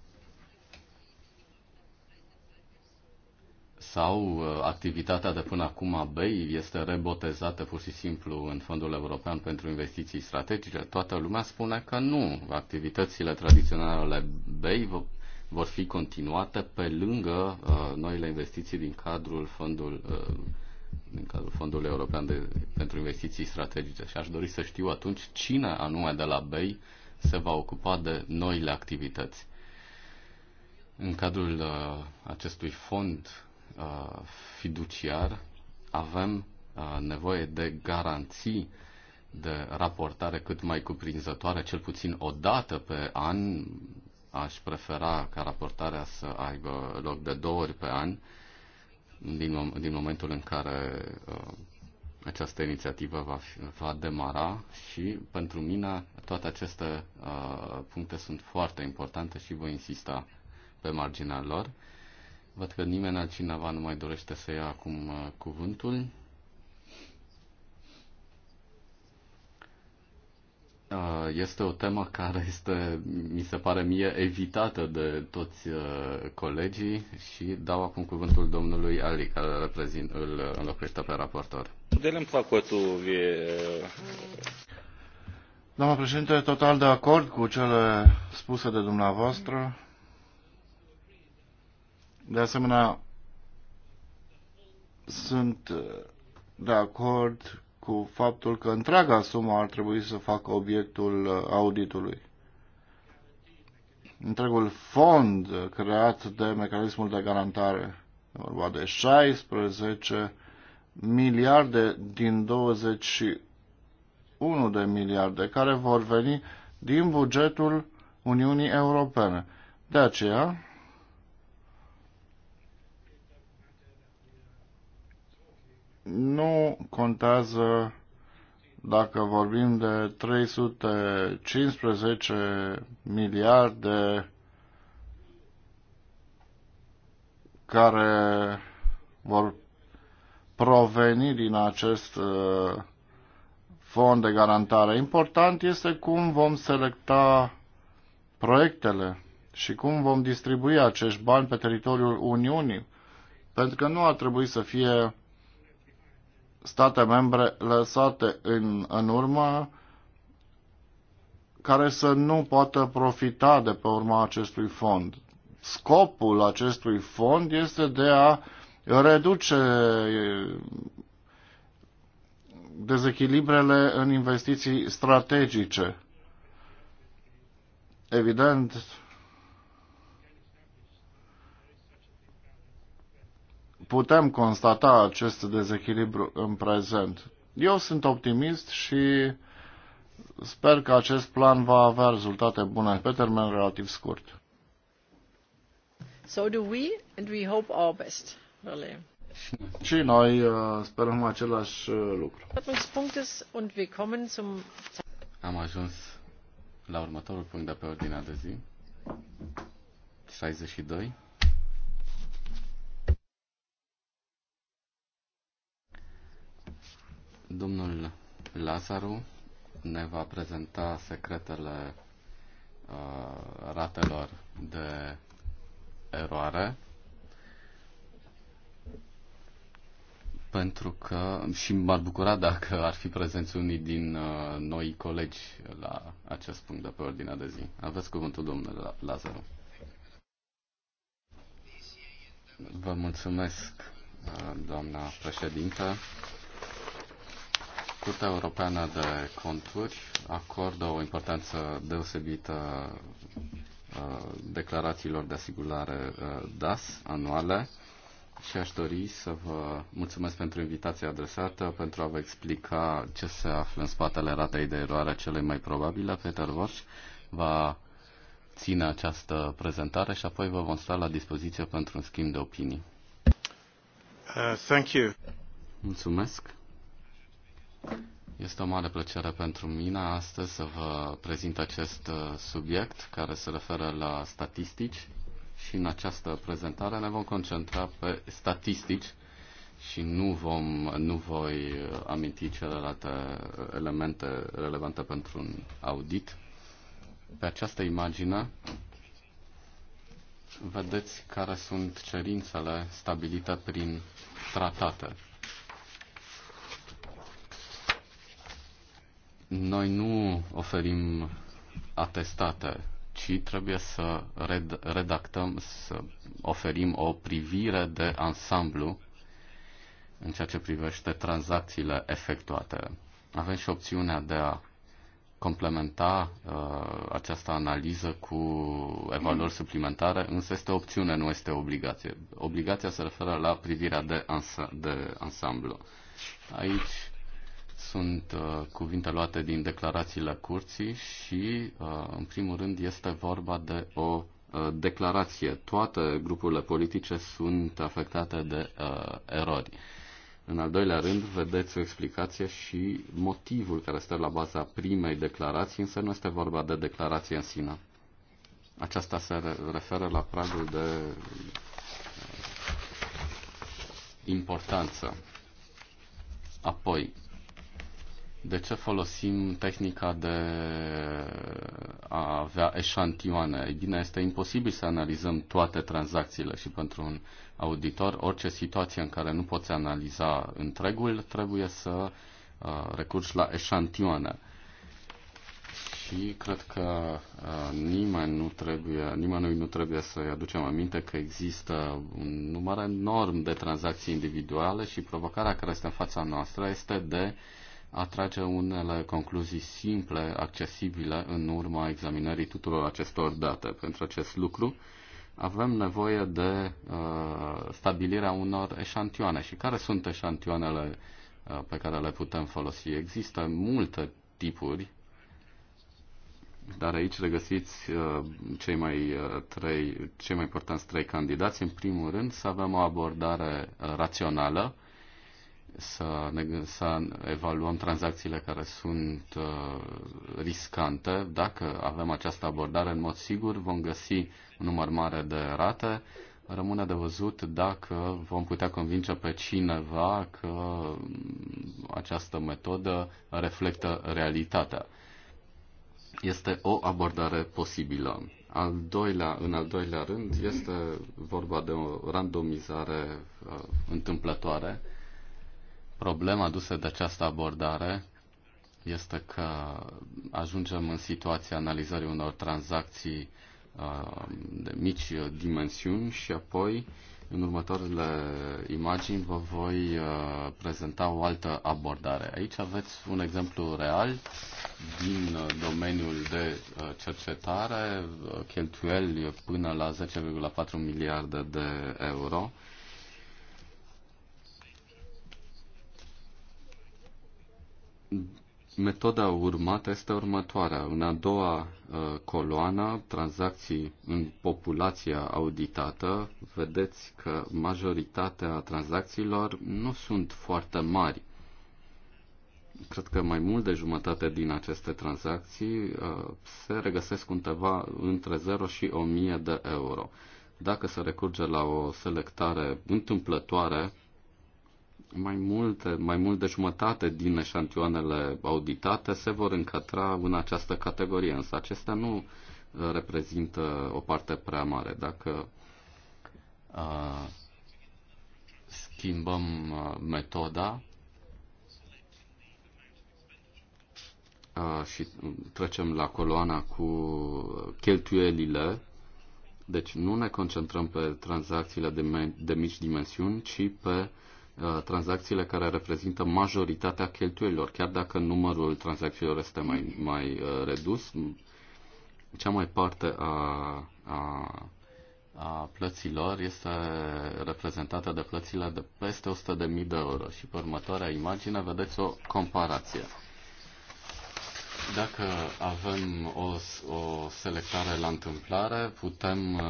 A: sau uh, activitatea de până acum a BEI este rebotezată pur și simplu în Fondul European pentru Investiții Strategice, toată lumea spune că nu. Activitățile tradiționale ale BEI vor fi continuate pe lângă uh, noile investiții din cadrul fondul uh, din cadrul Fondului European de, pentru Investiții Strategice și aș dori să știu atunci cine anume de la BEI se va ocupa de noile activități. În cadrul uh, acestui fond Uh, fiduciar avem uh, nevoie de garanții de raportare cât mai cuprinzătoare, cel puțin o dată pe an. Aș prefera ca raportarea să aibă loc de două ori pe an, din, din momentul în care uh, această inițiativă va, fi, va demara și pentru mine toate aceste uh, puncte sunt foarte importante și voi insista pe marginea lor. Văd că nimeni altcineva nu mai dorește să ia acum uh, cuvântul. Uh, este o temă care este, mi se pare mie, evitată de toți uh, colegii și dau acum cuvântul domnului Ali, care îl, reprezint, îl înlocuiește pe raportor.
B: Doamna președinte, total de acord cu cele spuse de dumneavoastră. De asemenea, sunt uh, de acord cu faptul că întreaga sumă ar trebui să facă obiectul uh, auditului. Întregul fond uh, creat de mecanismul de garantare, e vorba de 16 miliarde din 21 de miliarde care vor veni din bugetul Uniunii Europene. De aceea, nu contează dacă vorbim de 315 miliarde care vor proveni din acest uh, fond de garantare. Important este cum vom selecta proiectele și cum vom distribui acești bani pe teritoriul Uniunii, pentru că nu ar trebui să fie state membre lăsate în, în urmă care să nu poată profita de pe urma acestui fond. Scopul acestui fond este de a reduce dezechilibrele în investiții strategice. Evident, putem constata acest dezechilibru în prezent. Eu sunt optimist și sper că acest plan va avea rezultate bune pe termen relativ scurt. So do we and we hope our best, really. Și noi uh, sperăm același uh, lucru.
A: Am ajuns la următorul punct de pe ordinea de zi. 62. Domnul Lazaru ne va prezenta secretele uh, ratelor de eroare pentru că și m-ar bucura dacă ar fi prezenți unii din uh, noi colegi la acest punct de pe ordinea de zi. Aveți cuvântul, domnul Lazaru. Vă mulțumesc, uh, doamna președintă. Curtea Europeană de Conturi acordă o importanță deosebită uh, declarațiilor de asigurare uh, DAS anuale și aș dori să vă mulțumesc pentru invitația adresată, pentru a vă explica ce se află în spatele ratei de eroare cele mai probabile. Peter Vorș va ține această prezentare și apoi vă vom sta la dispoziție pentru un schimb de opinii.
B: Uh, thank you.
A: Mulțumesc. Este o mare plăcere pentru mine astăzi să vă prezint acest uh, subiect care se referă la statistici și în această prezentare ne vom concentra pe statistici și nu, vom, nu voi uh, aminti celelalte uh, elemente relevante pentru un audit. Pe această imagine vedeți care sunt cerințele stabilite prin tratate. Noi nu oferim atestate, ci trebuie să red- redactăm, să oferim o privire de ansamblu în ceea ce privește tranzacțiile efectuate. Avem și opțiunea de a complementa uh, această analiză cu evaluări suplimentare, însă este o opțiune, nu este o obligație. Obligația se referă la privirea de, ansa- de ansamblu. Aici sunt uh, cuvinte luate din declarațiile curții și, uh, în primul rând, este vorba de o uh, declarație. Toate grupurile politice sunt afectate de uh, erori. În al doilea rând, vedeți o explicație și motivul care stă la baza primei declarații, însă nu este vorba de declarație în sine. Aceasta se referă la pragul de uh, importanță. Apoi, de ce folosim tehnica de a avea eșantioane? Ei bine, este imposibil să analizăm toate tranzacțiile și pentru un auditor, orice situație în care nu poți analiza întregul, trebuie să uh, recurgi la eșantioane. Și cred că uh, nimeni nu trebuie, nimănui nu trebuie să-i aducem aminte că există un număr enorm de tranzacții individuale și provocarea care este în fața noastră este de uh, a trage unele concluzii simple, accesibile, în urma examinării tuturor acestor date. Pentru acest lucru avem nevoie de uh, stabilirea unor eșantioane. Și care sunt eșantioanele uh, pe care le putem folosi? Există multe tipuri, dar aici regăsiți uh, cei, mai, uh, trei, cei mai importanți trei candidați. În primul rând, să avem o abordare uh, rațională, uh, să, ne, să evaluăm tranzacțiile care sunt uh, riscante. Dacă avem această abordare, în mod sigur vom găsi un număr mare de rate. Rămâne de văzut dacă vom putea convinge pe cineva că mm, această metodă reflectă realitatea. Este o abordare posibilă. Al doilea, în al doilea rând este vorba de o randomizare uh, întâmplătoare Problema dusă de această abordare este că ajungem în situația analizării unor tranzacții uh, de mici dimensiuni și apoi în următoarele imagini vă voi uh, prezenta o altă abordare. Aici aveți un exemplu real din uh, domeniul de cercetare, cheltuieli până la 10,4 miliarde de euro Metoda urmată este următoarea. În a doua uh, coloană, tranzacții în populația auditată, vedeți că majoritatea tranzacțiilor nu sunt foarte mari. Cred că mai mult de jumătate din aceste tranzacții uh, se regăsesc undeva între 0 și 1000 de euro. Dacă se recurge la o selectare întâmplătoare mai, mult mai mult de jumătate din eșantioanele auditate se vor încătra în această categorie, însă acestea nu uh, reprezintă o parte prea mare. Dacă a, uh, schimbăm uh, metoda a, și trecem la coloana cu cheltuielile, deci nu ne concentrăm pe tranzacțiile de, de mici dimensiuni, ci pe uh, Uh, tranzacțiile care reprezintă majoritatea cheltuielilor, chiar dacă numărul tranzacțiilor este mai, mai uh, redus, cea mai parte a, a, a plăților este reprezentată de plățile de peste 100.000 de euro. Și pe următoarea imagine vedeți o comparație. Dacă avem o, o selectare la întâmplare, putem uh,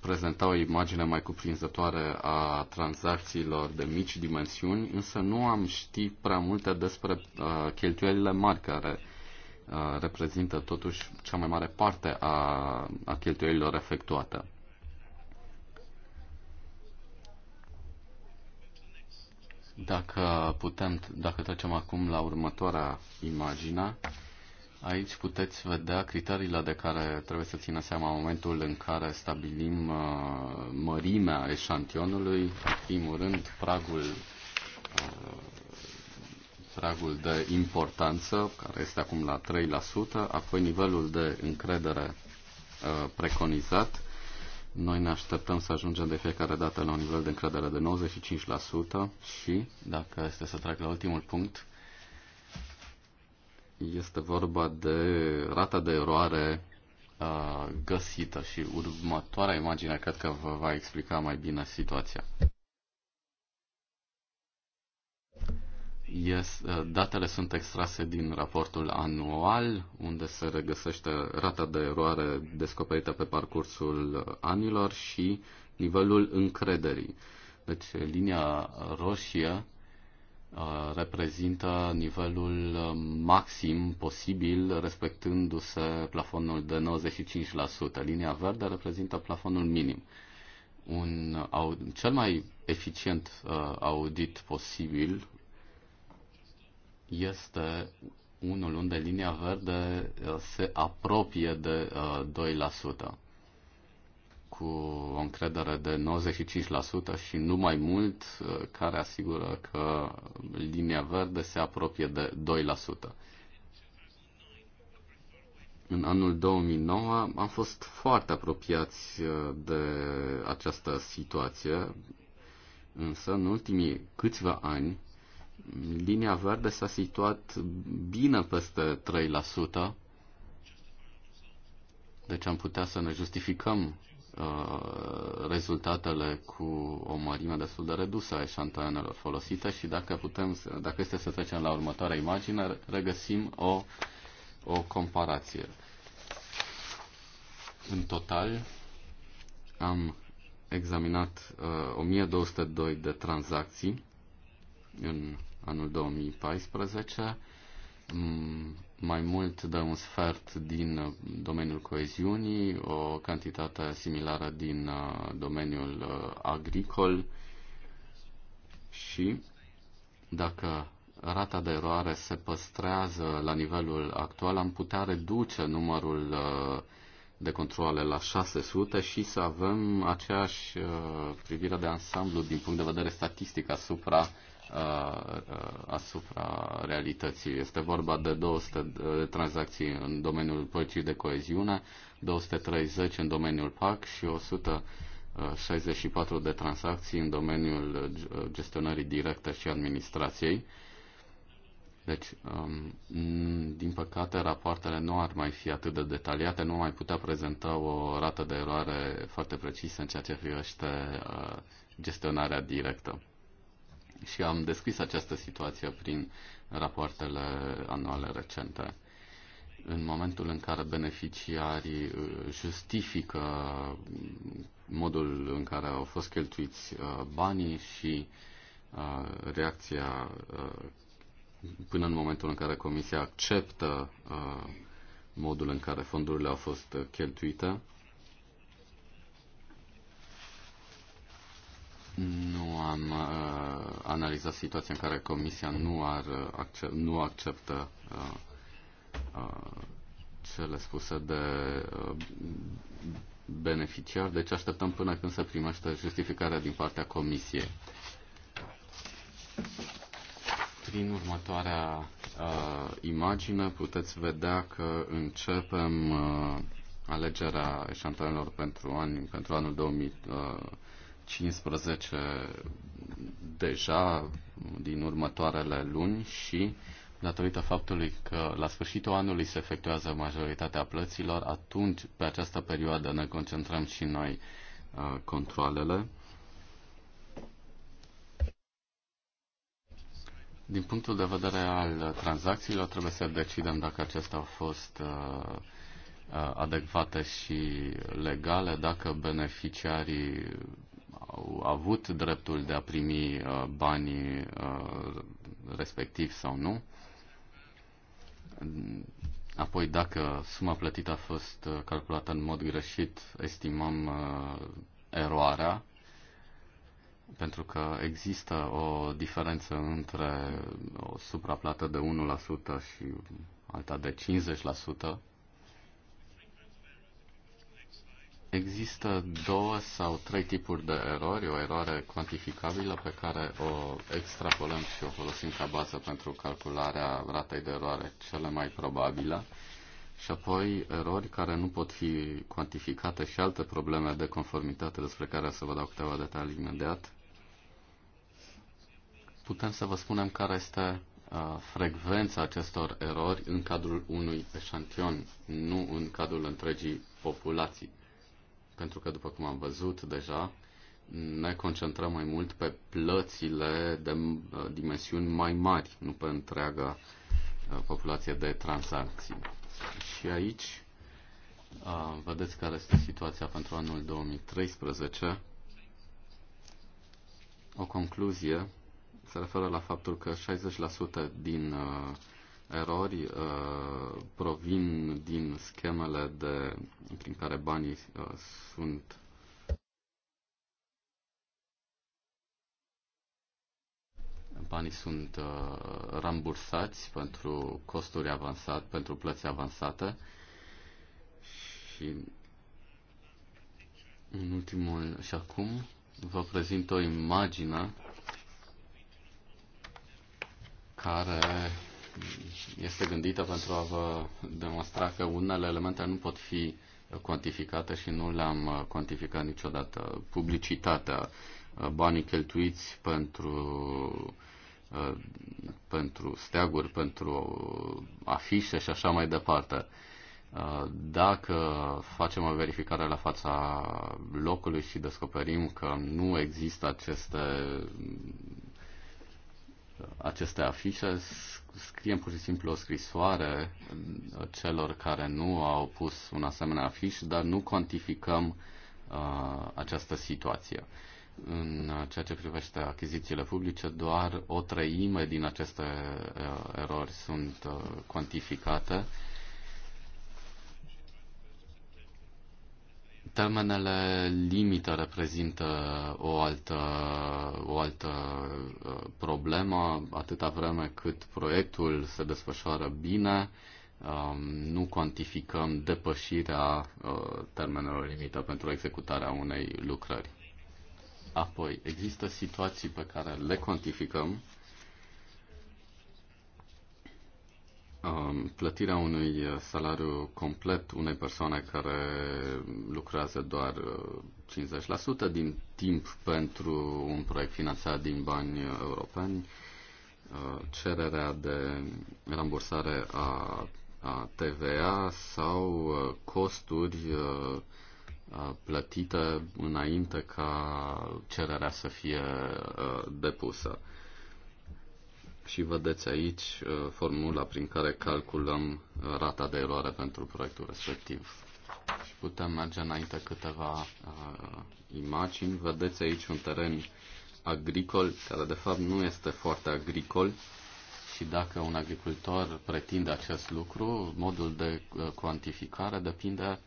A: prezenta o imagine mai cuprinzătoare a tranzacțiilor de mici dimensiuni, însă nu am ști prea multe despre uh, cheltuielile mari care uh, reprezintă totuși cea mai mare parte a, a cheltuielilor efectuate. Dacă putem, dacă trecem acum la următoarea imagine, aici puteți vedea criteriile de care trebuie să țină seama în momentul în care stabilim uh, mărimea eșantionului. În primul rând, pragul, uh, pragul de importanță, care este acum la 3%, apoi nivelul de încredere uh, preconizat, noi ne așteptăm să ajungem de fiecare dată la un nivel de încredere de 95% și, dacă este să trag la ultimul punct, este vorba de rata de eroare găsită și următoarea imagine cred că vă va explica mai bine situația. Yes, uh, datele sunt extrase din raportul anual, unde se regăsește rata de eroare descoperită pe parcursul anilor și nivelul încrederii. Deci linia roșie uh, reprezintă nivelul maxim posibil, respectându-se plafonul de 95%. Linia verde reprezintă plafonul minim. Un cel mai eficient uh, audit posibil este unul unde linia verde uh, se apropie de 2%, uh, cu o încredere de 95% și nu mai mult, uh, care asigură că linia verde se apropie de 2%. În anul 2009 am fost foarte apropiați de această situație, însă în ultimii câțiva ani linia verde s-a situat bine peste 3%, deci am putea să ne justificăm uh, rezultatele cu o mărime destul de redusă a eșantionelor folosite și dacă, putem, dacă este să trecem la următoarea imagine, regăsim o, o comparație. În total am examinat uh, 1202 de tranzacții în anul 2014. Mm, mai mult de un sfert din uh, domeniul coeziunii, o cantitate similară din uh, domeniul uh, agricol și dacă rata de eroare se păstrează la nivelul actual, am putea reduce numărul de controle la 600 și să avem aceeași privire de ansamblu din punct de vedere statistic asupra asupra realității. Este vorba de 200 de tranzacții în domeniul părții de coeziune, 230 în domeniul PAC și 164 de tranzacții în domeniul gestionării directe și administrației. Deci, um, din păcate, rapoartele nu ar mai fi atât de detaliate, nu mai putea prezenta o rată de eroare foarte precisă în ceea ce privește uh, gestionarea directă și am descris această situație prin rapoartele anuale recente. În momentul în care beneficiarii uh, justifică modul în care au fost cheltuiți uh, banii și uh, reacția până în momentul în care Comisia acceptă modul în care fondurile au fost cheltuite, Nu am uh, analizat situația în care Comisia nu, ar uh, accept, nu acceptă uh, uh, cele spuse de uh, beneficiar, deci așteptăm până când se primește justificarea din partea Comisiei. Prin următoarea uh, imagine puteți vedea că începem uh, alegerea eșantionelor pentru, pentru anul 2000. Uh, 15 deja din următoarele luni și datorită faptului că la sfârșitul anului se efectuează majoritatea plăților, atunci pe această perioadă ne concentrăm și noi uh, controlele. Din punctul de vedere al tranzacțiilor, trebuie să decidem dacă acestea au fost uh, uh adecvate și legale, dacă beneficiarii au avut dreptul de a primi uh, banii uh, respectiv sau nu. Apoi, dacă suma plătită a fost uh, calculată în mod greșit, estimăm eroarea, pentru că există o diferență între o supraplată de 1% și alta de Există două sau trei tipuri de erori, o eroare cuantificabilă pe care o extrapolăm și o folosim ca bază pentru calcularea ratei de eroare cele mai probabile, și apoi erori care nu pot fi cuantificate și alte probleme de conformitate despre care să vă dau câteva detalii imediat. Putem să vă spunem care este uh, frecvența acestor erori în cadrul unui eșantion, nu în cadrul întregii populații pentru că, după cum am văzut deja, ne concentrăm mai mult pe plățile de uh, dimensiuni mai mari, nu pe întreaga uh, populație de tranzacții. Și aici uh, vedeți care este situația pentru anul 2013. O concluzie se referă la faptul că 60% din uh, erori uh, provin din schemele de, prin care banii uh, sunt banii sunt uh, rambursați pentru costuri avansate, pentru plăți avansate și în ultimul și acum vă prezint o imagine care este gândită pentru a vă demonstra că unele elemente nu pot fi cuantificate și nu le-am uh, cuantificat niciodată. Publicitatea, uh, banii cheltuiți pentru, uh, pentru steaguri, pentru afișe și așa mai departe. Dacă facem o verificare la fața locului și descoperim că nu există aceste aceste afișe, scriem pur și simplu o scrisoare celor care nu au pus un asemenea afiș, dar nu cuantificăm uh, această situație. În ceea ce privește achizițiile publice, doar o treime din aceste uh, erori sunt uh, cuantificate Termenele limită reprezintă o altă, o altă uh, problemă, atâta vreme cât proiectul se desfășoară bine, um, nu cuantificăm depășirea uh, termenelor limită pentru executarea unei lucrări. Apoi, există situații pe care le cuantificăm Um, plătirea unui uh, salariu complet unei persoane care lucrează doar 50% uh, din timp pentru un proiect finanțat din bani uh, europeni, cererea de rambursare a, a TVA sau costuri plătite înainte ca cererea să fie depusă și vedeți aici uh, formula prin care calculăm uh, rata de eroare pentru proiectul respectiv. Și putem merge înainte câteva uh, imagini. Vedeți aici un teren agricol, care de fapt nu este foarte agricol și dacă un agricultor pretinde acest lucru, modul de uh, cuantificare depinde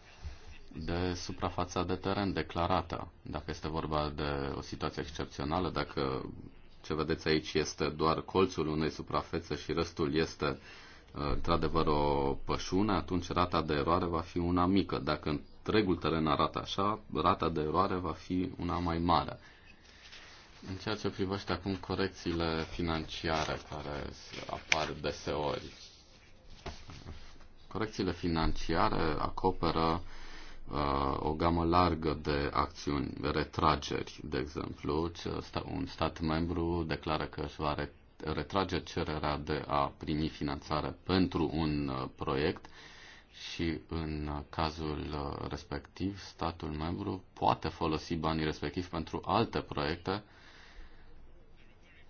A: de suprafața de teren declarată. Dacă este vorba de o situație excepțională, dacă ce vedeți aici este doar colțul unei suprafețe și restul este uh, într-adevăr o pășune, atunci rata de eroare va fi una mică. Dacă întregul teren arată așa, rata de eroare va fi una mai mare. În ceea ce privește acum corecțiile financiare care apar deseori, corecțiile financiare acoperă Uh, o gamă largă de acțiuni, retrageri, de exemplu. Un stat membru declară că își va retrage cererea de a primi finanțare pentru un uh, proiect și în cazul uh, respectiv statul membru poate folosi banii respectivi pentru alte proiecte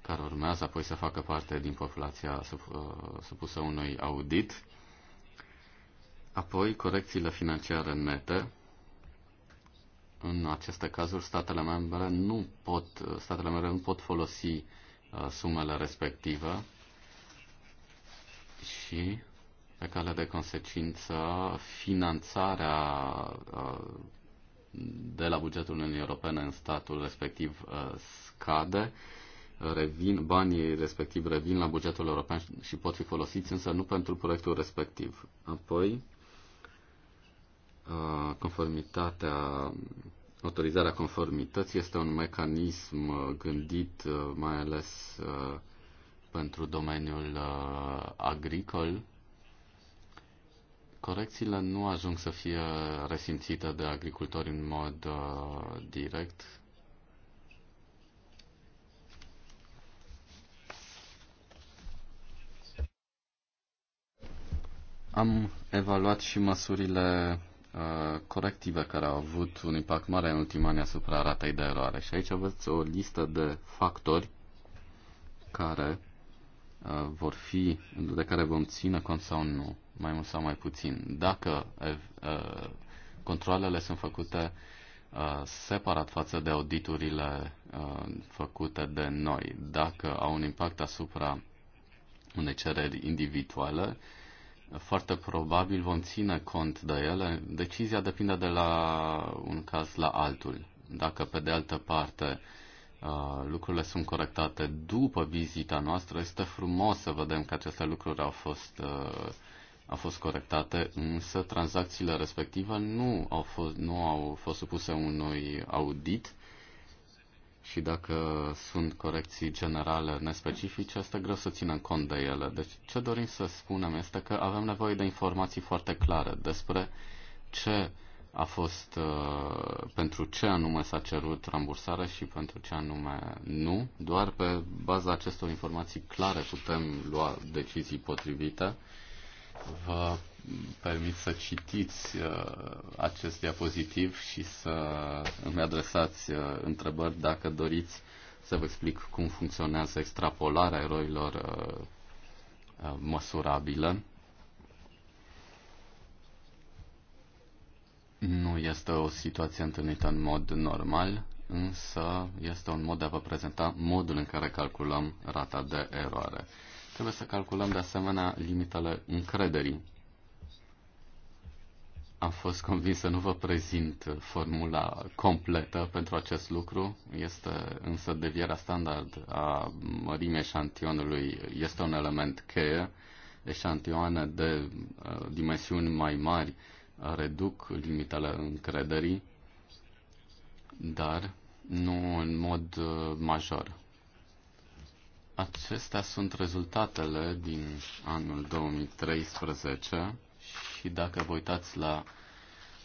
A: care urmează apoi să facă parte din populația supusă unui audit Apoi, corecțiile financiare nete. În aceste cazuri, statele membre nu pot, statele membre nu pot folosi uh, sumele respective și pe cale de consecință finanțarea uh, de la bugetul Uniunii Europene în statul respectiv uh, scade, revin, banii respectiv revin la bugetul european și pot fi folosiți, însă nu pentru proiectul respectiv. Apoi, conformitatea, autorizarea conformității este un mecanism gândit mai ales pentru domeniul agricol. Corecțiile nu ajung să fie resimțite de agricultori în mod direct, Am evaluat și măsurile Uh, corective care au avut un impact mare în ultimii ani asupra ratei de eroare. Și aici aveți o listă de factori care uh, vor fi, de care vom ține cont sau nu, mai mult sau mai puțin. Dacă uh, controlele sunt făcute separat față de auditurile făcute de noi, dacă au un impact asupra unei cereri individuale, foarte probabil vom ține cont de ele. Decizia depinde de la un caz la altul. Dacă, pe de altă parte, uh, lucrurile sunt corectate după vizita noastră, este frumos să vedem că aceste lucruri au fost, uh, au fost corectate, însă tranzacțiile respective nu au fost, nu au fost supuse unui audit și dacă sunt corecții generale nespecifice, este greu să ținem cont de ele. Deci ce dorim să spunem este că avem nevoie de informații foarte clare despre ce a fost, uh, pentru ce anume s-a cerut rambursare și pentru ce anume nu. Doar pe baza acestor informații clare putem lua decizii potrivite. Vă permit să citiți uh, acest diapozitiv și să îmi adresați uh, întrebări dacă doriți să vă explic cum funcționează extrapolarea eroilor uh, măsurabile. Nu este o situație întâlnită în mod normal, însă este un mod de a vă prezenta modul în care calculăm rata de eroare. Trebuie să calculăm de asemenea limitele încrederii am fost convins să nu vă prezint uh, formula completă pentru acest lucru, este însă devierea standard a mărimii eșantionului, este un element cheie. Eșantioane de uh, dimensiuni mai mari reduc limitele încrederii, dar nu în mod uh, major. Acestea sunt rezultatele din anul 2013 și dacă vă uitați la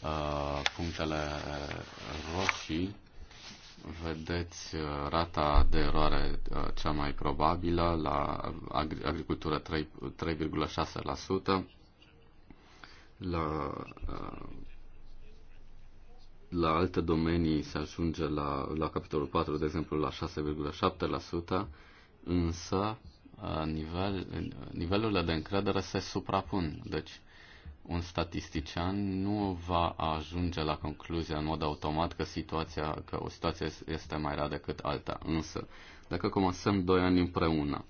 A: uh, punctele uh, roșii, vedeți uh, rata de eroare uh, cea mai probabilă la agricultură 3,6%, la, la alte domenii se ajunge la, la capitolul 4, de exemplu, la 6,7%, însă nivel, nivelurile de încredere se suprapun. Deci, un statistician nu va ajunge la concluzia în mod automat că, situația, că o situație este mai rea decât alta. Însă, dacă comasăm doi ani împreună,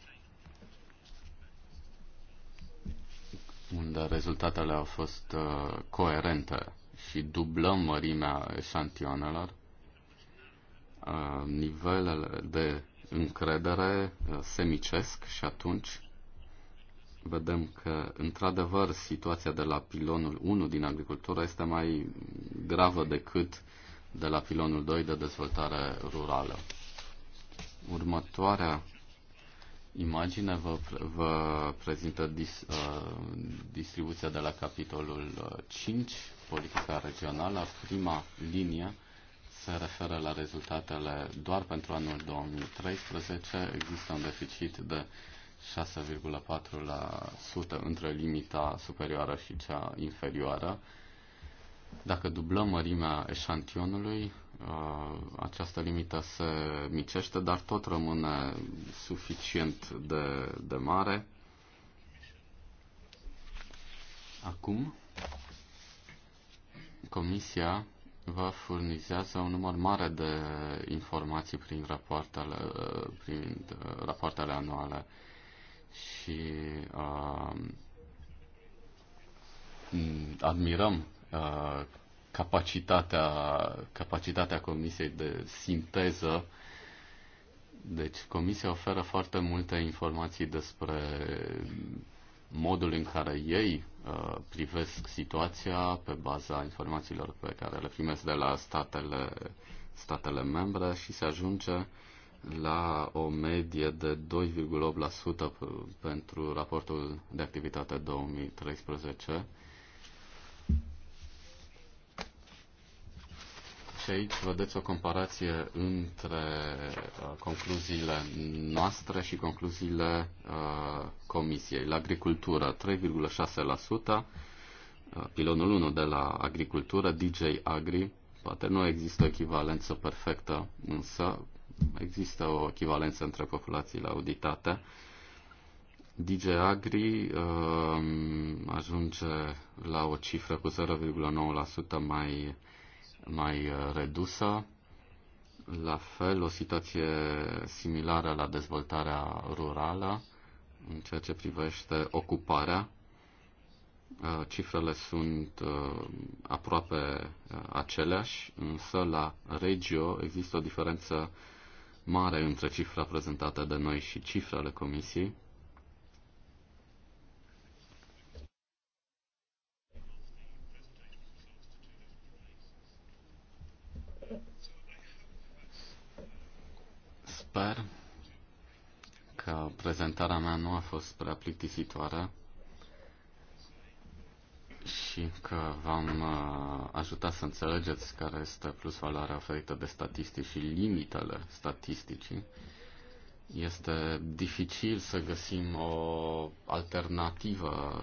A: unde rezultatele au fost uh, coerente și dublăm mărimea eșantionelor, uh, nivelele de încredere uh, se micesc și atunci vedem că, într-adevăr, situația de la pilonul 1 din agricultură este mai gravă decât de la pilonul 2 de dezvoltare rurală. Următoarea imagine vă, vă prezintă dis, uh, distribuția de la capitolul 5, uh, politica regională. Prima linie se referă la rezultatele doar pentru anul 2013. Există un deficit de 6,4% între limita superioară și cea inferioară. Dacă dublăm mărimea eșantionului, uh, această limită se micește, dar tot rămâne suficient de, de mare. Acum, Comisia vă furnizează un număr mare de informații prin rapoartele, prin uh, rapoartele anuale și uh, admirăm uh, capacitatea, capacitatea Comisiei de sinteză. Deci Comisia oferă foarte multe informații despre modul în care ei uh, privesc situația pe baza informațiilor pe care le primesc de la statele, statele membre și se ajunge la o medie de 2,8% pentru raportul de activitate 2013. Și aici vedeți o comparație între uh, concluziile noastre și concluziile uh, Comisiei. La agricultură 3,6%, uh, pilonul 1 de la agricultură, DJ Agri, poate nu există echivalență perfectă, însă există o echivalență între populațiile auditate. DJ Agri uh, ajunge la o cifră cu 0,9% mai, mai uh, redusă. La fel, o situație similară la dezvoltarea rurală în ceea ce privește ocuparea. Uh, cifrele sunt uh, aproape aceleași, însă la regio există o diferență mare între cifra prezentată de noi și cifrele comisiei. Sper că prezentarea mea nu a fost prea plictisitoare și că v-am uh, ajutat să înțelegeți care este plus valoarea oferită de statistici și limitele statisticii. Este dificil să găsim o alternativă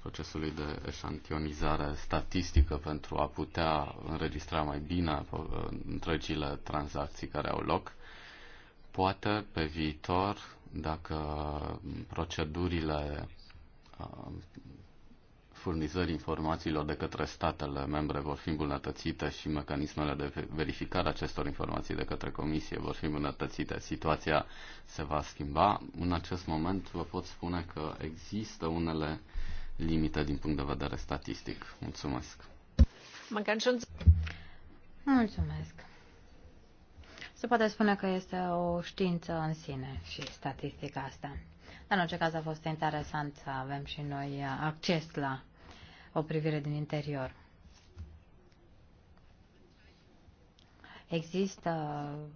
A: procesului de eșantionizare statistică pentru a putea înregistra mai bine uh, întregile tranzacții care au loc. Poate pe viitor, dacă procedurile uh, furnizării informațiilor de către statele membre vor fi îmbunătățite și mecanismele de verificare acestor informații de către Comisie vor fi îmbunătățite. Situația se va schimba. În acest moment vă pot spune că există unele limite din punct de vedere statistic. Mulțumesc.
C: Mulțumesc. Se poate spune că este o știință în sine și statistica asta. Dar în orice caz a fost interesant să avem și noi acces la o privire din interior. Există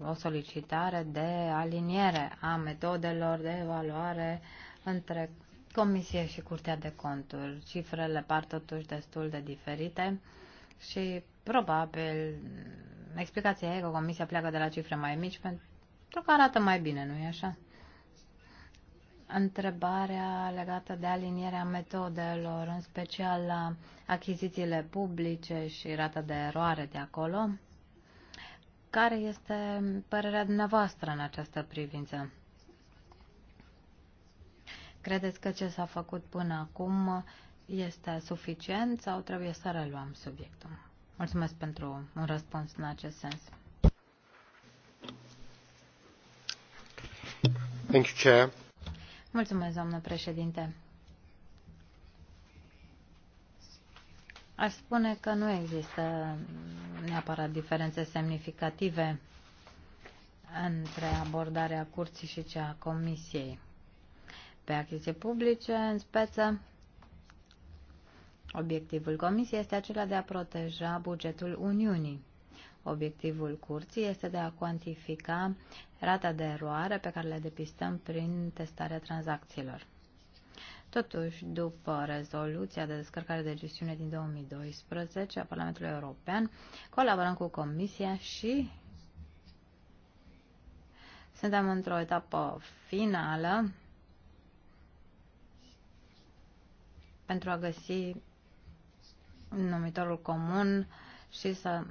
C: o solicitare de aliniere a metodelor de evaluare între Comisie și Curtea de Conturi. Cifrele par totuși destul de diferite și probabil explicația e că Comisia pleacă de la cifre mai mici pentru că arată mai bine, nu-i așa? întrebarea legată de alinierea metodelor, în special la achizițiile publice și rata de eroare de acolo. Care este părerea dumneavoastră în această privință? Credeți că ce s-a făcut până acum este suficient sau trebuie să reluăm subiectul? Mulțumesc pentru un răspuns în acest sens.
B: Thank you, Chair.
C: Mulțumesc, doamnă președinte. Aș spune că nu există neapărat diferențe semnificative între abordarea curții și cea a comisiei. Pe achiziții publice, în speță, obiectivul comisiei este acela de a proteja bugetul Uniunii. Obiectivul curții este de a cuantifica rata de eroare pe care le depistăm prin testarea tranzacțiilor. Totuși, după rezoluția de descărcare de gestiune din 2012 a Parlamentului European, colaborăm cu Comisia și suntem într-o etapă finală pentru a găsi numitorul comun și să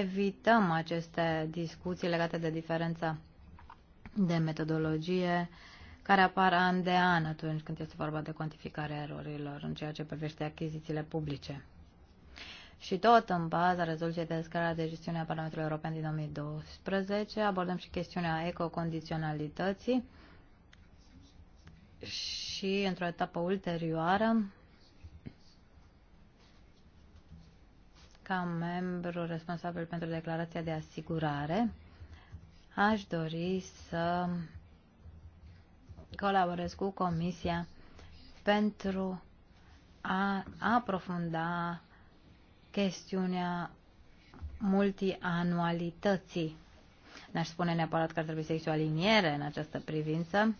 C: evităm aceste discuții legate de diferența de metodologie care apar an de an atunci când este vorba de cuantificarea erorilor în ceea ce privește achizițiile publice. Și tot în baza rezoluției de scară de gestiune a Parlamentului European din 2012 abordăm și chestiunea ecocondiționalității și într-o etapă ulterioară ca membru responsabil pentru declarația de asigurare, aș dori să colaborez cu Comisia pentru a aprofunda chestiunea multianualității. N-aș spune neapărat că ar trebui să existe o aliniere în această privință,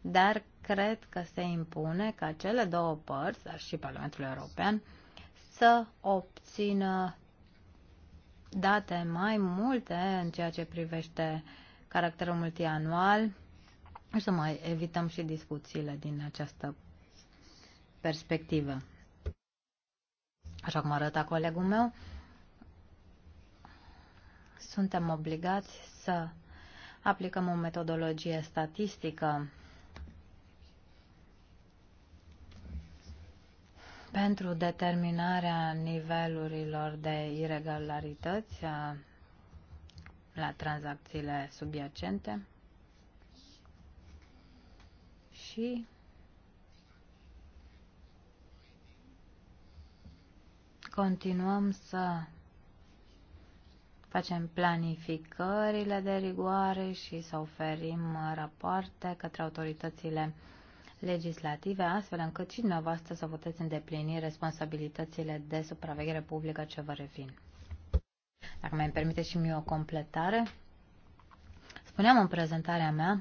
C: dar cred că se impune ca cele două părți, dar și Parlamentul European, să obțină date mai multe în ceea ce privește caracterul multianual și să mai evităm și discuțiile din această perspectivă. Așa cum arăta colegul meu, suntem obligați să aplicăm o metodologie statistică pentru determinarea nivelurilor de irregularități la tranzacțiile subiacente și continuăm să facem planificările de rigoare și să oferim rapoarte către autoritățile legislative, astfel încât și dumneavoastră să puteți îndeplini responsabilitățile de supraveghere publică ce vă revin. Dacă mi-mi permite și mie o completare, spuneam în prezentarea mea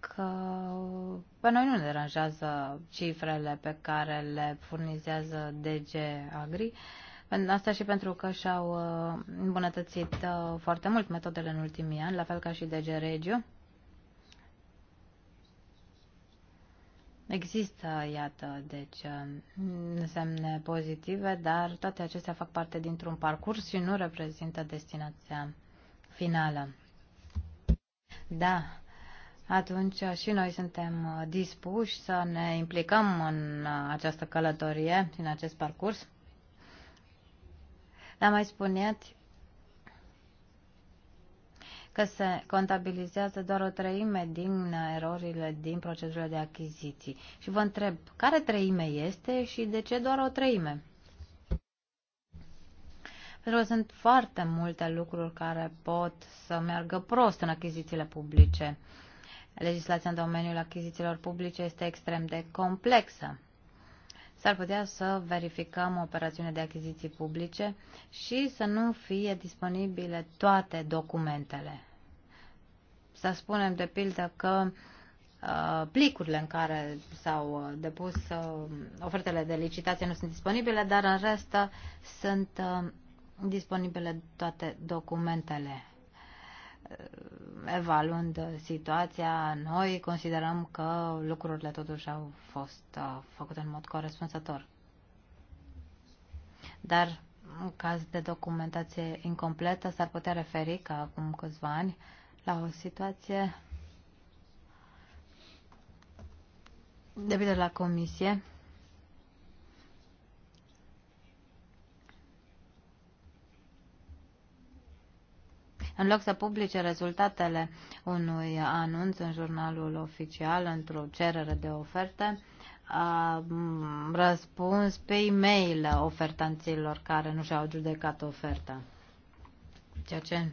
C: că pe noi nu ne deranjează cifrele pe care le furnizează DG Agri, Asta și pentru că și-au uh, îmbunătățit uh, foarte mult metodele în ultimii ani, la fel ca și DG Regio. Există, iată, deci um, semne pozitive, dar toate acestea fac parte dintr-un parcurs și nu reprezintă destinația finală. Da, atunci și noi suntem dispuși să ne implicăm în această călătorie, în acest parcurs. Dar mai spuneați că se contabilizează doar o treime din erorile din procedurile de achiziții. Și vă întreb, care treime este și de ce doar o treime? Pentru că sunt foarte multe lucruri care pot să meargă prost în achizițiile publice. Legislația în domeniul achizițiilor publice este extrem de complexă s-ar putea să verificăm o operațiune de achiziții publice și să nu fie disponibile toate documentele. Să spunem, de pildă, că uh, plicurile în care s-au uh, depus uh, ofertele de licitație nu sunt disponibile, dar în rest sunt disponibile toate documentele evaluând situația, noi considerăm că lucrurile totuși au fost uh, făcute în mod corespunzător. Dar în caz de documentație incompletă s-ar putea referi, ca acum câțiva ani, la o situație debită la comisie În loc să publice rezultatele unui anunț în jurnalul oficial, într-o cerere de oferte, a răspuns pe e-mail ofertanților care nu și-au judecat oferta. Ceea ce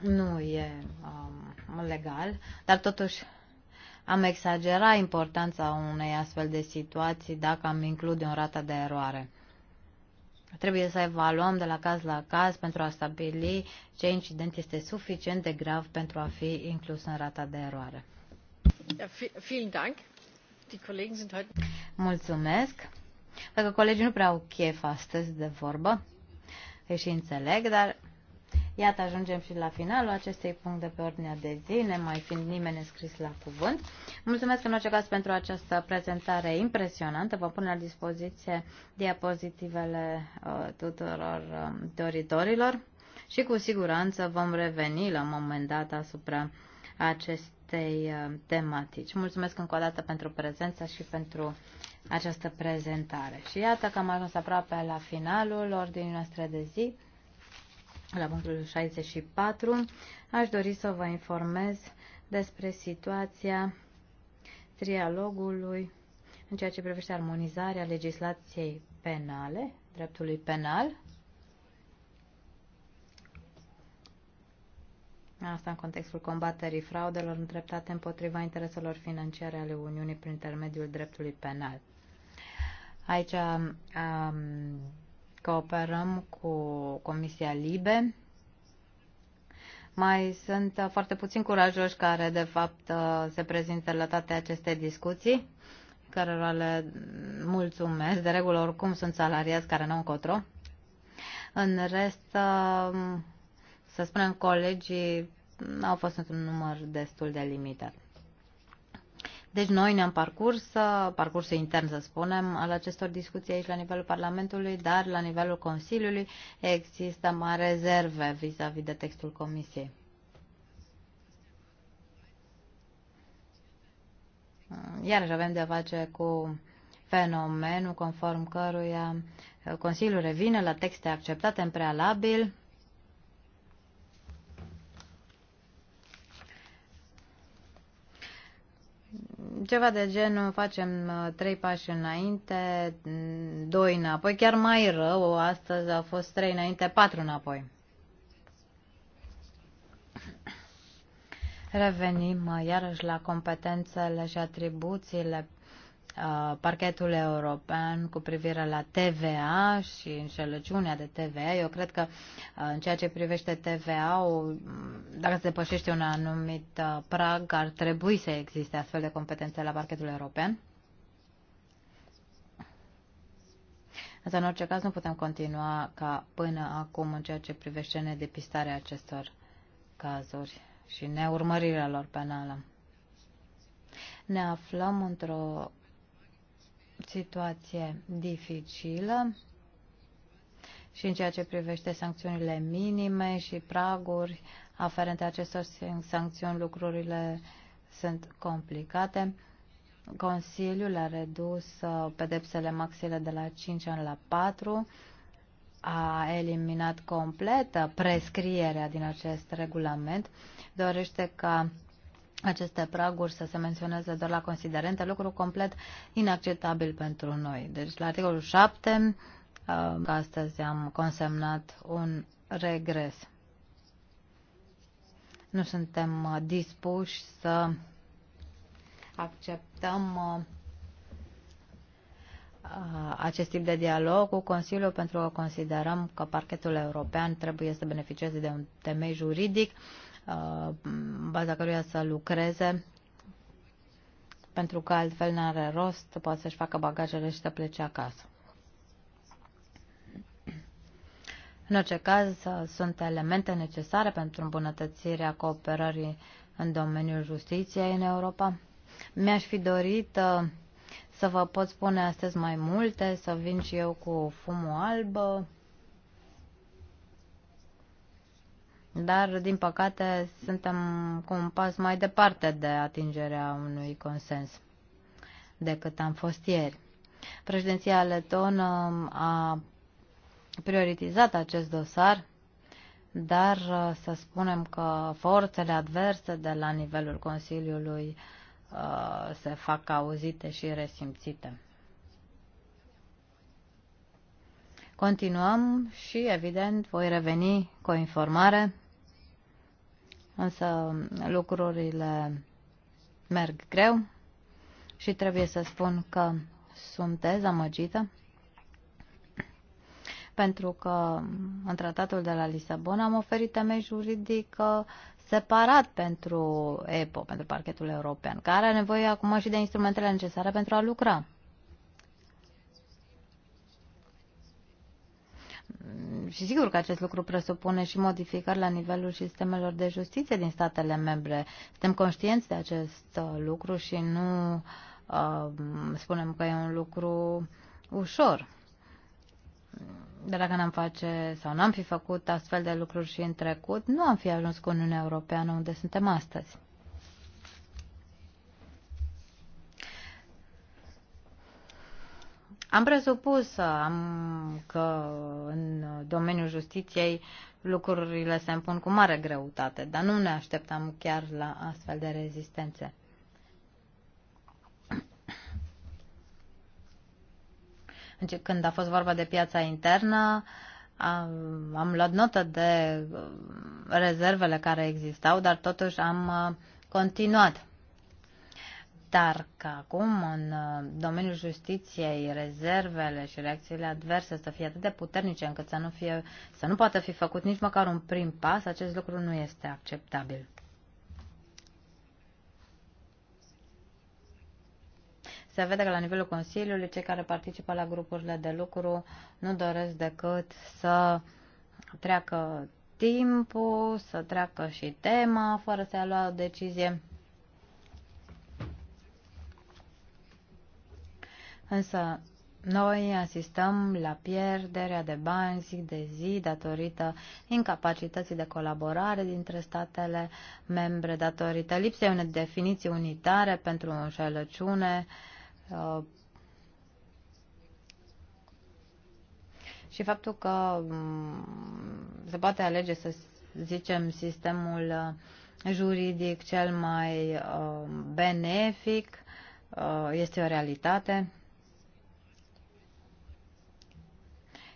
C: nu e um, legal, dar totuși am exagerat importanța unei astfel de situații dacă am include o rată de eroare. Trebuie să evaluăm de la caz la caz pentru a stabili ce incident este suficient de grav pentru a fi inclus în rata de eroare. Mulțumesc. Dacă colegii nu prea au chef astăzi de vorbă, îi și înțeleg, dar Iată, ajungem și la finalul acestei punct de pe ordinea de zi, ne mai fiind nimeni înscris la cuvânt. Mulțumesc în orice caz pentru această prezentare impresionantă. Vă pun la dispoziție diapozitivele uh, tuturor um, doritorilor și cu siguranță vom reveni la un moment dat asupra acestei uh, tematici. Mulțumesc încă o dată pentru prezența și pentru această prezentare. Și iată că am ajuns aproape la finalul ordinii noastre de zi, la punctul 64. Aș dori să vă informez despre situația trialogului în ceea ce privește armonizarea legislației penale, dreptului penal. Asta în contextul combaterii fraudelor îndreptate împotriva intereselor financiare ale Uniunii prin intermediul dreptului penal. Aici um, cooperăm cu Comisia Libe mai sunt uh, foarte puțin curajoși care, de fapt, uh, se prezintă la toate aceste discuții, cărora le mulțumesc. De regulă, oricum, sunt salariați care nu încotro. În rest, um, să spunem, colegii au fost într-un număr destul de limitat. Deci noi ne-am parcurs, uh, parcursul intern să spunem, al acestor discuții aici la nivelul Parlamentului, dar la nivelul Consiliului există mai rezerve vis-a-vis -vis de textul Comisiei. Mm, iarăși avem de-a face cu fenomenul conform căruia uh, Consiliul revine la texte acceptate în prealabil, ceva de genul facem uh, trei pași înainte, mm, doi înapoi, chiar mai rău, astăzi au fost trei înainte, patru înapoi. Revenim uh, iarăși la competențele și atribuțiile Uh, parchetul european cu privire la TVA și înșelăciunea de TVA. Eu cred că uh, în ceea ce privește TVA, mm, dacă se depășește un anumit uh, prag, ar trebui să existe astfel de competențe la parchetul european. Însă, în orice caz, nu putem continua ca până acum în ceea ce privește nedepistarea acestor cazuri și neurmărirea lor penală. Ne aflăm într-o situație dificilă și în ceea ce privește sancțiunile minime și praguri aferente acestor sancțiuni, lucrurile sunt complicate. Consiliul a redus uh, pedepsele maxile de la 5 ani la 4, a eliminat complet uh, prescrierea din acest regulament, dorește ca aceste praguri să se menționeze doar la considerente, lucru complet inacceptabil pentru noi. Deci la articolul 7, uh, astăzi am consemnat un regres. Nu suntem uh, dispuși să acceptăm uh, acest tip de dialog cu Consiliul pentru că considerăm că parchetul european trebuie să beneficieze de un temei juridic uh, Uh, în baza căruia să lucreze, pentru că altfel nu are rost, poate să-și facă bagajele și să plece acasă. În orice caz, uh, sunt elemente necesare pentru îmbunătățirea cooperării în domeniul justiției în Europa. Mi-aș fi dorit uh, să vă pot spune astăzi mai multe, să vin și eu cu fumul alb, Dar, din păcate, suntem cu un pas mai departe de atingerea unui consens decât am fost ieri. Președinția letonă a prioritizat acest dosar, dar uh, să spunem că forțele adverse de la nivelul Consiliului uh, se fac auzite și resimțite. Continuăm și, evident, voi reveni cu o informare însă lucrurile merg greu și trebuie să spun că sunt dezamăgită pentru că în tratatul de la Lisabona am oferit temei juridic separat pentru EPO, pentru parchetul european, care are nevoie acum și de instrumentele necesare pentru a lucra. și sigur că acest lucru presupune și modificări la nivelul sistemelor de justiție din statele membre. Suntem conștienți de acest uh, lucru și nu uh, spunem că e un lucru ușor. De dacă n-am face sau n-am fi făcut astfel de lucruri și în trecut, nu am fi ajuns cu Uniunea Europeană unde suntem astăzi. Am presupus am, că în domeniul justiției lucrurile se împun cu mare greutate, dar nu ne așteptam chiar la astfel de rezistențe. Când a fost vorba de piața internă, am, am luat notă de uh, rezervele care existau, dar totuși am uh, continuat. Dar că acum în uh, domeniul justiției rezervele și reacțiile adverse să fie atât de puternice încât să nu, fie, să nu poată fi făcut nici măcar un prim pas, acest lucru nu este acceptabil. Se vede că la nivelul Consiliului cei care participă la grupurile de lucru nu doresc decât să treacă timpul, să treacă și tema fără să ia lua o decizie. Însă noi asistăm la pierderea de bani zi de zi datorită incapacității de colaborare dintre statele membre, datorită lipsei unei definiții unitare pentru înșelăciune uh, și faptul că mm, se poate alege, să zicem, sistemul uh, juridic cel mai uh, benefic este o realitate.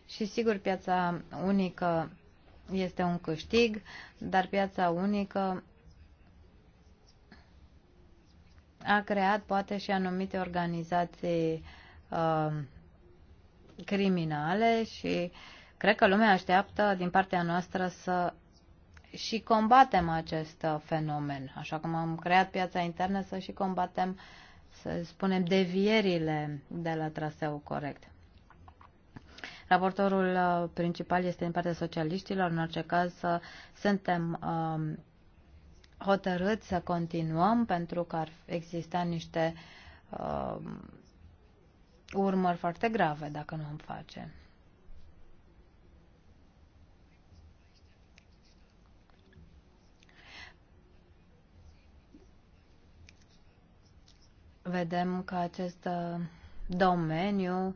C: Și sigur, piața unică este un câștig, dar piața unică a creat poate și anumite organizații uh, criminale și cred că lumea așteaptă din partea noastră să și combatem acest uh, fenomen, așa cum am creat piața internă, să și combatem, să spunem, devierile de la traseu corect. Raportorul uh, principal este din partea socialiștilor. În orice caz, uh, suntem um, hotărâți să continuăm pentru că ar exista niște um, urmări foarte grave dacă nu am face. vedem că acest uh, domeniu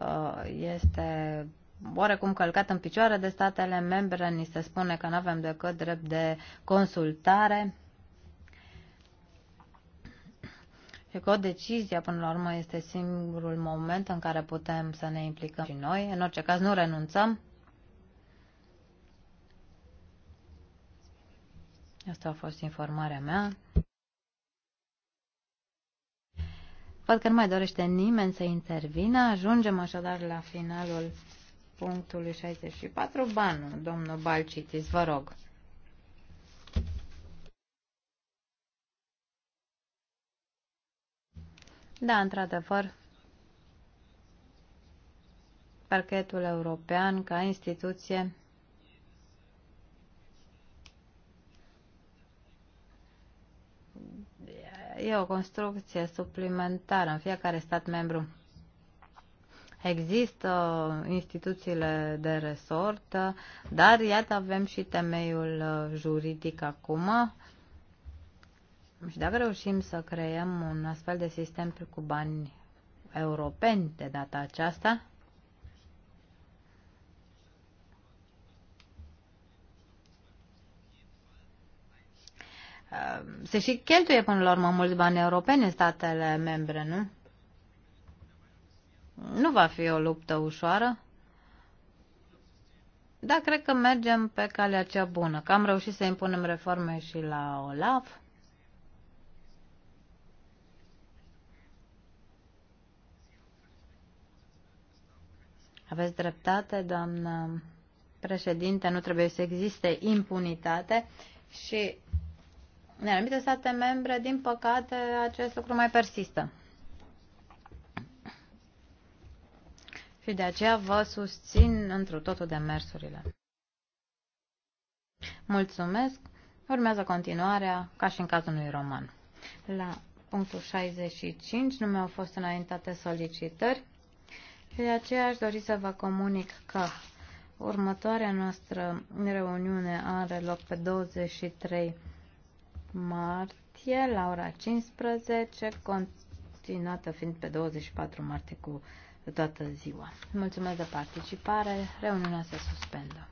C: Uh, este oarecum călcat în picioare de statele membre, ni se spune că nu avem decât drept de consultare și că o decizie, până la urmă, este singurul moment în care putem să ne implicăm și noi. În orice caz, nu renunțăm. Asta a fost informarea mea. Văd că nu mai dorește nimeni să intervină. Ajungem așadar la finalul punctului 64. Banu, domnul Balcitis, vă rog. Da, într-adevăr, parchetul european ca instituție e o construcție suplimentară în fiecare stat membru. Există instituțiile de resort, dar iată avem și temeiul juridic acum. Și dacă reușim să creăm un astfel de sistem cu bani europeni de data aceasta, Ehm, se și cheltuie până la urmă mulți bani europeni în statele membre, nu? Nu va fi o luptă ușoară. Da, cred că mergem pe calea cea bună, că am reușit să impunem reforme și la OLAF. Aveți dreptate, doamnă președinte, nu trebuie să existe impunitate și în anumite state membre, din păcate, acest lucru mai persistă. Și de aceea vă susțin întru totul demersurile. Mulțumesc! Urmează continuarea, ca și în cazul unui roman. La punctul 65 nu mi-au fost înaintate solicitări și de aceea aș dori să vă comunic că următoarea noastră reuniune are loc pe 23 martie la ora 15, continuată fiind pe 24 martie cu toată ziua. Mulțumesc de participare, reuniunea se suspendă.